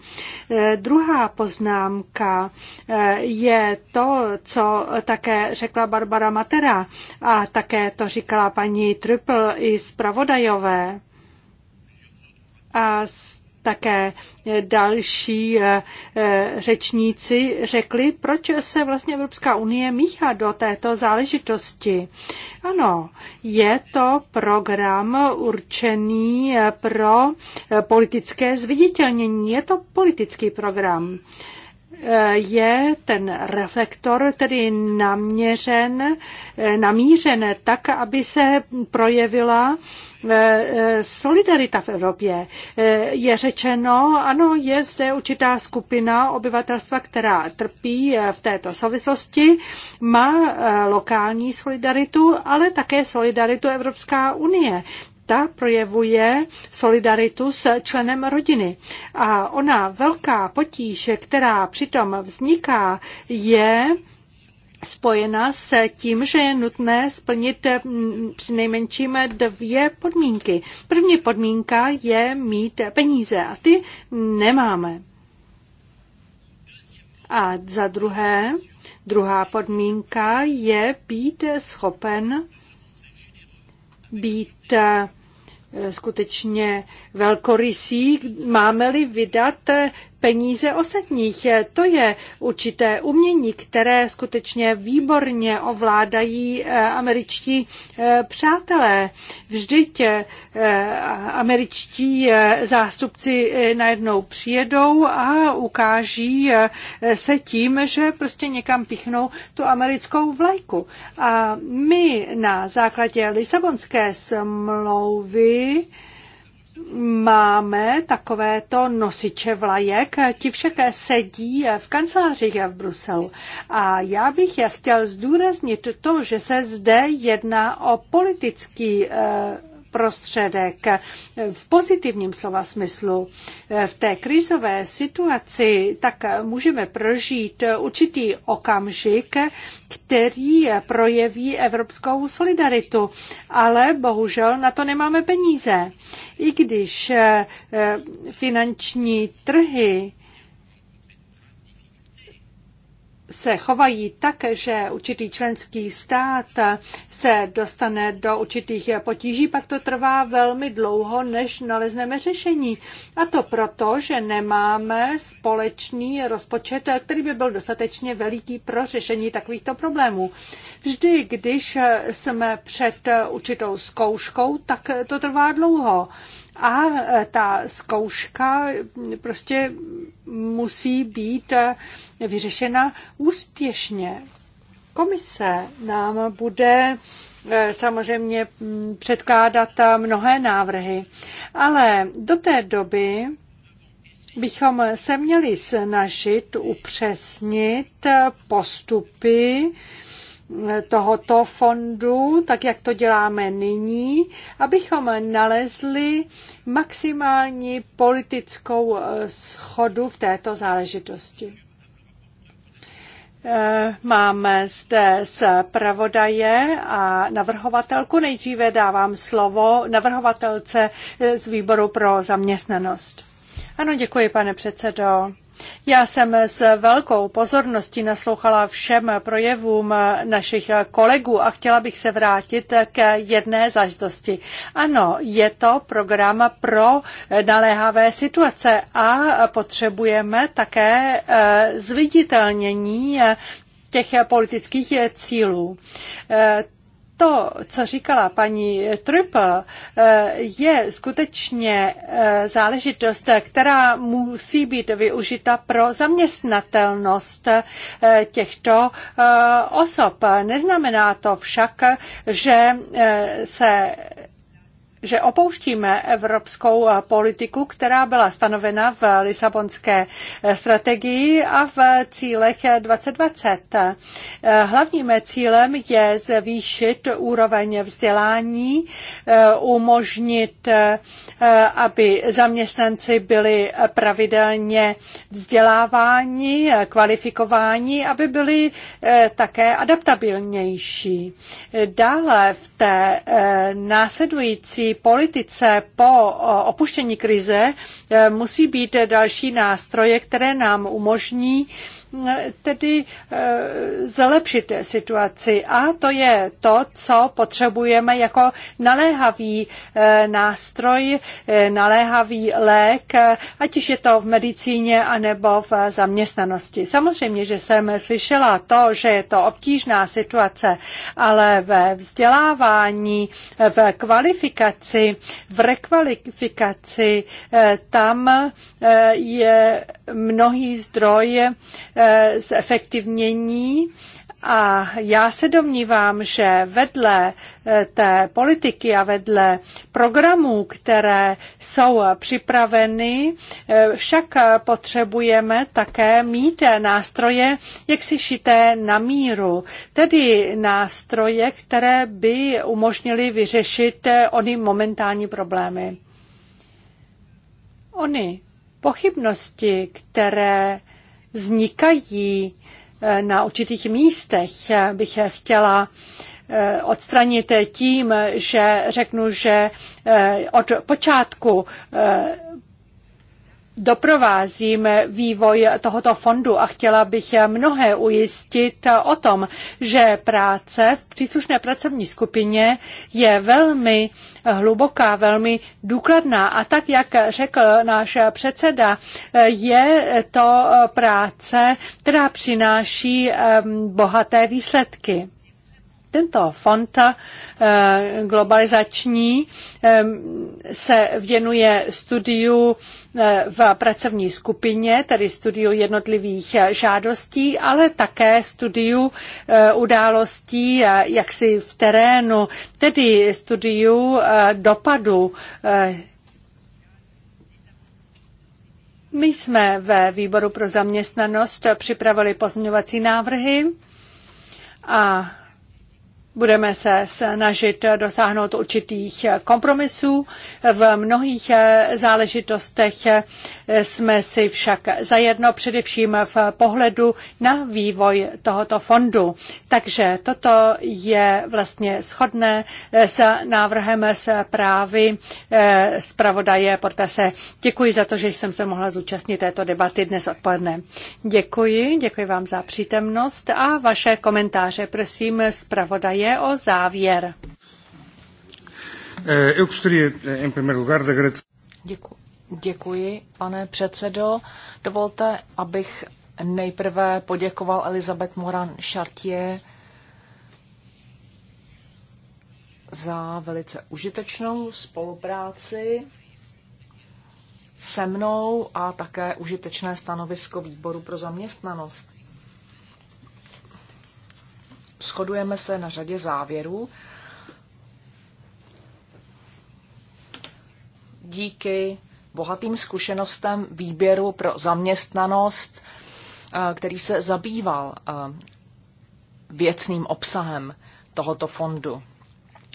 Eh, druhá poznámka eh, je to, co také řekla Barbara Matera a také to říkala paní Triple i zpravodajové. A také další eh, eh, řečníci řekli, proč se vlastně Evropská unie míchá do této záležitosti. Ano, je to program určený eh, pro politické zviditelnění. Je to politický program je ten reflektor tedy naměřen, namířen tak, aby se projevila eh, eh, solidarita v Evropě. Eh, je řečeno, ano, je zde určitá skupina obyvatelstva, která trpí v této souvislosti, má lokální solidaritu, ale také solidaritu Evropská unie ta projevuje solidaritu s členem rodiny. A ona velká potíž, která přitom vzniká, je spojena s tím, že je nutné splnit mm, nejmenším dvě podmínky. První podmínka je mít peníze a ty nemáme. A za druhé, druhá podmínka je být schopen být skutečně velkorysí. Máme-li vydat peníze ostatních. To je určité umění, které skutečně výborně ovládají eh, američtí eh, přátelé. Vždyť eh, američtí zástupci najednou přijedou a ukáží se tím, že prostě někam pichnou tu americkou vlajku. A my na základě Lisabonské smlouvy máme takovéto nosiče vlajek, ti však sedí v kancelářích v Bruselu. A já bych je chtěl zdůraznit to, že se zde jedná o politický eh, prostředek v pozitivním slova smyslu. V té krizové situaci tak můžeme prožít určitý okamžik, který projeví evropskou solidaritu, ale bohužel na to nemáme peníze. I když eh, finanční trhy se chovají tak, že určitý členský stát se dostane do určitých potíží, pak to trvá velmi dlouho, než nalezneme řešení. A to proto, že nemáme společný rozpočet, který by byl dostatečně veliký pro řešení takovýchto problémů. Vždy, když jsme před určitou zkouškou, tak to trvá dlouho. A ta zkouška prostě musí být vyřešena úspěšně. Komise nám bude eh, samozřejmě mm, předkládat mnohé návrhy, ale do té doby bychom se měli snažit upřesnit postupy, tohoto fondu, tak jak to děláme nyní, abychom nalezli maximální politickou eh, schodu v této záležitosti. Eh, máme zde zpravodaje a navrhovatelku. Nejdříve dávám slovo navrhovatelce eh, z výboru pro zaměstnanost. Ano, děkuji, pane předsedo. Já jsem s velkou pozorností naslouchala všem projevům našich kolegů a chtěla bych se vrátit k jedné zažitosti. Ano, je to program pro naléhavé situace a potřebujeme také e, zviditelnění e, těch politických cílů. E, to, co říkala paní Trüppel, eh, je skutečně eh, záležitost, která musí být využita pro zaměstnatelnost eh, těchto osob. Neznamená to však, že se že opouštíme evropskou eh, politiku, která byla stanovena v Lisabonské eh, strategii a v cílech 2020. Eh, hlavním cílem je zvýšit úroveň vzdělání, umožnit, aby zaměstnanci byli pravidelně vzděláváni, kvalifikováni, aby byli také adaptabilnější. Dále v té následující politice po opuštění krize e, musí být další nástroje, které nám umožní tedy eh, zlepšit situaci. A to je to, co potřebujeme jako naléhavý eh, nástroj, eh, naléhavý lék, ať už je to v medicíně anebo v zaměstnanosti. Samozřejmě, že jsem slyšela to, že je to obtížná situace, ale ve vzdělávání, v kvalifikaci, v rekvalifikaci, tam je mnohý zdroj Eh, zefektivnění a já se domnívám, že vedle eh, té politiky a vedle programů, které jsou připraveny, eh, však potřebujeme také mít nástroje, jak si šité na míru, tedy nástroje, které by umožnily vyřešit ony momentální problémy. Ony pochybnosti, které vznikají eh, na určitých místech, bych chtěla eh, odstranit tím, že řeknu, že eh, od počátku doprovázím vývoj tohoto fondu a chtěla bych mnohé ujistit o tom, že práce v příslušné pracovní skupině je velmi hluboká, velmi důkladná a tak, jak řekl náš předseda, je to práce, která přináší bohaté výsledky. Tento fond eh, globalizační ehm, se věnuje studiu eh, v pracovní skupině, tedy studiu jednotlivých eh, žádostí, ale také studiu událostí jaksi v terénu, tedy studiu dopadu my jsme ve výboru pro zaměstnanost připravili pozměňovací návrhy a Budeme se snažit dosáhnout určitých kompromisů. V mnohých záležitostech jsme si však zajedno především v pohledu na vývoj tohoto fondu. Takže toto je vlastně shodné s návrhem zprávy zpravodaje Portase. Děkuji za to, že jsem se mohla zúčastnit této debaty dnes odpoledne. Děkuji, děkuji vám za přítomnost a vaše komentáře. Prosím zpravodaje je o závěr. Eh, eh, děkuji. Děkuji, pane předsedo. Dovolte, abych nejprve poděkoval Elizabeth Moran Chartier za velice užitečnou spolupráci se mnou a také užitečné stanovisko výboru pro zaměstnanost shodujeme se na řadě závěrů. Díky bohatým zkušenostem výběru pro zaměstnanost, eh, který se zabýval eh, věcným obsahem tohoto fondu.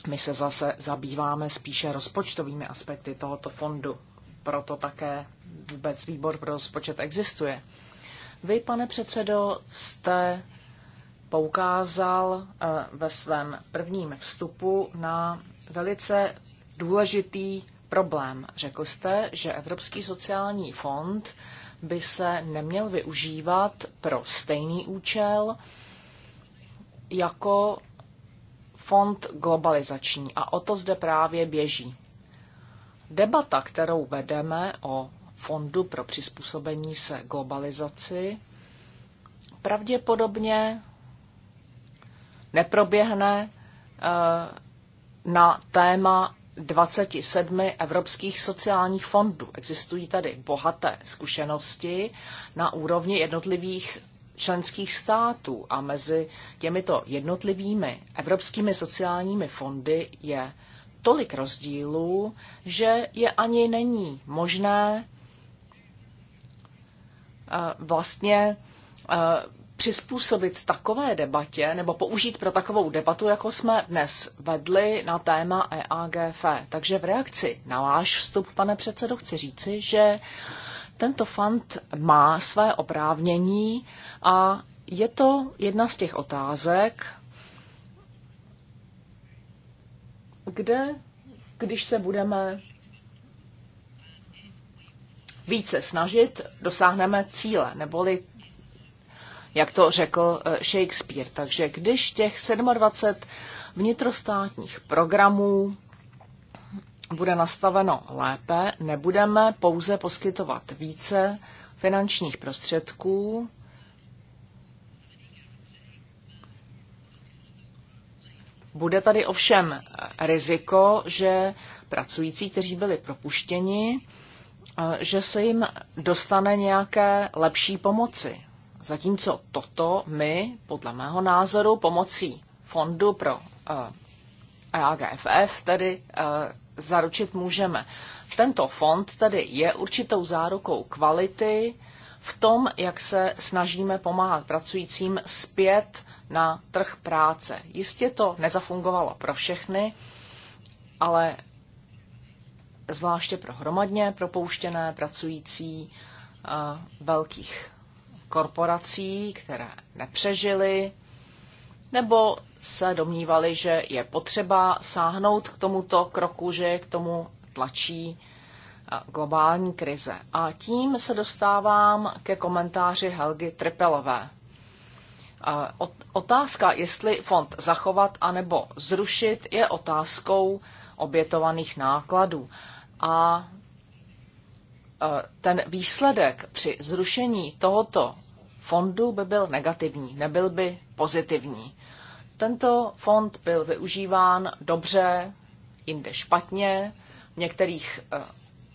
My se zase zabýváme spíše rozpočtovými aspekty tohoto fondu. Proto také vůbec výbor pro rozpočet existuje. Vy, pane předsedo, jste poukázal eh, ve svém prvním vstupu na velice důležitý problém. Řekl jste, že Evropský sociální fond by se neměl využívat pro stejný účel jako fond globalizační. A o to zde právě běží. Debata, kterou vedeme o fondu pro přizpůsobení se globalizaci, pravděpodobně neproběhne eh, na téma 27 evropských sociálních fondů. Existují tady bohaté zkušenosti na úrovni jednotlivých členských států a mezi těmito jednotlivými evropskými sociálními fondy je tolik rozdílů, že je ani není možné eh, vlastně eh, přizpůsobit takové debatě nebo použít pro takovou debatu, jako jsme dnes vedli na téma EAGF. Takže v reakci na váš vstup, pane předsedo, chci říci, že tento fond má své oprávnění a je to jedna z těch otázek, kde, když se budeme více snažit, dosáhneme cíle, neboli jak to řekl eh, Shakespeare. Takže když těch 27 vnitrostátních programů bude nastaveno lépe, nebudeme pouze poskytovat více finančních prostředků, Bude tady ovšem riziko, že pracující, kteří byli propuštěni, eh, že se jim dostane nějaké lepší pomoci. Zatímco toto my, podle mého názoru, pomocí Fondu pro eh, AGFF tedy eh, zaručit můžeme. Tento fond tedy je určitou zárukou kvality v tom, jak se snažíme pomáhat pracujícím zpět na trh práce. Jistě to nezafungovalo pro všechny, ale zvláště pro hromadně propouštěné pracující eh, velkých korporací, které nepřežily, nebo se domnívali, že je potřeba sáhnout k tomuto kroku, že k tomu tlačí eh, globální krize. A tím se dostávám ke komentáři Helgy Tripelové. Eh, otázka, jestli fond zachovat anebo zrušit, je otázkou obětovaných nákladů. A eh, ten výsledek při zrušení tohoto fondu by byl negativní, nebyl by pozitivní. Tento fond byl využíván dobře, jinde špatně, v některých eh,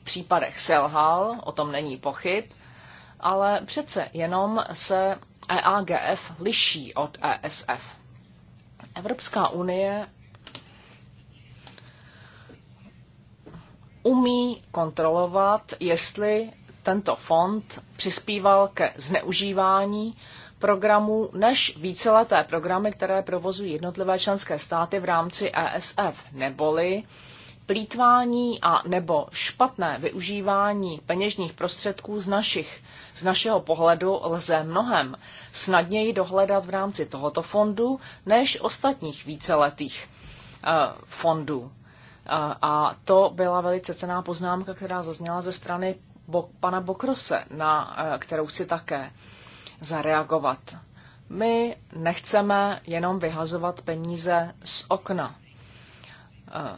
případech selhal, o tom není pochyb, ale přece jenom se EAGF liší od ESF. Evropská unie umí kontrolovat, jestli tento fond přispíval ke zneužívání programů než víceleté programy, které provozují jednotlivé členské státy v rámci ESF, neboli plítvání a nebo špatné využívání peněžních prostředků z, našich, z našeho pohledu lze mnohem snadněji dohledat v rámci tohoto fondu než ostatních víceletých eh, fondů. Eh, a to byla velice cená poznámka, která zazněla ze strany Bo, pana Bokrose, na eh, kterou si také zareagovat. My nechceme jenom vyhazovat peníze z okna. Eh,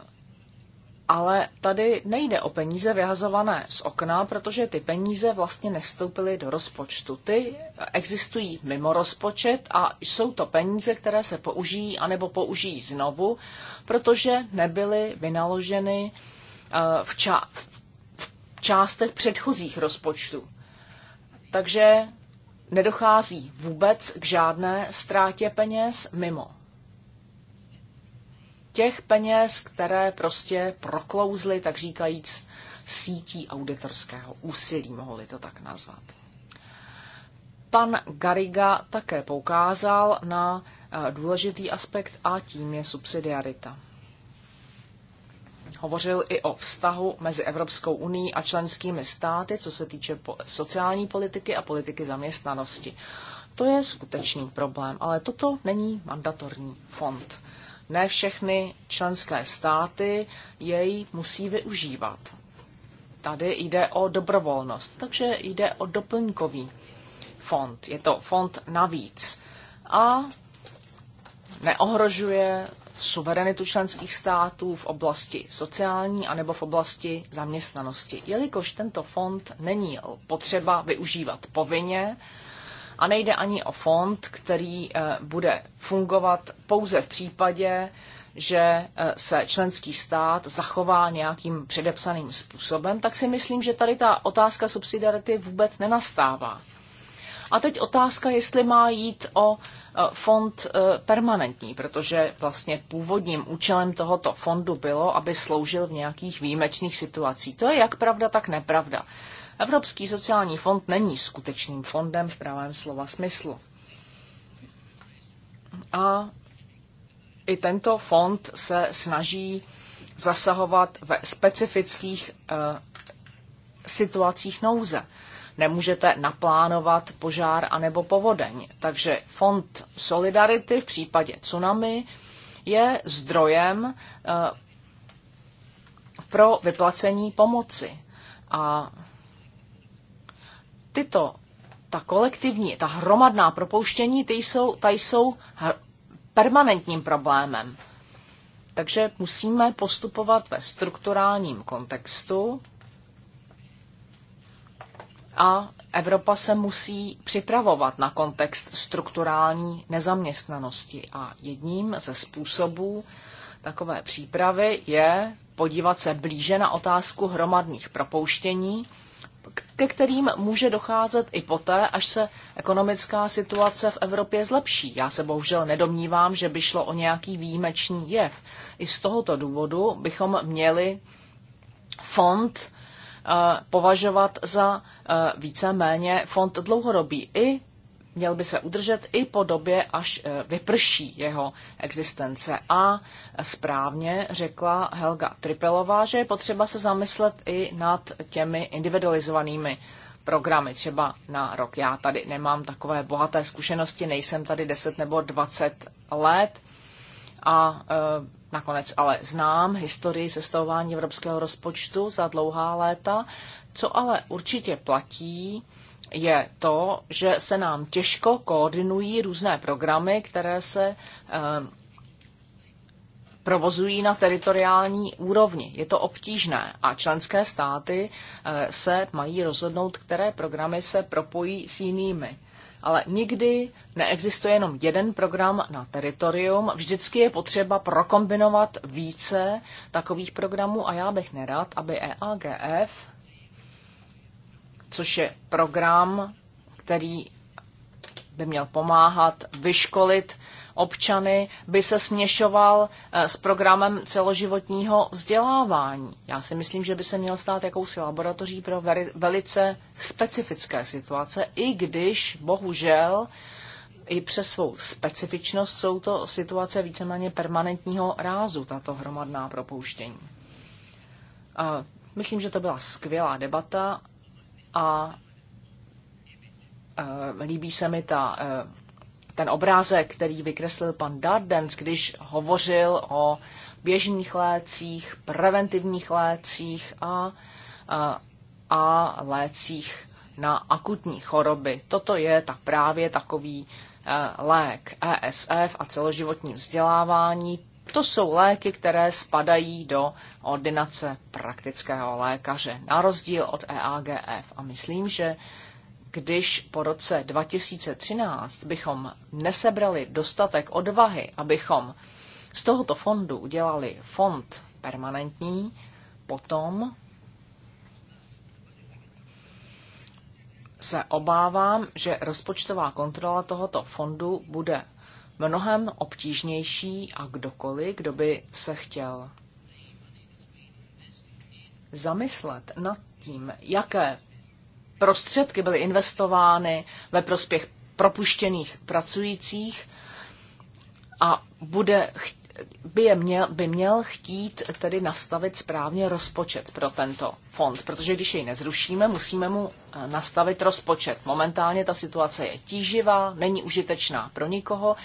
ale tady nejde o peníze vyhazované z okna, protože ty peníze vlastně nestoupily do rozpočtu. Ty eh, existují mimo rozpočet a jsou to peníze, které se použijí anebo použijí znovu, protože nebyly vynaloženy v částech předchozích rozpočtů. Takže nedochází vůbec k žádné ztrátě peněz mimo. Těch peněz, které prostě proklouzly, tak říkajíc, sítí auditorského úsilí, mohli to tak nazvat. Pan Gariga také poukázal na eh, důležitý aspekt a tím je subsidiarita hovořil i o vztahu mezi Evropskou unii a členskými státy, co se týče sociální politiky a politiky zaměstnanosti. To je skutečný problém, ale toto není mandatorní fond. Ne všechny členské státy jej musí využívat. Tady jde o dobrovolnost, takže jde o doplňkový fond. Je to fond navíc a neohrožuje suverenitu členských států v oblasti sociální anebo v oblasti zaměstnanosti. Jelikož tento fond není potřeba využívat povinně a nejde ani o fond, který eh, bude fungovat pouze v případě, že eh, se členský stát zachová nějakým předepsaným způsobem, tak si myslím, že tady ta otázka subsidiarity vůbec nenastává. A teď otázka, jestli má jít o e, fond e, permanentní, protože vlastně původním účelem tohoto fondu bylo, aby sloužil v nějakých výjimečných situacích. To je jak pravda, tak nepravda. Evropský sociální fond není skutečným fondem v pravém slova smyslu. A i tento fond se snaží zasahovat ve specifických uh, situacích nouze nemůžete naplánovat požár anebo povodeň. Takže fond Solidarity v případě tsunami je zdrojem eh, pro vyplacení pomoci. A tyto, ta kolektivní, ta hromadná propouštění, ty jsou, ta jsou permanentním problémem. Takže musíme postupovat ve strukturálním kontextu a Evropa se musí připravovat na kontext strukturální nezaměstnanosti a jedním ze způsobů takové přípravy je podívat se blíže na otázku hromadných propouštění, ke kterým může docházet i poté, až se ekonomická situace v Evropě zlepší. Já se bohužel nedomnívám, že by šlo o nějaký výjimečný jev. I z tohoto důvodu bychom měli fond Eh, považovat za eh, více-méně fond dlouhodobý. I měl by se udržet i po době, až eh, vyprší jeho existence. A správně řekla Helga Tripelová, že je potřeba se zamyslet i nad těmi individualizovanými programy, třeba na rok. Já tady nemám takové bohaté zkušenosti, nejsem tady 10 nebo 20 let a Nakonec ale znám historii sestavování evropského rozpočtu za dlouhá léta. Co ale určitě platí, je to, že se nám těžko koordinují různé programy, které se eh, provozují na teritoriální úrovni. Je to obtížné a členské státy eh, se mají rozhodnout, které programy se propojí s jinými ale nikdy neexistuje jenom jeden program na teritorium. Vždycky je potřeba prokombinovat více takových programů a já bych nerad, aby EAGF, což je program, který by měl pomáhat vyškolit občany by se směšoval eh, s programem celoživotního vzdělávání. Já si myslím, že by se měl stát jakousi laboratoří pro velice specifické situace, i když bohužel i přes svou specifičnost jsou to situace víceméně permanentního rázu, tato hromadná propouštění. Myslím, že to byla skvělá debata a eh, líbí se mi ta eh, ten obrázek, který vykreslil pan Dardens, když hovořil o běžných lécích, preventivních lécích a, a, a lécích na akutní choroby. Toto je tak právě takový e, lék ESF a celoživotní vzdělávání. To jsou léky, které spadají do ordinace praktického lékaře, na rozdíl od EAGF. A myslím, že když po roce 2013 bychom nesebrali dostatek odvahy, abychom z tohoto fondu udělali fond permanentní, potom se obávám, že rozpočtová kontrola tohoto fondu bude mnohem obtížnější a kdokoliv, kdo by se chtěl zamyslet nad tím, jaké prostředky byly investovány ve prospěch propuštěných pracujících a bude, by, je měl, by měl chtít tedy nastavit správně rozpočet pro tento fond, protože když jej nezrušíme, musíme mu eh, nastavit rozpočet. Momentálně ta situace je tíživá, není užitečná pro nikoho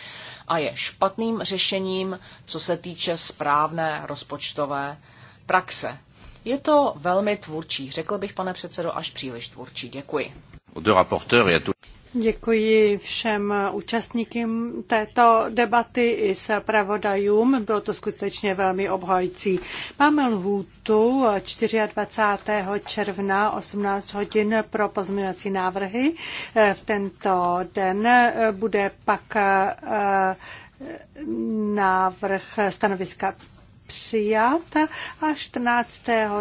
a je špatným řešením, co se týče správné rozpočtové praxe. Je to velmi tvůrčí, řekl bych, pane předsedo, až příliš tvůrčí. Děkuji. Děkuji všem účastníkům této debaty i se pravodajům. Bylo to skutečně velmi obhající. Máme lhůtu 24. června 18 hodin pro pozměňovací návrhy. Eh, v tento den bude pak eh, návrh stanoviska přijat a 14.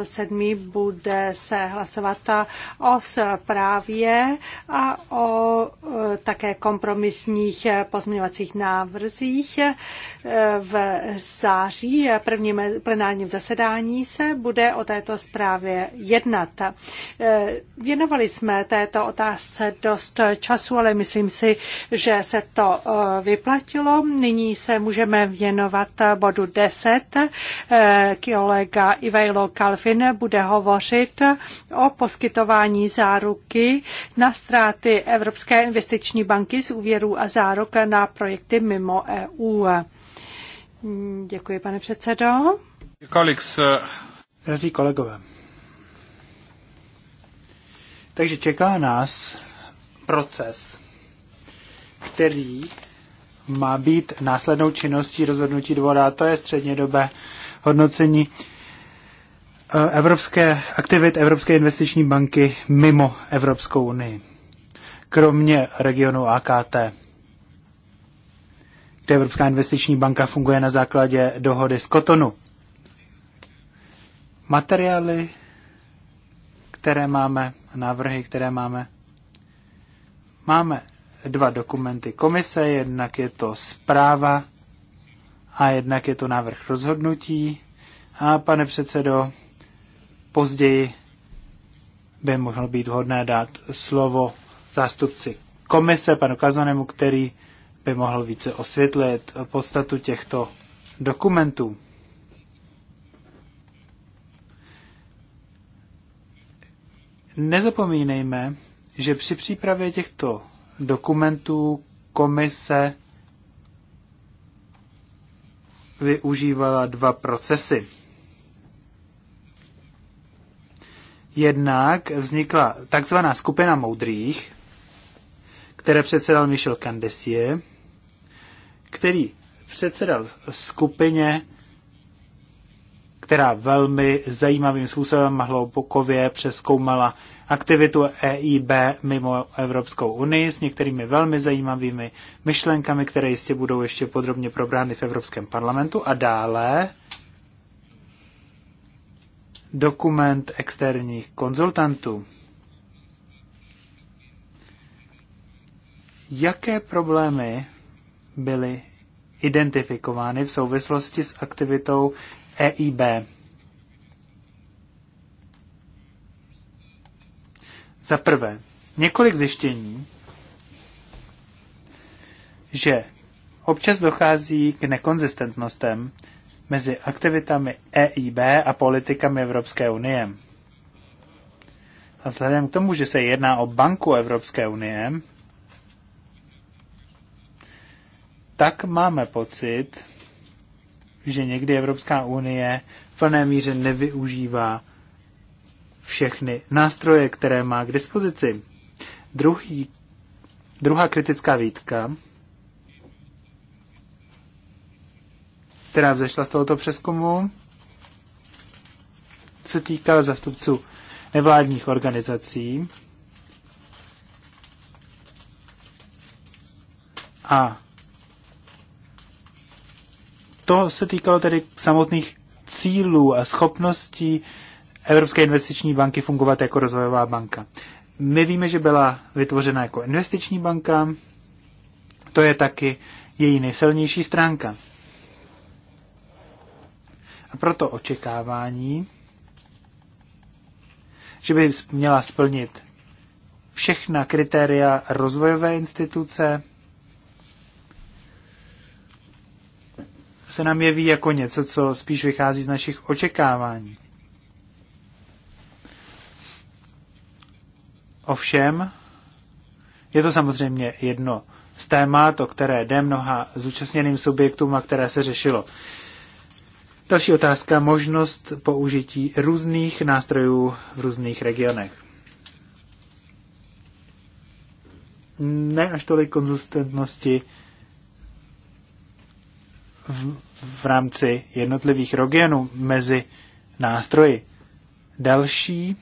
7. bude se hlasovat o zprávě a o e, také kompromisních pozměňovacích návrzích. E, v září prvním plenárním zasedání se bude o této zprávě jednat. E, věnovali jsme této otázce dost času, ale myslím si, že se to vyplatilo. Nyní se můžeme věnovat bodu 10 Eh, kolega Ivailo Kalfin bude hovořit o poskytování záruky na ztráty Evropské investiční banky z úvěrů a záruk na projekty mimo EU. Děkuji, pane předsedo. Koliks, eh, kolegové, takže čeká nás proces, který má být následnou činností rozhodnutí dvora, to je střednědobé hodnocení eh, evropské, aktivit Evropské investiční banky mimo Evropskou unii, kromě regionu AKT, kde Evropská investiční banka funguje na základě dohody z Kotonu. Materiály, které máme, návrhy, které máme, máme dva dokumenty komise, jednak je to zpráva a jednak je to návrh rozhodnutí. A pane předsedo, později by mohlo být vhodné dát slovo zástupci komise, panu Kazanemu, který by mohl více osvětlit podstatu těchto dokumentů. Nezapomínejme, že při přípravě těchto dokumentů komise využívala dva procesy. Jednak vznikla takzvaná skupina moudrých, které předsedal Michel Candesie, který předsedal skupině která velmi zajímavým způsobem hloubokově přeskoumala aktivitu EIB mimo Evropskou unii s některými velmi zajímavými myšlenkami, které jistě budou ještě podrobně probrány v Evropském parlamentu. A dále dokument externích konzultantů. Jaké problémy byly identifikovány v souvislosti s aktivitou EIB. Za prvé, několik zjištění, že občas dochází k nekonzistentnostem mezi aktivitami EIB a politikami Evropské unie. A vzhledem k tomu, že se jedná o banku Evropské unie, tak máme pocit, že někdy Evropská unie v plné míře nevyužívá všechny nástroje, které má k dispozici. Druhý, druhá kritická výtka, která vzešla z tohoto přeskumu, se týká zastupců nevládních organizací a to se týkalo tedy samotných cílů a schopností Evropské investiční banky fungovat jako rozvojová banka. My víme, že byla vytvořena jako investiční banka, to je taky její nejsilnější stránka. A proto očekávání, že by měla splnit všechna kritéria rozvojové instituce, se nám jeví jako něco, co spíš vychází z našich očekávání. Ovšem, je to samozřejmě jedno z témat, o které jde mnoha zúčastněným subjektům a které se řešilo. Další otázka, možnost použití různých nástrojů v různých regionech. Ne až tolik konzistentnosti v v rámci jednotlivých regionů mezi nástroji. Další,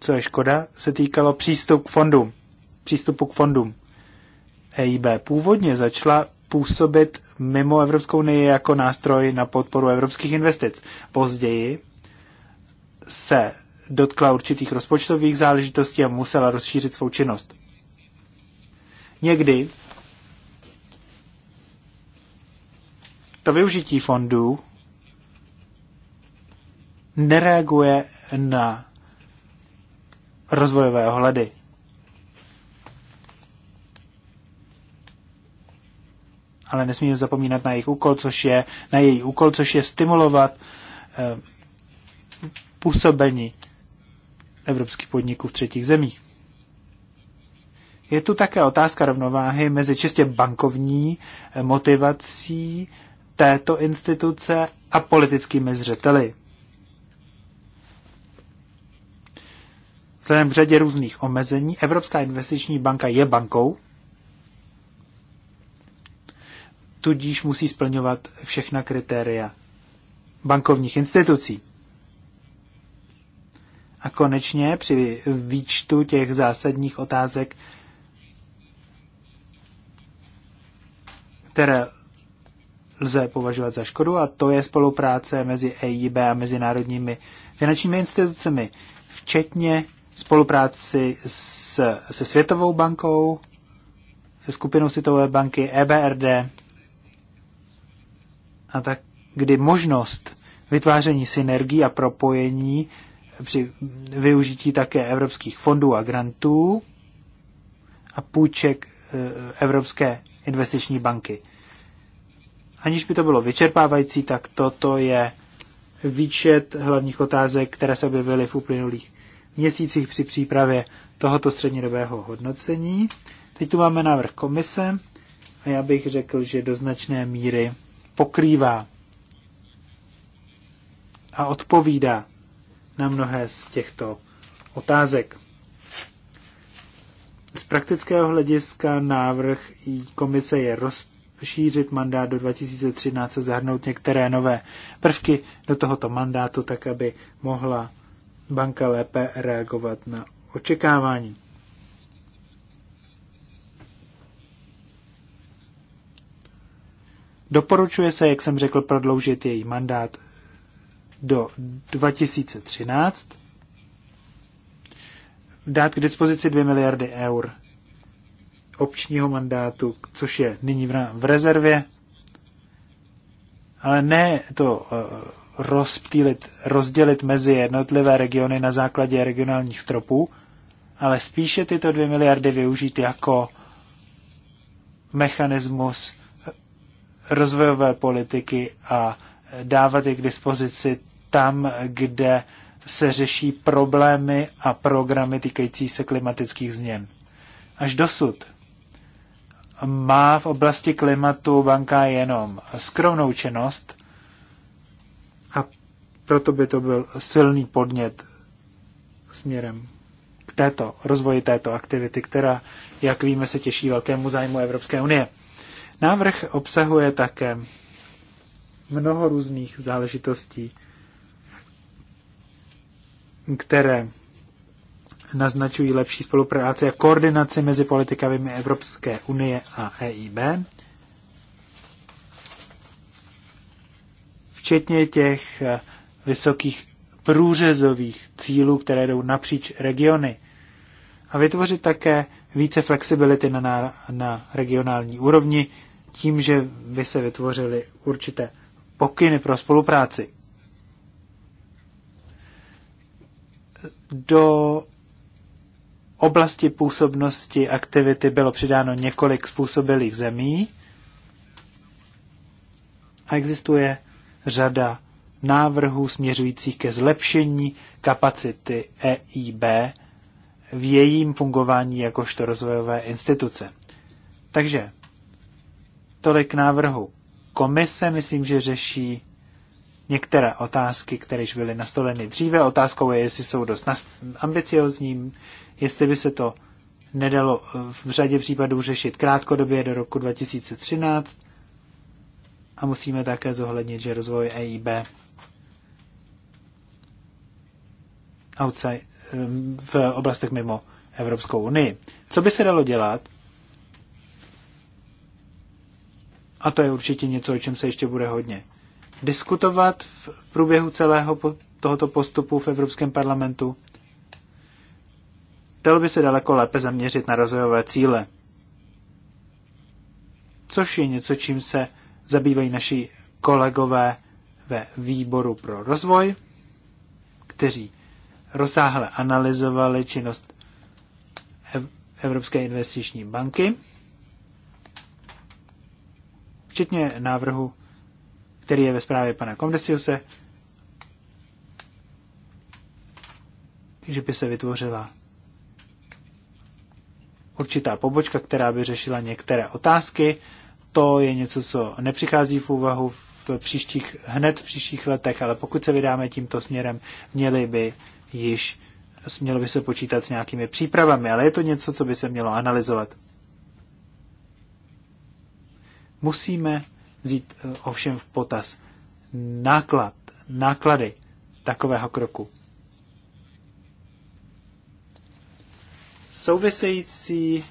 co je škoda, se týkalo přístup k fondům, přístupu k fondům. EIB původně začala působit mimo Evropskou unii jako nástroj na podporu evropských investic. Později se dotkla určitých rozpočtových záležitostí a musela rozšířit svou činnost. Někdy to využití fondů nereaguje na rozvojové ohledy. Ale nesmíme zapomínat na jejich úkol, což je, na její úkol, což je stimulovat eh, působení evropských podniků v třetích zemích. Je tu také otázka rovnováhy mezi čistě bankovní eh, motivací této instituce a politickými zřeteli. Vzhledem k řadě různých omezení, Evropská investiční banka je bankou, tudíž musí splňovat všechna kritéria bankovních institucí. A konečně při výčtu těch zásadních otázek, které lze považovat za škodu a to je spolupráce mezi EIB a mezinárodními finančními institucemi, včetně spolupráci s, se Světovou bankou, se skupinou Světové banky EBRD a tak, kdy možnost vytváření synergií a propojení při využití také evropských fondů a grantů a půjček e, Evropské investiční banky aniž by to bylo vyčerpávající, tak toto je výčet hlavních otázek, které se objevily v uplynulých měsících při přípravě tohoto střednědobého hodnocení. Teď tu máme návrh komise a já bych řekl, že do značné míry pokrývá a odpovídá na mnohé z těchto otázek. Z praktického hlediska návrh komise je rozpočet šířit mandát do 2013 a zahrnout některé nové prvky do tohoto mandátu, tak aby mohla banka lépe reagovat na očekávání. Doporučuje se, jak jsem řekl, prodloužit její mandát do 2013, dát k dispozici 2 miliardy eur opčního mandátu, což je nyní v rezervě, ale ne to eh, rozptýlit, rozdělit mezi jednotlivé regiony na základě regionálních stropů, ale spíše tyto dvě miliardy využít jako mechanismus rozvojové politiky a dávat je k dispozici tam, kde se řeší problémy a programy týkající se klimatických změn. Až dosud má v oblasti klimatu banka jenom skromnou činnost a proto by to byl silný podnět směrem k této, rozvoji této aktivity, která, jak víme, se těší velkému zájmu Evropské unie. Návrh obsahuje také mnoho různých záležitostí, které naznačují lepší spolupráci a koordinaci mezi politikami Evropské unie a EIB, včetně těch eh, vysokých průřezových cílů, které jdou napříč regiony. A vytvořit také více flexibility na, na, na regionální úrovni tím, že by se vytvořily určité pokyny pro spolupráci. Do oblasti působnosti aktivity bylo přidáno několik způsobilých zemí a existuje řada návrhů směřujících ke zlepšení kapacity EIB v jejím fungování jakožto rozvojové instituce. Takže tolik návrhu komise, myslím, že řeší některé otázky, které již byly nastoleny dříve. Otázkou je, jestli jsou dost ambiciozní, jestli by se to nedalo eh, v řadě případů řešit krátkodobě do roku 2013 a musíme také zohlednit, že rozvoj EIB outside, ehm, v oblastech mimo Evropskou unii. Co by se dalo dělat? A to je určitě něco, o čem se ještě bude hodně diskutovat v průběhu celého tohoto postupu v Evropském parlamentu. Chtěl by se daleko lépe zaměřit na rozvojové cíle, což je něco, čím se zabývají naši kolegové ve výboru pro rozvoj, kteří rozsáhle analyzovali činnost Evropské investiční banky, včetně návrhu, který je ve zprávě pana Komdesiuse, že by se vytvořila určitá pobočka, která by řešila některé otázky. To je něco, co nepřichází v úvahu v příštích, hned v příštích letech, ale pokud se vydáme tímto směrem, měli by již mělo by se počítat s nějakými přípravami, ale je to něco, co by se mělo analyzovat. Musíme vzít eh, ovšem v potaz náklad, náklady takového kroku. související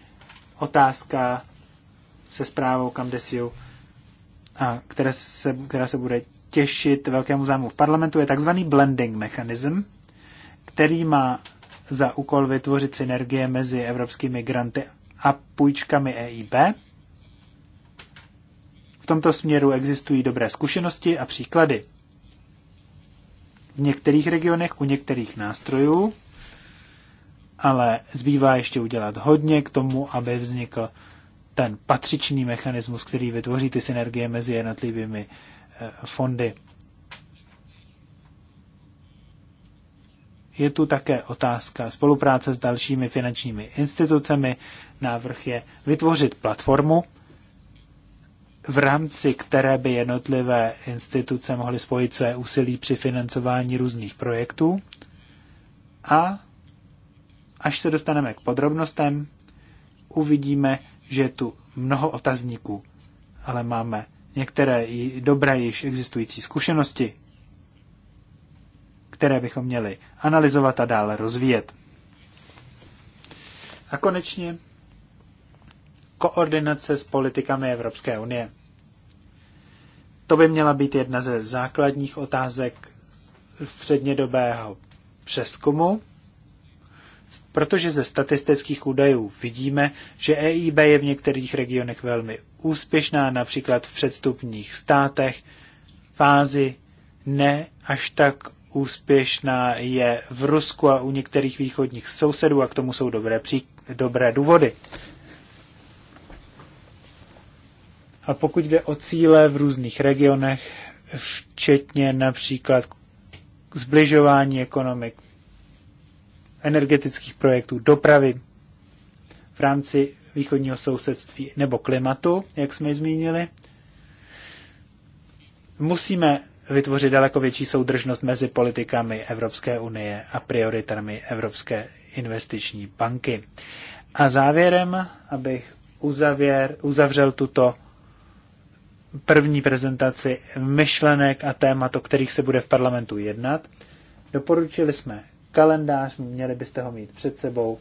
otázka se zprávou Camdesiu, a se, která se bude těšit velkému zájmu v parlamentu, je takzvaný blending mechanism, který má za úkol vytvořit synergie mezi evropskými granty a půjčkami EIB. V tomto směru existují dobré zkušenosti a příklady. V některých regionech u některých nástrojů ale zbývá ještě udělat hodně k tomu, aby vznikl ten patřičný mechanismus, který vytvoří ty synergie mezi jednotlivými eh, fondy. Je tu také otázka spolupráce s dalšími finančními institucemi. Návrh je vytvořit platformu, v rámci které by jednotlivé instituce mohly spojit své úsilí při financování různých projektů a Až se dostaneme k podrobnostem, uvidíme, že je tu mnoho otazníků, ale máme některé i dobré již existující zkušenosti, které bychom měli analyzovat a dále rozvíjet. A konečně koordinace s politikami Evropské unie. To by měla být jedna ze základních otázek střednědobého přeskumu protože ze statistických údajů vidíme, že EIB je v některých regionech velmi úspěšná, například v předstupních státech. Fázi ne až tak úspěšná je v Rusku a u některých východních sousedů a k tomu jsou dobré, pří, dobré důvody. A pokud jde o cíle v různých regionech, včetně například zbližování ekonomik, energetických projektů, dopravy v rámci východního sousedství nebo klimatu, jak jsme ji zmínili. Musíme vytvořit daleko větší soudržnost mezi politikami Evropské unie a prioritami Evropské investiční banky. A závěrem, abych uzavěr, uzavřel tuto první prezentaci myšlenek a témat, o kterých se bude v parlamentu jednat, doporučili jsme kalendář, měli byste ho mít před sebou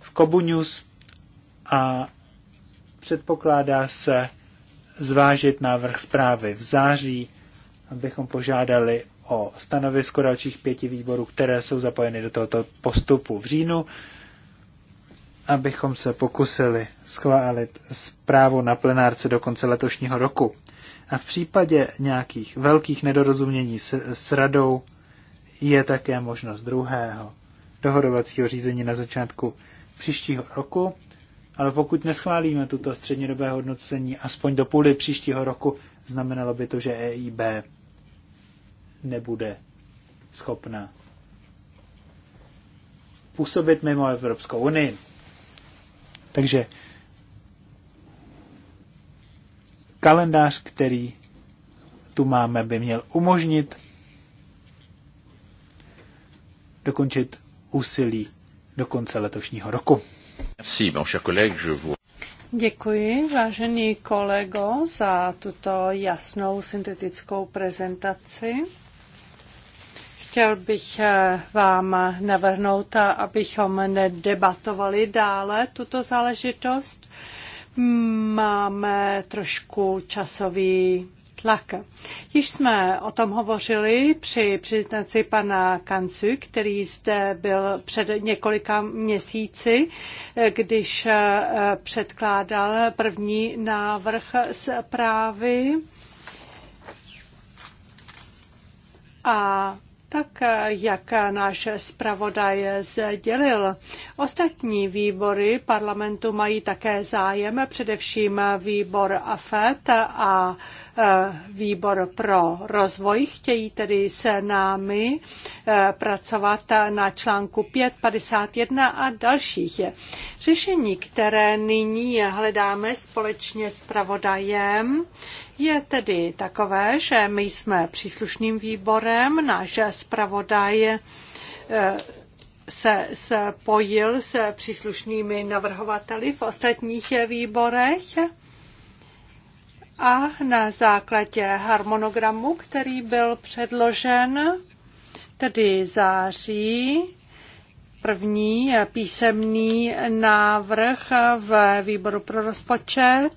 v Kobu News a předpokládá se zvážit návrh zprávy v září, abychom požádali o stanovisko dalších pěti výborů, které jsou zapojeny do tohoto postupu v říjnu, abychom se pokusili schválit zprávu na plenárce do konce letošního roku. A v případě nějakých velkých nedorozumění s, s radou je také možnost druhého dohodovacího řízení na začátku příštího roku, ale pokud neschválíme tuto střednědobé hodnocení aspoň do půly příštího roku, znamenalo by to, že EIB nebude schopna působit mimo Evropskou unii. Takže kalendář, který tu máme, by měl umožnit dokončit úsilí do konce letošního roku. Merci, mon cher collègue, je vous... Děkuji, vážený kolego, za tuto jasnou syntetickou prezentaci. Chtěl bych eh, vám navrhnout, eh, abychom nedebatovali dále tuto záležitost. Máme trošku časový tlak. Již jsme o tom hovořili při přiznaci pana Kancu, který zde byl před několika měsíci, když eh, předkládal první návrh zprávy. A tak jak náš zpravodaj sdělil. Ostatní výbory parlamentu mají také zájem, především výbor AFET a e, výbor pro rozvoj. Chtějí tedy s námi e, pracovat na článku 551 a dalších. Řešení, které nyní hledáme společně s pravodajem, je tedy takové, že my jsme příslušným výborem, náš zpravodaj eh, se spojil se příslušnými navrhovateli v ostatních výborech a na základě harmonogramu, který byl předložen, tedy září první písemný návrh v výboru pro rozpočet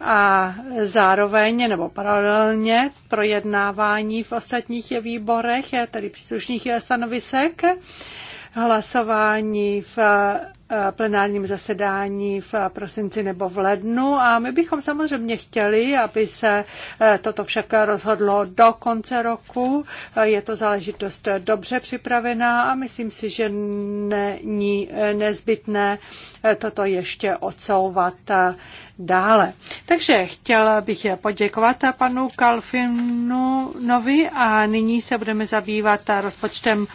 a zároveň nebo paralelně projednávání v ostatních výborech, tedy příslušných stanovisek, hlasování v Eh, plenárním zasedání v prosinci nebo v lednu a my bychom samozřejmě chtěli, aby se eh, toto však rozhodlo do konce roku. Eh, je to záležitost dobře připravená a myslím si, že není nezbytné toto ještě odsouvat dále. Takže chtěla bych poděkovat panu Novi a nyní se budeme zabývat rozpočtem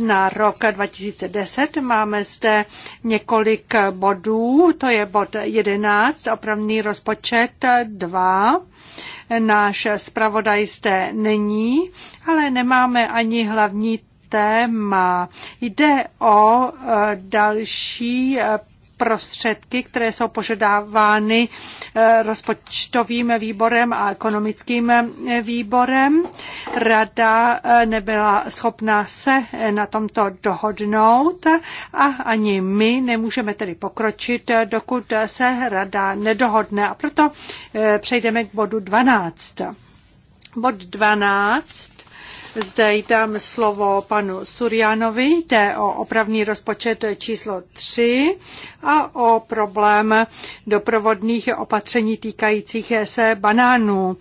na rok 2010. Máme zde několik bodů, to je bod 11, opravný rozpočet 2. Náš zpravodaj zde není, ale nemáme ani hlavní téma. Jde o eh, další eh, prostředky, které jsou požadovány eh, rozpočtovým výborem a ekonomickým eh, výborem. Rada eh, nebyla schopná se na tomto dohodnout a ani my nemůžeme tedy pokročit, dokud se rada nedohodne. A proto přejdeme k bodu 12. Bod 12 zde dám slovo panu Surianovi, jde o opravný rozpočet číslo 3 a o problém doprovodných opatření týkajících se banánů.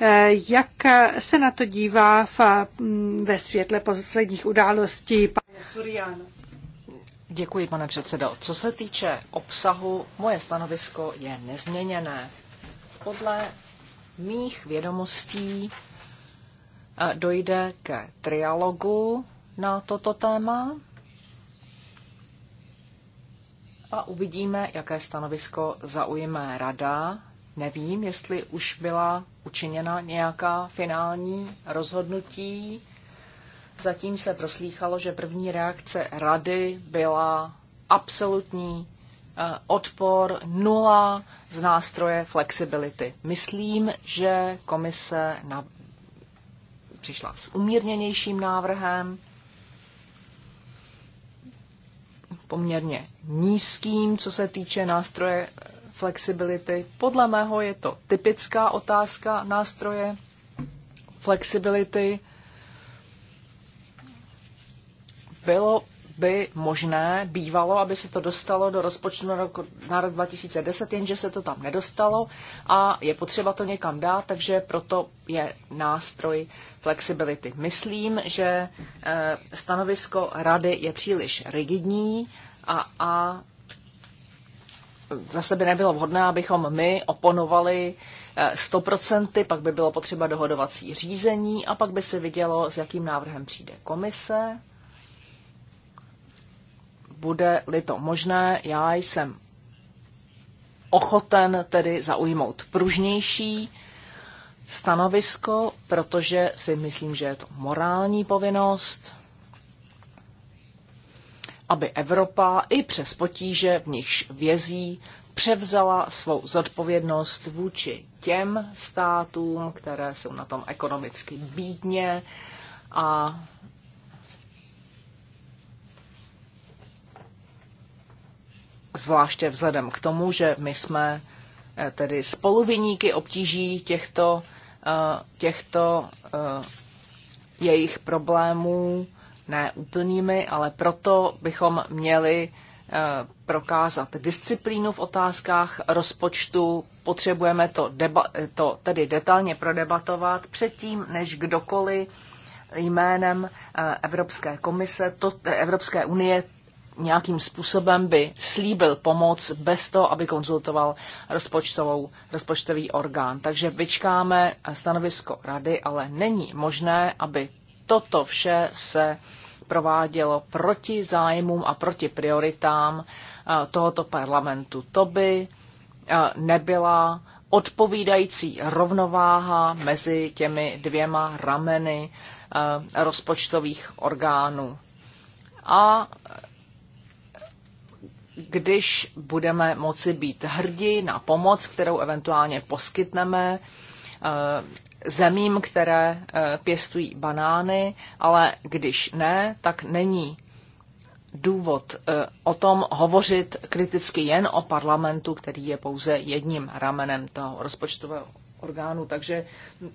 Eh, jak se na to dívá v, mm, ve světle posledních událostí pan Surian? Děkuji, pane předsedo. Co se týče obsahu, moje stanovisko je nezměněné. Podle mých vědomostí dojde ke trialogu na toto téma a uvidíme, jaké stanovisko zaujme rada. Nevím, jestli už byla učiněna nějaká finální rozhodnutí. Zatím se proslýchalo, že první reakce rady byla absolutní eh, odpor nula z nástroje flexibility. Myslím, že komise přišla s umírněnějším návrhem, poměrně nízkým, co se týče nástroje flexibility. Podle mého je to typická otázka nástroje flexibility. Bylo by možné bývalo, aby se to dostalo do rozpočtu na rok, na rok 2010, jenže se to tam nedostalo a je potřeba to někam dát, takže proto je nástroj flexibility. Myslím, že eh, stanovisko rady je příliš rigidní a, a zase by nebylo vhodné, abychom my oponovali 100%, eh, pak by bylo potřeba dohodovací řízení a pak by se vidělo, s jakým návrhem přijde komise bude-li to možné, já jsem ochoten tedy zaujmout pružnější stanovisko, protože si myslím, že je to morální povinnost, aby Evropa i přes potíže, v nichž vězí, převzala svou zodpovědnost vůči těm státům, které jsou na tom ekonomicky bídně a zvláště vzhledem k tomu, že my jsme eh, tedy spoluviníky obtíží těchto, eh, těchto eh, jejich problémů, ne úplnými, ale proto bychom měli prokázat disciplínu v otázkách rozpočtu. Potřebujeme to, deba- to tedy detailně prodebatovat předtím, než kdokoliv jménem Evropské komise, to, Evropské unie nějakým způsobem by slíbil pomoc bez toho, aby konzultoval rozpočtovou, rozpočtový orgán. Takže vyčkáme stanovisko rady, ale není možné, aby toto vše se provádělo proti zájmům a proti prioritám eh, tohoto parlamentu. To by eh, nebyla odpovídající rovnováha mezi těmi dvěma rameny eh, rozpočtových orgánů. A když budeme moci být hrdí na pomoc, kterou eventuálně poskytneme eh, zemím, které eh, pěstují banány, ale když ne, tak není důvod eh, o tom hovořit kriticky jen o parlamentu, který je pouze jedním ramenem toho rozpočtového orgánů. Takže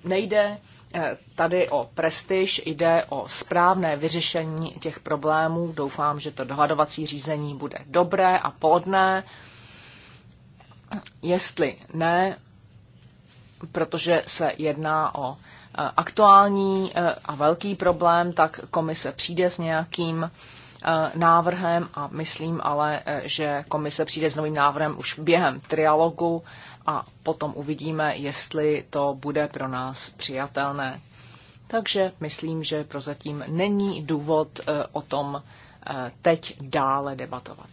nejde eh, tady o prestiž, jde o správné vyřešení těch problémů. Doufám, že to dohadovací řízení bude dobré a plodné. Jestli ne, protože se jedná o eh, aktuální eh, a velký problém, tak komise přijde s nějakým návrhem a myslím ale, že komise přijde s novým návrhem už během trialogu a potom uvidíme, jestli to bude pro nás přijatelné. Takže myslím, že prozatím není důvod eh, o tom eh, teď dále debatovat.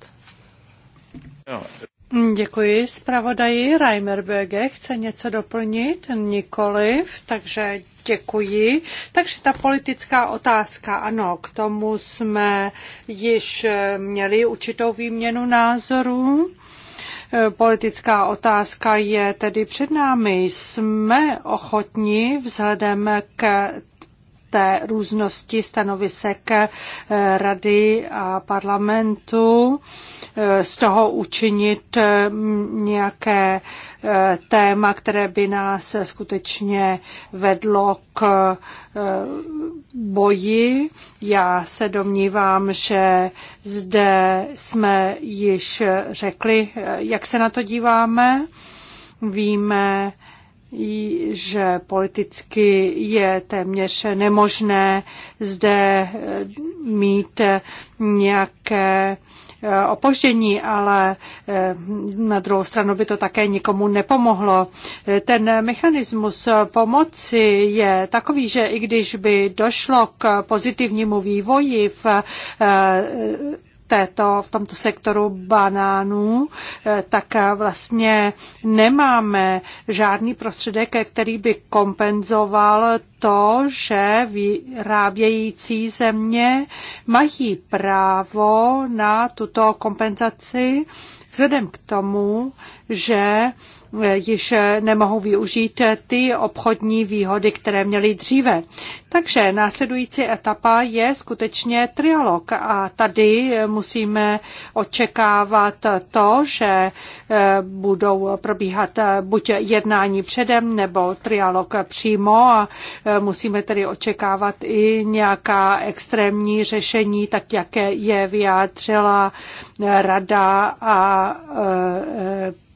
Děkuji zpravodaji. Reimer chce něco doplnit? Nikoliv, takže děkuji. Takže ta politická otázka, ano, k tomu jsme již eh, měli určitou výměnu názorů. Politická otázka je tedy před námi. Jsme ochotni vzhledem k té různosti stanovisek eh, rady a parlamentu, eh, z toho učinit eh, nějaké Eh, téma, které by nás skutečně vedlo k eh, boji. Já se domnívám, že zde jsme již řekli, eh, jak se na to díváme. Víme, že politicky je téměř nemožné zde mít nějaké Eh, opoždění, ale eh, na druhou stranu by to také nikomu nepomohlo. Eh, ten mechanismus pomoci je takový, že i když by došlo k pozitivnímu vývoji v této, v tomto sektoru banánů, eh, tak vlastně nemáme žádný prostředek, který by kompenzoval to, že vyrábějící země mají právo na tuto kompenzaci vzhledem k tomu, že již nemohou využít ty obchodní výhody, které měly dříve. Takže následující etapa je skutečně trialog a tady musíme očekávat to, že eh, budou probíhat buď jednání předem nebo trialog přímo a eh, musíme tedy očekávat i nějaká extrémní řešení, tak jaké je vyjádřila eh, rada a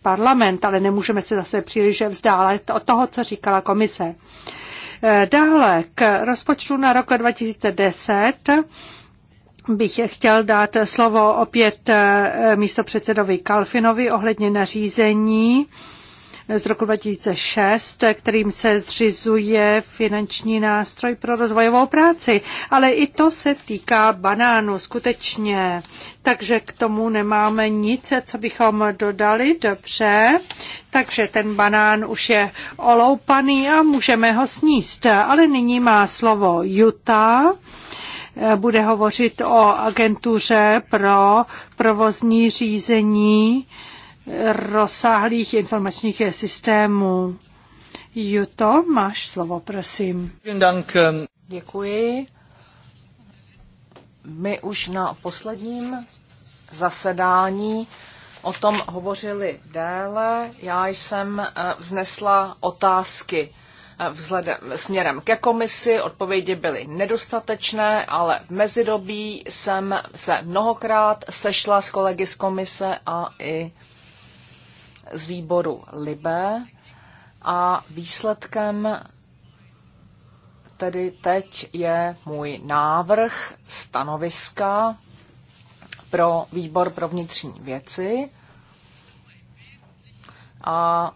parlament, ale nemůžeme se zase příliš vzdálet od toho, co říkala komise. Eh, dále k rozpočtu na rok 2010 bych chtěl dát slovo opět eh, místo předsedovi Kalfinovi ohledně nařízení z roku 2006, kterým se zřizuje finanční nástroj pro rozvojovou práci. Ale i to se týká banánu, skutečně. Takže k tomu nemáme nic, co bychom dodali. Dobře, takže ten banán už je oloupaný a můžeme ho sníst. Ale nyní má slovo Juta bude hovořit o agentuře pro provozní řízení rozsáhlých informačních systémů. Juto, máš slovo, prosím. Ehm. Děkuji. My už na posledním zasedání o tom hovořili déle. Já jsem eh, vznesla otázky eh, vzhledem, směrem ke komisi, odpovědi byly nedostatečné, ale v mezidobí jsem se mnohokrát sešla s kolegy z komise a i z výboru Libé a výsledkem tedy teď je můj návrh stanoviska pro výbor pro vnitřní věci a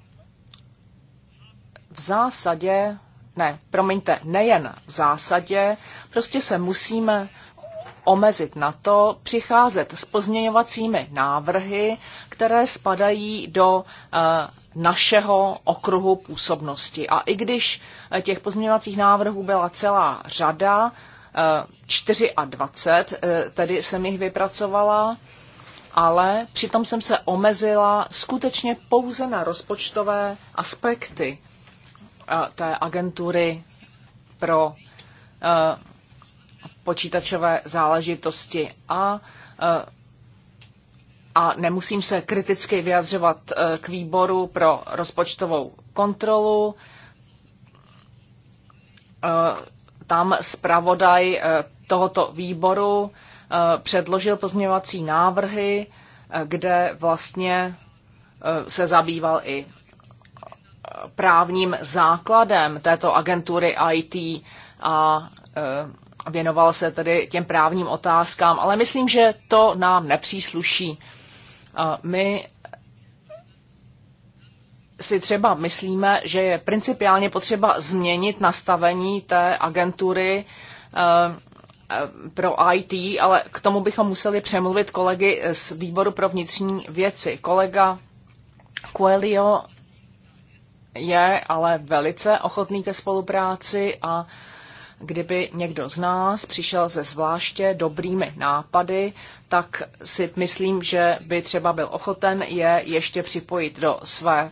v zásadě, ne, promiňte, nejen v zásadě, prostě se musíme omezit na to, přicházet s pozměňovacími návrhy, které spadají do eh, našeho okruhu působnosti. A i když eh, těch pozměňovacích návrhů byla celá řada, 24, eh, tedy jsem jich vypracovala, ale přitom jsem se omezila skutečně pouze na rozpočtové aspekty té agentury pro počítačové záležitosti a eh, a nemusím se kriticky vyjadřovat eh, k výboru pro rozpočtovou kontrolu. Eh, tam zpravodaj tohoto výboru předložil pozměňovací návrhy, kde vlastně se zabýval i právním základem této agentury IT a věnoval se tedy těm právním otázkám, ale myslím, že to nám nepřísluší. My si třeba myslíme, že je principiálně potřeba změnit nastavení té agentury eh, eh, pro IT, ale k tomu bychom museli přemluvit kolegy z výboru pro vnitřní věci. Kolega Coelho je ale velice ochotný ke spolupráci a kdyby někdo z nás přišel se zvláště dobrými nápady, tak si myslím, že by třeba byl ochoten je ještě připojit do své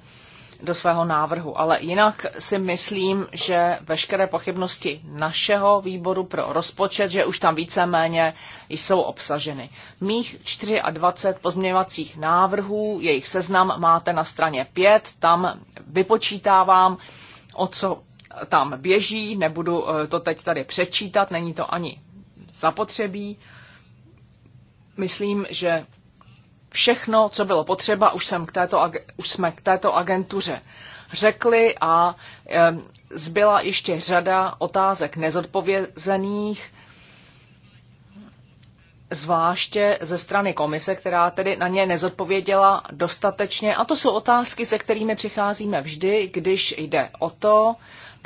do svého návrhu. Ale jinak si myslím, že veškeré pochybnosti našeho výboru pro rozpočet, že už tam víceméně jsou obsaženy. Mých 24 pozměňovacích návrhů, jejich seznam máte na straně 5, tam vypočítávám, o co tam běží, nebudu eh, to teď tady přečítat, není to ani zapotřebí. Myslím, že všechno, co bylo potřeba, už, jsem k této, už jsme k této agentuře řekli a zbyla ještě řada otázek nezodpovězených, zvláště ze strany komise, která tedy na ně nezodpověděla dostatečně. A to jsou otázky, se kterými přicházíme vždy, když jde o to,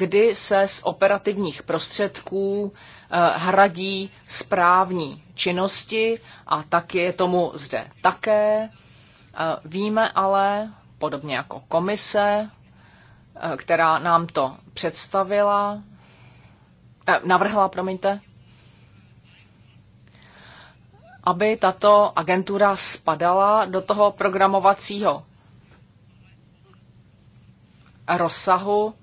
kdy se z operativních prostředků eh, hradí správní činnosti a tak je tomu zde také. Eh, víme ale, podobně jako komise, eh, která nám to představila, navrhla, promiňte, aby tato agentura spadala do toho programovacího rozsahu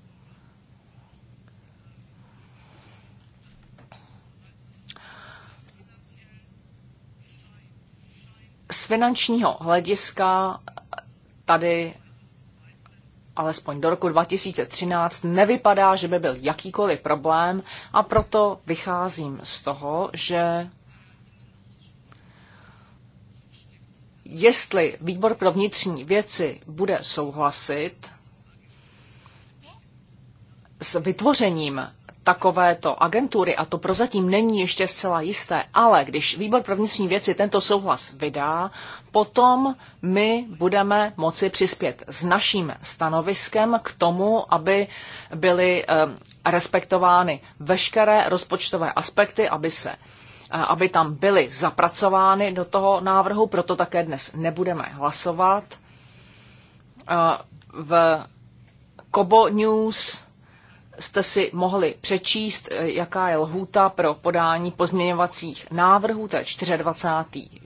z finančního hlediska tady alespoň do roku 2013 nevypadá, že by byl jakýkoliv problém a proto vycházím z toho, že jestli výbor pro vnitřní věci bude souhlasit s vytvořením takovéto agentury, a to prozatím není ještě zcela jisté, ale když výbor pro vnitřní věci tento souhlas vydá, potom my budeme moci přispět s naším stanoviskem k tomu, aby byly eh, respektovány veškeré rozpočtové aspekty, aby se eh, aby tam byly zapracovány do toho návrhu, proto také dnes nebudeme hlasovat. Eh, v Kobo News jste si mohli přečíst, eh, jaká je lhůta pro podání pozměňovacích návrhů, to je 24.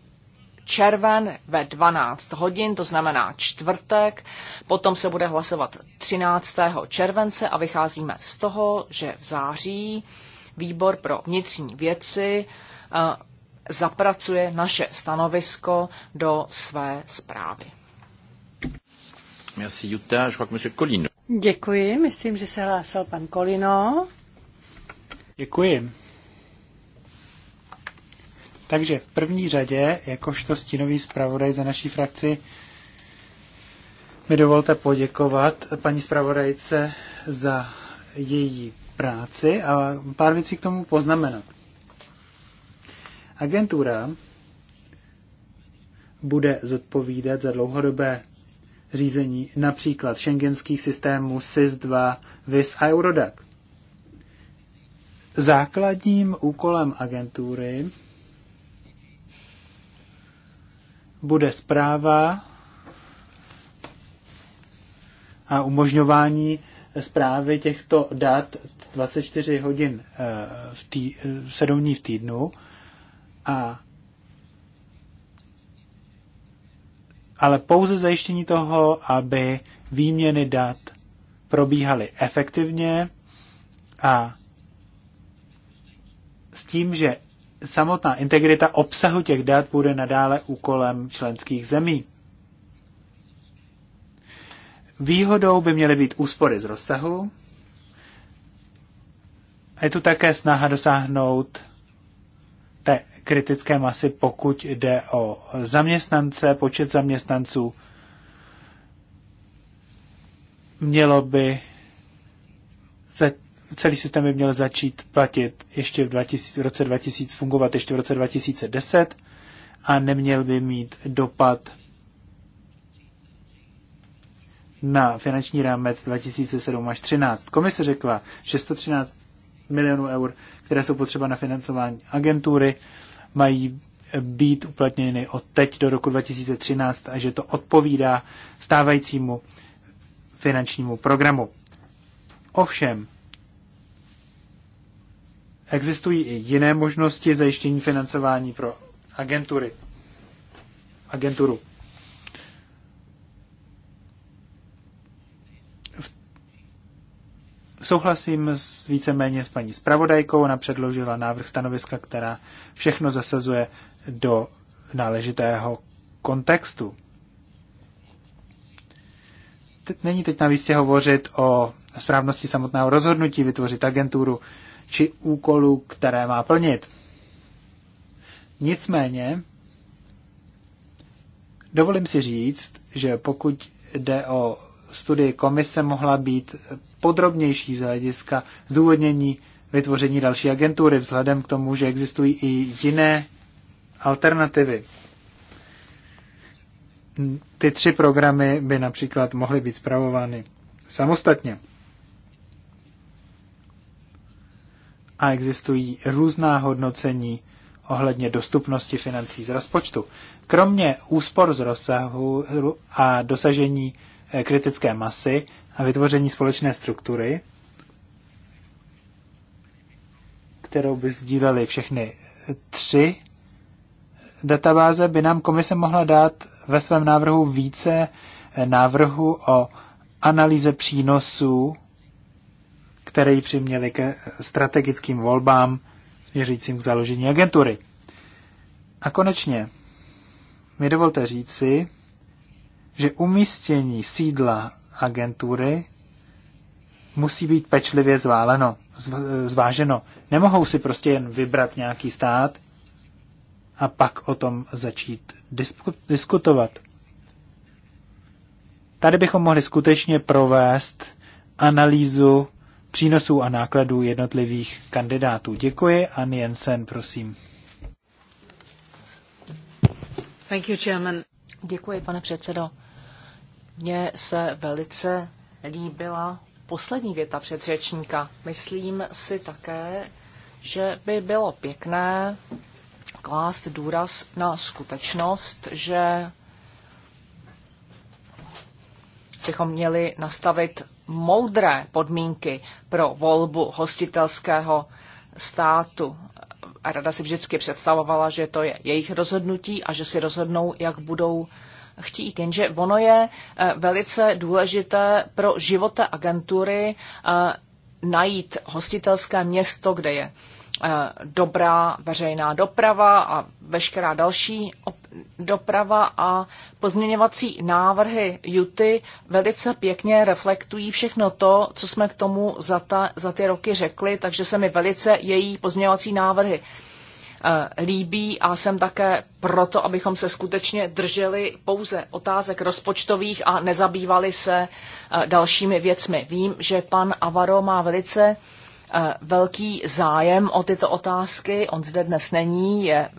červen ve 12 hodin, to znamená čtvrtek, potom se bude hlasovat 13. července a vycházíme z toho, že v září výbor pro vnitřní věci eh, zapracuje naše stanovisko do své zprávy. Merci Jutta, je crois que monsieur Colino. Děkuji, myslím, že se hlásil pan Kolino. Děkuji. Takže v první řadě, jakožto stínový zpravodaj za naší frakci, mi dovolte poděkovat paní zpravodajce za její práci a pár věcí k tomu poznamenat. Agentura bude zodpovídat za dlouhodobé řízení, například šengenských systémů SIS-2, VIS a Eurodac. Základním úkolem agentury bude zpráva a umožňování zprávy těchto dat 24 hodin eh, v tý, 7 eh, dní v týdnu a ale pouze zajištění toho, aby výměny dat probíhaly efektivně a s tím, že samotná integrita obsahu těch dat bude nadále úkolem členských zemí. Výhodou by měly být úspory z rozsahu. Je tu také snaha dosáhnout kritické masy, pokud jde o zaměstnance, počet zaměstnanců. Mělo by celý systém by měl začít platit ještě v, 2000, v roce 2000, fungovat ještě v roce 2010 a neměl by mít dopad na finanční rámec 2007 až 2013. Komise řekla 613 milionů eur, které jsou potřeba na financování agentury mají být uplatněny od teď do roku 2013 a že to odpovídá stávajícímu finančnímu programu. Ovšem, existují i jiné možnosti zajištění financování pro agentury. Agenturu. Souhlasím s víceméně s paní zpravodajkou, ona předložila návrh stanoviska, která všechno zasazuje do náležitého kontextu. Není teď na místě hovořit o správnosti samotného rozhodnutí vytvořit agenturu či úkolu, které má plnit. Nicméně, dovolím si říct, že pokud jde o studii komise, mohla být podrobnější z hlediska zdůvodnění vytvoření další agentury, vzhledem k tomu, že existují i jiné alternativy. Ty tři programy by například mohly být zpravovány samostatně. A existují různá hodnocení ohledně dostupnosti financí z rozpočtu. Kromě úspor z rozsahu a dosažení eh, kritické masy a vytvoření společné struktury, kterou by sdíleli všechny tři databáze, by nám komise mohla dát ve svém návrhu více návrhu o analýze přínosů, které ji přiměly ke strategickým volbám směřícím k založení agentury. A konečně mi dovolte říci, že umístění sídla agentury musí být pečlivě zváleno, zváženo. Nemohou si prostě jen vybrat nějaký stát a pak o tom začít diskutovat. Tady bychom mohli skutečně provést analýzu přínosů a nákladů jednotlivých kandidátů. Děkuji. Ann Jensen, prosím. Thank you, Děkuji, pane předsedo. Mně se velice líbila poslední věta předřečníka. Myslím si také, že by bylo pěkné klást důraz na skutečnost, že bychom měli nastavit moudré podmínky pro volbu hostitelského státu. A rada si vždycky představovala, že to je jejich rozhodnutí a že si rozhodnou, jak budou chtít, jenže ono je eh, velice důležité pro života agentury eh, najít hostitelské město, kde je eh, dobrá veřejná doprava a veškerá další doprava a pozměňovací návrhy Juty velice pěkně reflektují všechno to, co jsme k tomu za, ta, za ty roky řekli, takže se mi velice její pozměňovací návrhy Eh, líbí a jsem také proto, abychom se skutečně drželi pouze otázek rozpočtových a nezabývali se eh, dalšími věcmi. Vím, že pan Avaro má velice eh, velký zájem o tyto otázky. On zde dnes není, je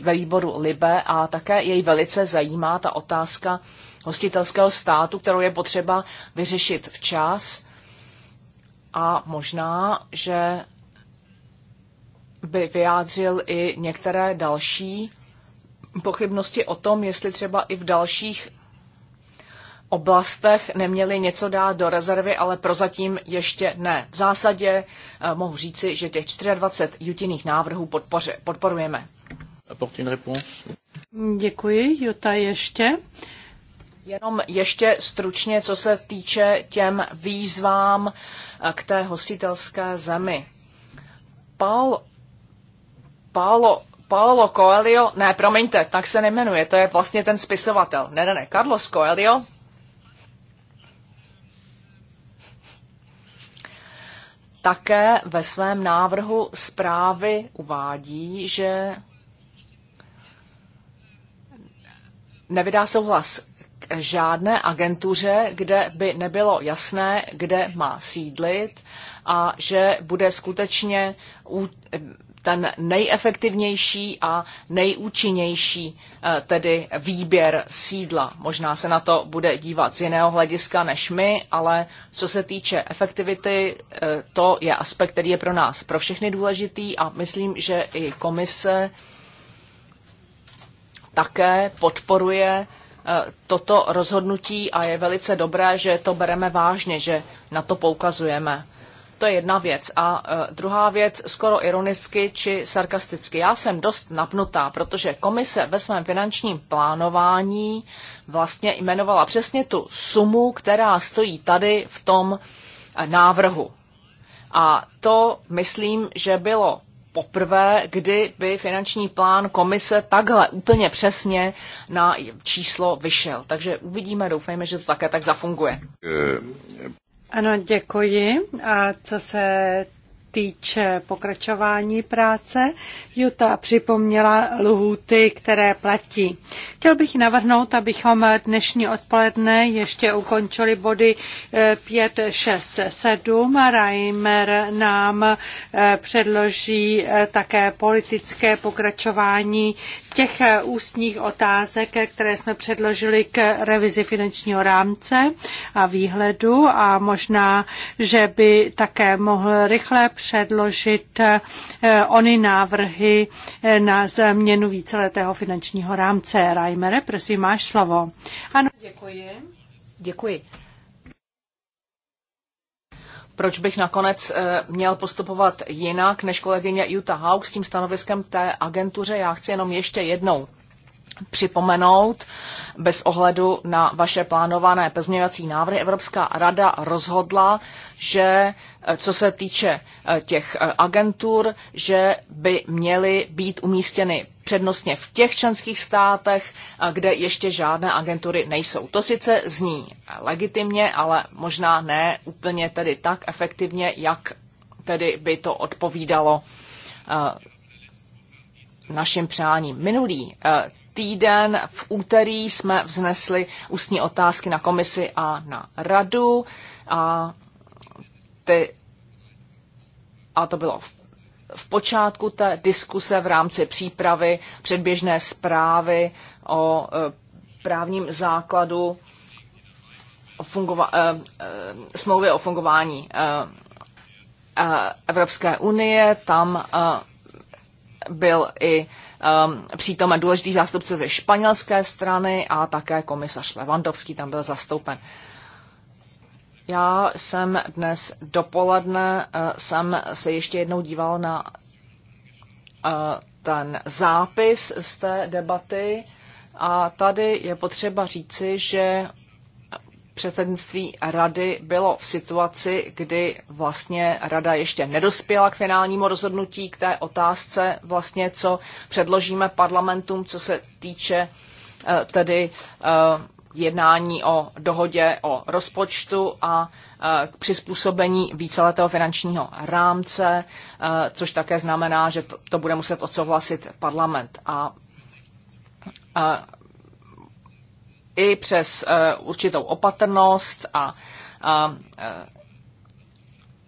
ve výboru Libe a také jej velice zajímá ta otázka hostitelského státu, kterou je potřeba vyřešit včas. A možná, že by vyjádřil i některé další pochybnosti o tom, jestli třeba i v dalších oblastech neměli něco dát do rezervy, ale prozatím ještě ne. V zásadě eh, mohu říci, že těch 24 jutiných návrhů podpoře, podporujeme. Děkuji, Jota ještě. Jenom ještě stručně, co se týče těm výzvám eh, k té hostitelské zemi. Paul Paolo, Paolo Coelho, ne, promiňte, tak se nemenuje, to je vlastně ten spisovatel. Ne, ne, ne, Carlos Coelho. Také ve svém návrhu zprávy uvádí, že nevydá souhlas k žádné agentuře, kde by nebylo jasné, kde má sídlit a že bude skutečně ten nejefektivnější a nejúčinnější, eh, tedy výběr sídla. Možná se na to bude dívat z jiného hlediska než my, ale co se týče efektivity, eh, to je aspekt, který je pro nás pro všechny důležitý a myslím, že i komise také podporuje eh, toto rozhodnutí a je velice dobré, že to bereme vážně, že na to poukazujeme. To je jedna věc. A e, druhá věc, skoro ironicky či sarkasticky. Já jsem dost napnutá, protože komise ve svém finančním plánování vlastně jmenovala přesně tu sumu, která stojí tady v tom e, návrhu. A to myslím, že bylo poprvé, kdy by finanční plán komise takhle úplně přesně na číslo vyšel. Takže uvidíme, doufejme, že to také tak zafunguje. Eh, ano, děkuji. A co se týče pokračování práce, Juta připomněla lhůty, které platí. Chtěl bych navrhnout, abychom dnešní odpoledne ještě ukončili body 5, 6, 7. Reimer nám eh, předloží eh, také politické pokračování těch eh, ústních otázek, eh, které jsme předložili k revizi finančního rámce a výhledu a možná, že by také mohl rychle předložit eh, ony návrhy na změnu víceletého finančního rámce. Reimere, prosím, máš slovo. Ano, děkuji. Děkuji proč bych nakonec eh, měl postupovat jinak než kolegyně Jutta Haug s tím stanoviskem té agentuře. Já chci jenom ještě jednou připomenout, bez ohledu na vaše plánované pozměňovací návrhy, Evropská rada rozhodla, že Eh, co se týče eh, těch eh, agentur, že by měly být umístěny přednostně v těch členských státech, kde ještě žádné agentury nejsou. To sice zní legitimně, ale možná ne úplně tedy tak efektivně, jak tedy by to odpovídalo našim přáním. Minulý týden v úterý jsme vznesli ústní otázky na komisi a na radu a ty a to bylo v počátku té diskuse v rámci přípravy předběžné zprávy o e, právním základu fungova- e, e, smlouvy o fungování Evropské unie. Tam byl i přítomen důležitý zástupce ze španělské strany a také komisař Levandovský tam byl zastoupen. Já jsem dnes dopoledne eh, jsem se ještě jednou díval na eh, ten zápis z té debaty a tady je potřeba říci, že předsednictví rady bylo v situaci, kdy vlastně rada ještě nedospěla k finálnímu rozhodnutí, k té otázce vlastně, co předložíme parlamentům, co se týče eh, tedy jednání o dohodě o rozpočtu a e, k přizpůsobení víceletého finančního rámce, e, což také znamená, že to, to bude muset odsouhlasit parlament. A, a e, i přes určitou opatrnost a, a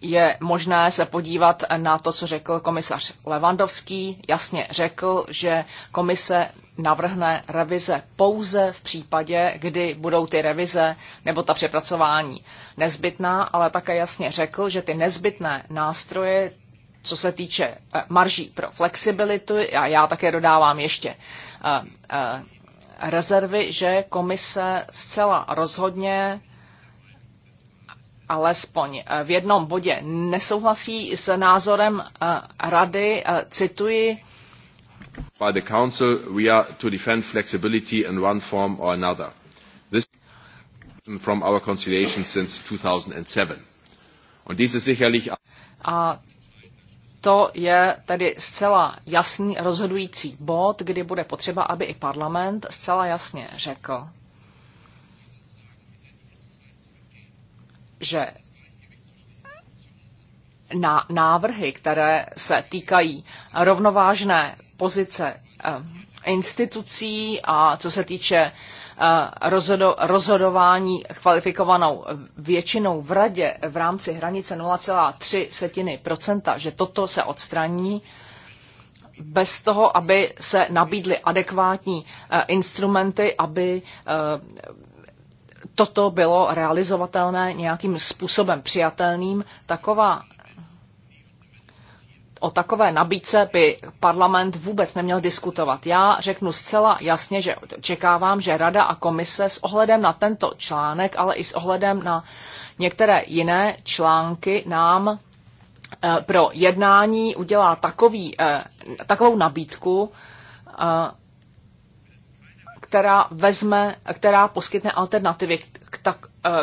je možné se podívat na to, co řekl komisař Levandovský. Jasně řekl, že komise navrhne revize pouze v případě, kdy budou ty revize nebo ta přepracování nezbytná, ale také jasně řekl, že ty nezbytné nástroje, co se týče eh, marží pro flexibilitu, a já také dodávám ještě eh, eh, rezervy, že komise zcela rozhodně alespoň v jednom bodě nesouhlasí s názorem rady, cituji, by the Council, we are to defend flexibility in one form or another. This from our conciliation since 2007. Und dies ist sicherlich a to je tedy zcela jasný rozhodující bod, kdy bude potřeba, aby i parlament zcela jasně řekl, že na návrhy, které se týkají rovnovážné pozice eh, institucí a co se týče eh, rozhodo, rozhodování kvalifikovanou většinou v radě v rámci hranice 0,3 že toto se odstraní bez toho, aby se nabídly adekvátní eh, instrumenty, aby toto bylo realizovatelné nějakým způsobem přijatelným. Taková o takové nabídce by parlament vůbec neměl diskutovat. Já řeknu zcela jasně, že očekávám, že Rada a komise s ohledem na tento článek, ale i s ohledem na některé jiné články nám eh, pro jednání udělá takový, eh, takovou nabídku, eh, která vezme, která poskytne alternativy k, tak,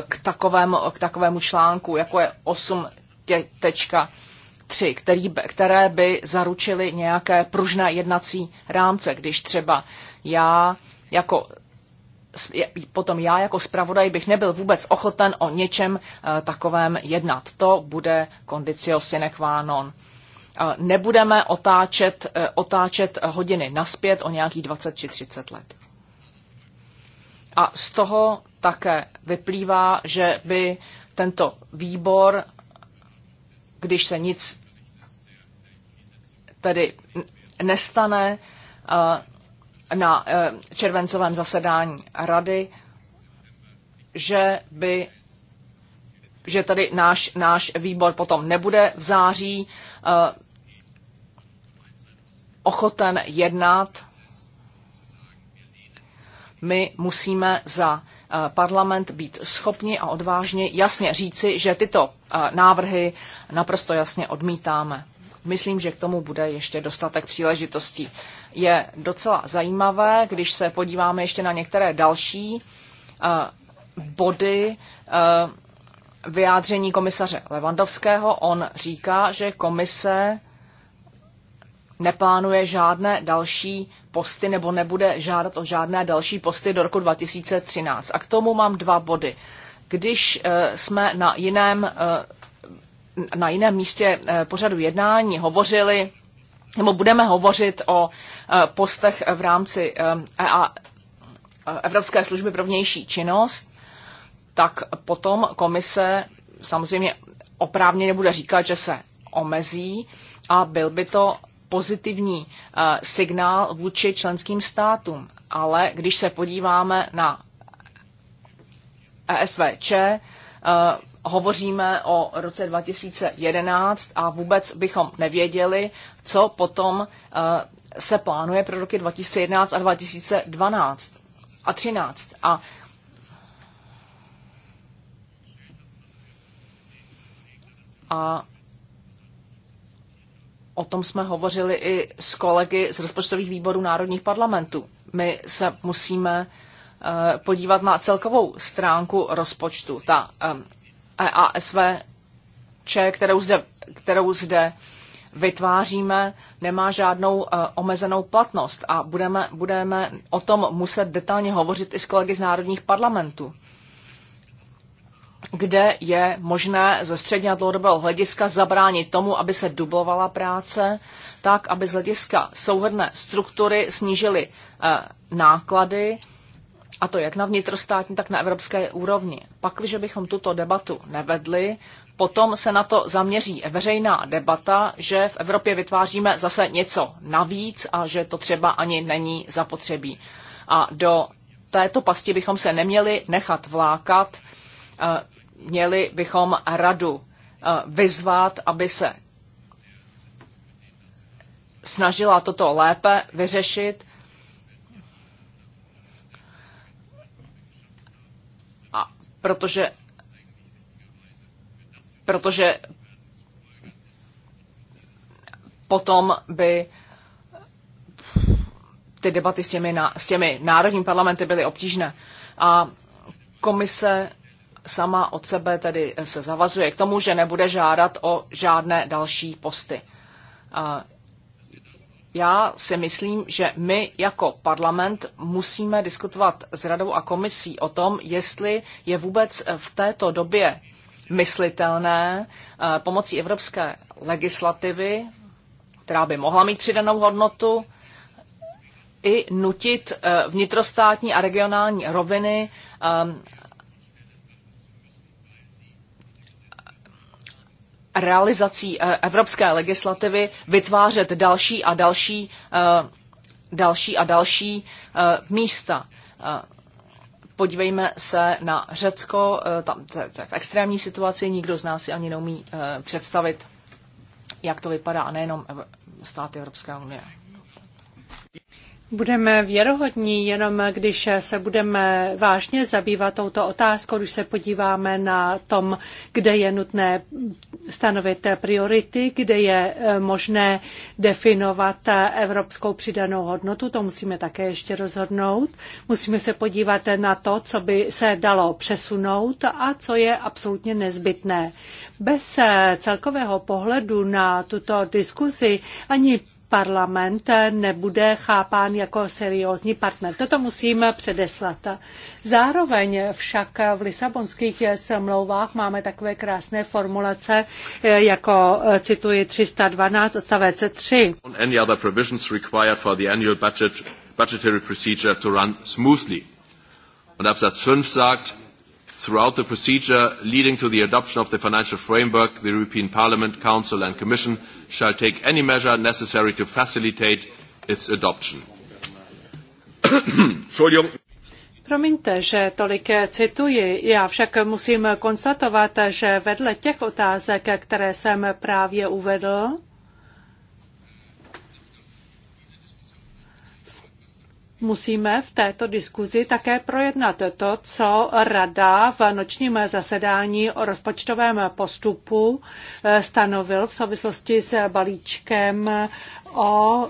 k, takovému, k takovému článku, jako je 8.1 tři, který, které by zaručily nějaké pružné jednací rámce, když třeba já jako potom já jako zpravodaj bych nebyl vůbec ochoten o něčem eh, takovém jednat. To bude condicio sine qua non. Eh, nebudeme otáčet, eh, otáčet hodiny naspět o nějakých 20 či 30 let. A z toho také vyplývá, že by tento výbor když se nic tedy nestane eh, na eh, červencovém zasedání rady, že by že tady náš, náš výbor potom nebude v září eh, ochoten jednat. My musíme za Eh, parlament být schopni a odvážně jasně říci, že tyto eh, návrhy naprosto jasně odmítáme. Myslím, že k tomu bude ještě dostatek příležitostí. Je docela zajímavé, když se podíváme ještě na některé další eh, body vyjádření komisaře Levandovského. On říká, že komise neplánuje žádné další posty nebo nebude žádat o žádné další posty do roku 2013. A k tomu mám dva body. Když eh, jsme na jiném, eh, na jiném místě eh, pořadu jednání hovořili, nebo budeme hovořit o postech v rámci e Evropské služby pro vnější činnost, tak potom komise samozřejmě oprávněně bude říkat, že se omezí a byl by to pozitivní eh, signál vůči členským státům. Ale když se podíváme na ESVČ, eh, hovoříme o roce 2011 a vůbec bychom nevěděli, co potom eh, se plánuje pro roky 2011 a 2012 a 13. A a O tom jsme hovořili i s kolegy z rozpočtových výborů národních parlamentů. My se musíme eh, podívat na celkovou stránku rozpočtu. Ta EASVČ, eh, e kterou zde, kterou zde vytváříme, nemá žádnou eh, omezenou platnost a budeme, budeme o tom muset detailně hovořit i s kolegy z národních parlamentů kde je možné ze středně a dlouhodobého hlediska zabránit tomu, aby se dublovala práce, tak, aby z hlediska souhrné struktury snížily eh, náklady, a to jak na vnitrostátní, tak na evropské úrovni. Pak, když bychom tuto debatu nevedli, potom se na to zaměří veřejná debata, že v Evropě vytváříme zase něco navíc a že to třeba ani není zapotřebí. A do této pasti bychom se neměli nechat vlákat eh, měli bychom radu eh, vyzvat, aby se snažila toto lépe vyřešit a protože protože potom by ty debaty s těmi, s těmi národními parlamenty byly obtížné. A komise sama od sebe tedy se zavazuje k tomu, že nebude žádat o žádné další posty. Já si myslím, že my jako parlament musíme diskutovat s radou a komisí o tom, jestli je vůbec v této době myslitelné eh, pomocí evropské legislativy, která by mohla mít přidanou hodnotu, i nutit eh, vnitrostátní a regionální roviny eh, realizací eh, evropské legislativy vytvářet další a další, eh, další a další eh, místa. Podívejme se na Řecko, tam v extrémní situaci nikdo z nás si ani neumí představit, jak to vypadá, a nejenom státy Evropské unie. Budeme věrohodní jenom, když se budeme vážně zabývat touto otázkou, když se podíváme na tom, kde je nutné stanovit priority, kde je eh, možné definovat eh, evropskou přidanou hodnotu, to musíme také ještě rozhodnout. Musíme se podívat na to, co by se dalo přesunout a co je absolutně nezbytné. Bez eh, celkového pohledu na tuto diskuzi ani parlament nebude chápán jako seriózní partner. Toto musíme předeslat. Zároveň však v Lisabonských smlouvách máme takové krásné formulace, eh, jako eh, cituji 312 odstavec 3. Throughout the procedure leading to the adoption of the financial framework, the European Parliament, Council and Commission shall take any measure necessary to facilitate its adoption. Promiňte, že tolik cituji. Já však musím konstatovat, že vedle těch otázek, které jsem právě uvedl, Musíme v této diskuzi také projednat to, co Rada v nočním zasedání o rozpočtovém postupu eh, stanovil v souvislosti s balíčkem eh, o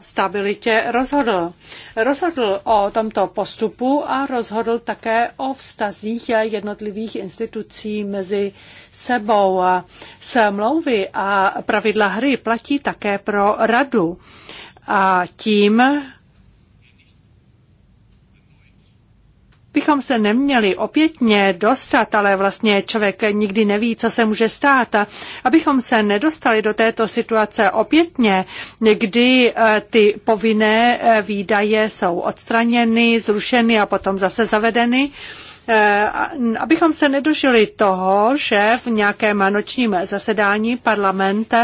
stabilitě rozhodl. Rozhodl o tomto postupu a rozhodl také o vztazích jednotlivých institucí mezi sebou. Smlouvy a pravidla hry platí také pro radu a tím bychom se neměli opětně dostat, ale vlastně člověk nikdy neví, co se může stát, abychom se nedostali do této situace opětně, kdy eh, ty povinné eh, výdaje jsou odstraněny, zrušeny a potom zase zavedeny, eh, abychom se nedožili toho, že v nějakém nočním zasedání parlamentu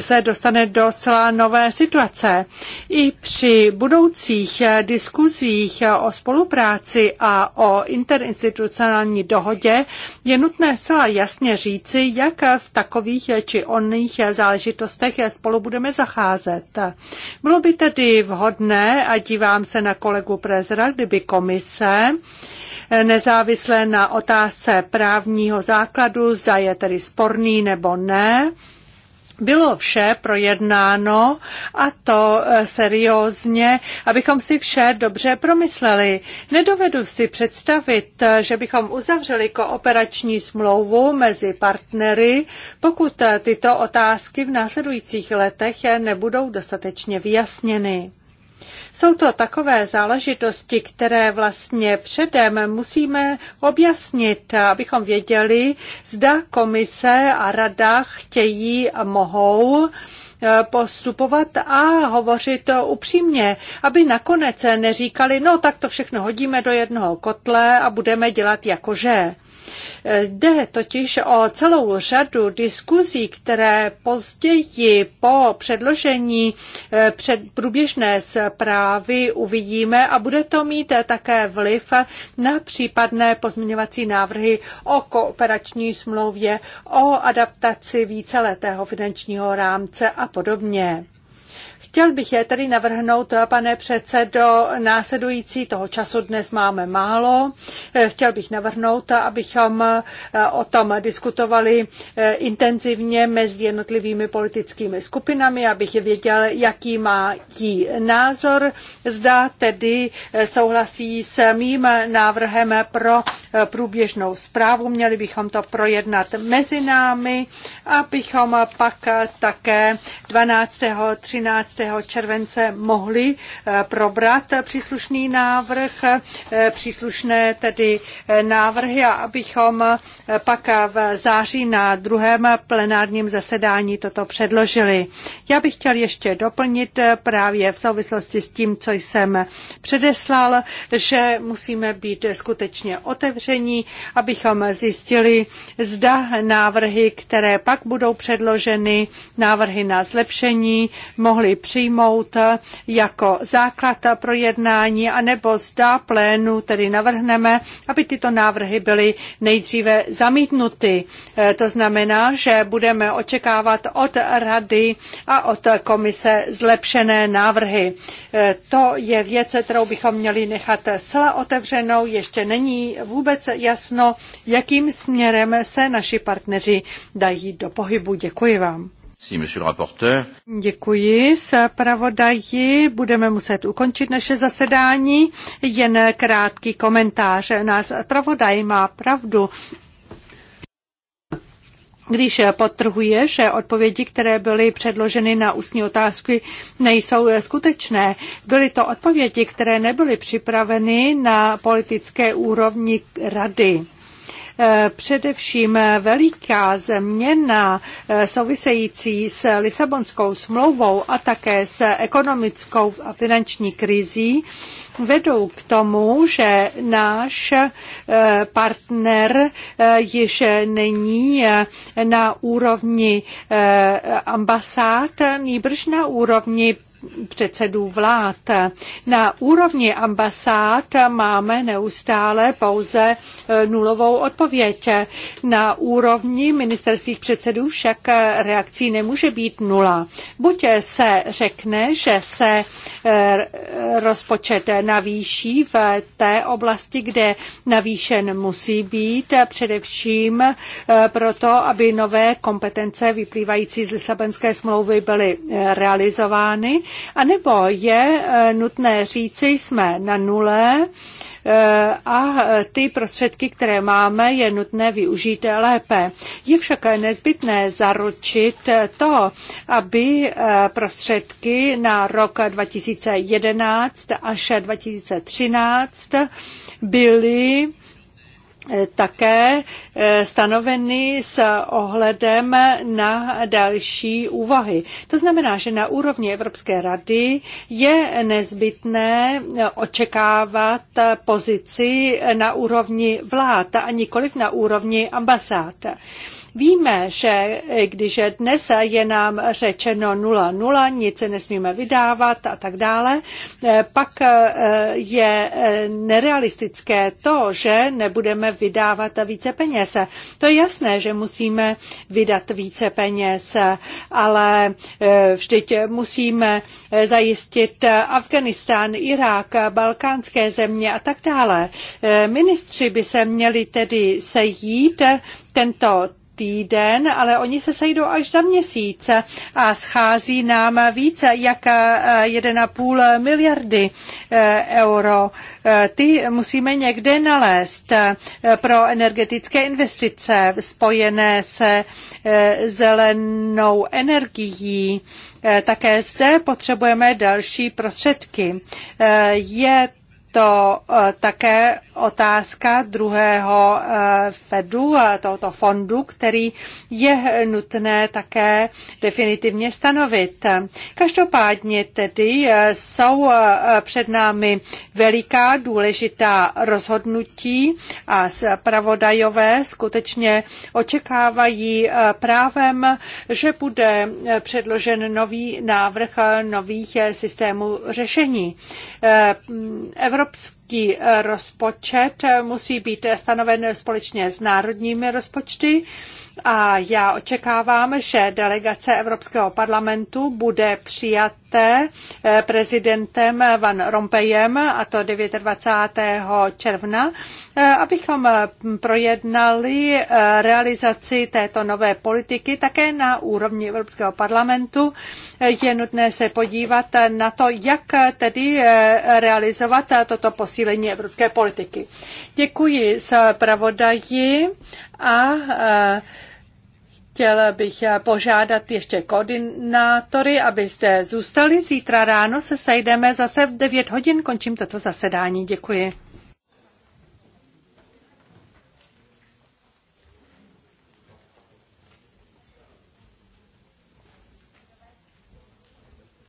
se dostane do celá nové situace. I při budoucích eh, diskuzích eh, o spolupráci a o interinstitucionální dohodě je nutné zcela jasně říci, jak v takových eh, či oných záležitostech spolu budeme zacházet. Bylo by tedy vhodné, a dívám se na kolegu Prezra, kdyby komise nezávisle na otázce právního základu, zda je tedy sporný nebo ne, bylo vše projednáno a to eh, seriózně, abychom si vše dobře promysleli. Nedovedu si představit, eh, že bychom uzavřeli kooperační smlouvu mezi partnery, pokud eh, tyto otázky v následujících letech nebudou dostatečně vyjasněny. Jsou to takové záležitosti, které vlastně předem musíme objasnit, abychom věděli, zda komise a rada chtějí a mohou eh, postupovat a hovořit upřímně, aby nakonec neříkali, no tak to všechno hodíme do jednoho kotle a budeme dělat jakože. Jde totiž o celou řadu diskuzí, které později po předložení eh, před průběžné zprávy uvidíme a bude to mít také vliv na případné pozměňovací návrhy o kooperační smlouvě, o adaptaci víceletého finančního rámce a podobně. Chtěl bych je tedy navrhnout, pane předsedo, následující toho času dnes máme málo. Chtěl bych navrhnout, abychom eh, o tom diskutovali eh, intenzivně mezi jednotlivými politickými skupinami, abych věděl, jaký má tí názor. Zda tedy eh, souhlasí s mým návrhem pro průběžnou zprávu. Měli bychom to projednat mezi námi, abychom pak také 12. 13 července mohli eh, probrat příslušný návrh, eh, příslušné tedy eh, návrhy a abychom pak v září na druhém plenárním zasedání toto předložili. Já bych chtěl ještě doplnit právě v souvislosti s tím, co jsem předeslal, že musíme být skutečně otevření, abychom zjistili, zda návrhy, které pak budou předloženy, návrhy na zlepšení, mohly přijmout jako základ pro jednání, anebo zda plénu tedy navrhneme, aby tyto návrhy byly nejdříve zamítnuty. Eh, to znamená, že budeme očekávat od rady a od komise zlepšené návrhy. Eh, to je věc, kterou bychom měli nechat zcela otevřenou. Ještě není vůbec jasno, jakým směrem se naši partneři dají do pohybu. Děkuji vám. Děkuji zpravodaji. Budeme muset ukončit naše zasedání. Jen krátký komentář. Nás zpravodaj má pravdu když potrhuje, že odpovědi, které byly předloženy na ústní otázky, nejsou skutečné. Byly to odpovědi, které nebyly připraveny na politické úrovni rady. Eh, především veliká změna eh, související s Lisabonskou smlouvou a také s ekonomickou a finanční krizí vedou k tomu, že náš eh, partner již není na úrovni ambasád, nýbrž na úrovni předsedů vlád. Na úrovni ambasád máme neustále pouze e, nulovou odpověď. Na úrovni ministerských předsedů však reakcí nemůže být nula. Buď se řekne, že se e, rozpočet navýší v té oblasti, kde navýšen musí být, především e, proto, aby nové kompetence vyplývající z Lisabonské smlouvy byly realizovány, a nebo je eh, nutné říci, jsme na nule eh, a ty prostředky, které máme, je nutné využít lépe. Je však nezbytné zaručit to, aby eh, prostředky na rok 2011 až 2013 byly Eh, také eh, stanoveny s ohledem na další úvahy. To znamená, že na úrovni Evropské rady je nezbytné eh, očekávat pozici na úrovni vlád a nikoliv na úrovni ambasád. Víme, že když dnes je nám řečeno 0,0, nic nesmíme vydávat a tak dále, pak eh, je eh, nerealistické to, že nebudeme vydávat více peněz. To je jasné, že musíme vydat více peněz, ale eh, vždyť musíme zajistit Afganistán, Irák, balkánské země a tak dále. Ministři by se měli tedy sejít tento týden, ale oni se sejdou až za měsíc a schází nám více jak 1,5 eh, miliardy eh, euro. Eh, ty musíme někde nalézt pro energetické investice spojené se zelenou energií. Také zde potřebujeme další prostředky. Je to eh, také otázka druhého eh, Fedu, eh, tohoto fondu, který je nutné také definitivně stanovit. Každopádně tedy jsou před námi veliká důležitá rozhodnutí a zpravodajové skutečně očekávají právem, že bude předložen nový návrh nových systémů řešení. Evropa Evropské Evropský eh, rozpočet eh, musí být eh, stanoven společně s národními rozpočty a já očekávám, že delegace Evropského parlamentu bude přijaté prezidentem Van Rompeyem a to 29. června, abychom projednali realizaci této nové politiky také na úrovni Evropského parlamentu. Je nutné se podívat na to, jak tedy realizovat toto posílení posílení evropské politiky. Děkuji za zpravodaji a Chtěl bych požádat ještě koordinátory, aby zůstali. Zítra ráno se sejdeme zase v 9 hodin. Končím toto zasedání. Děkuji.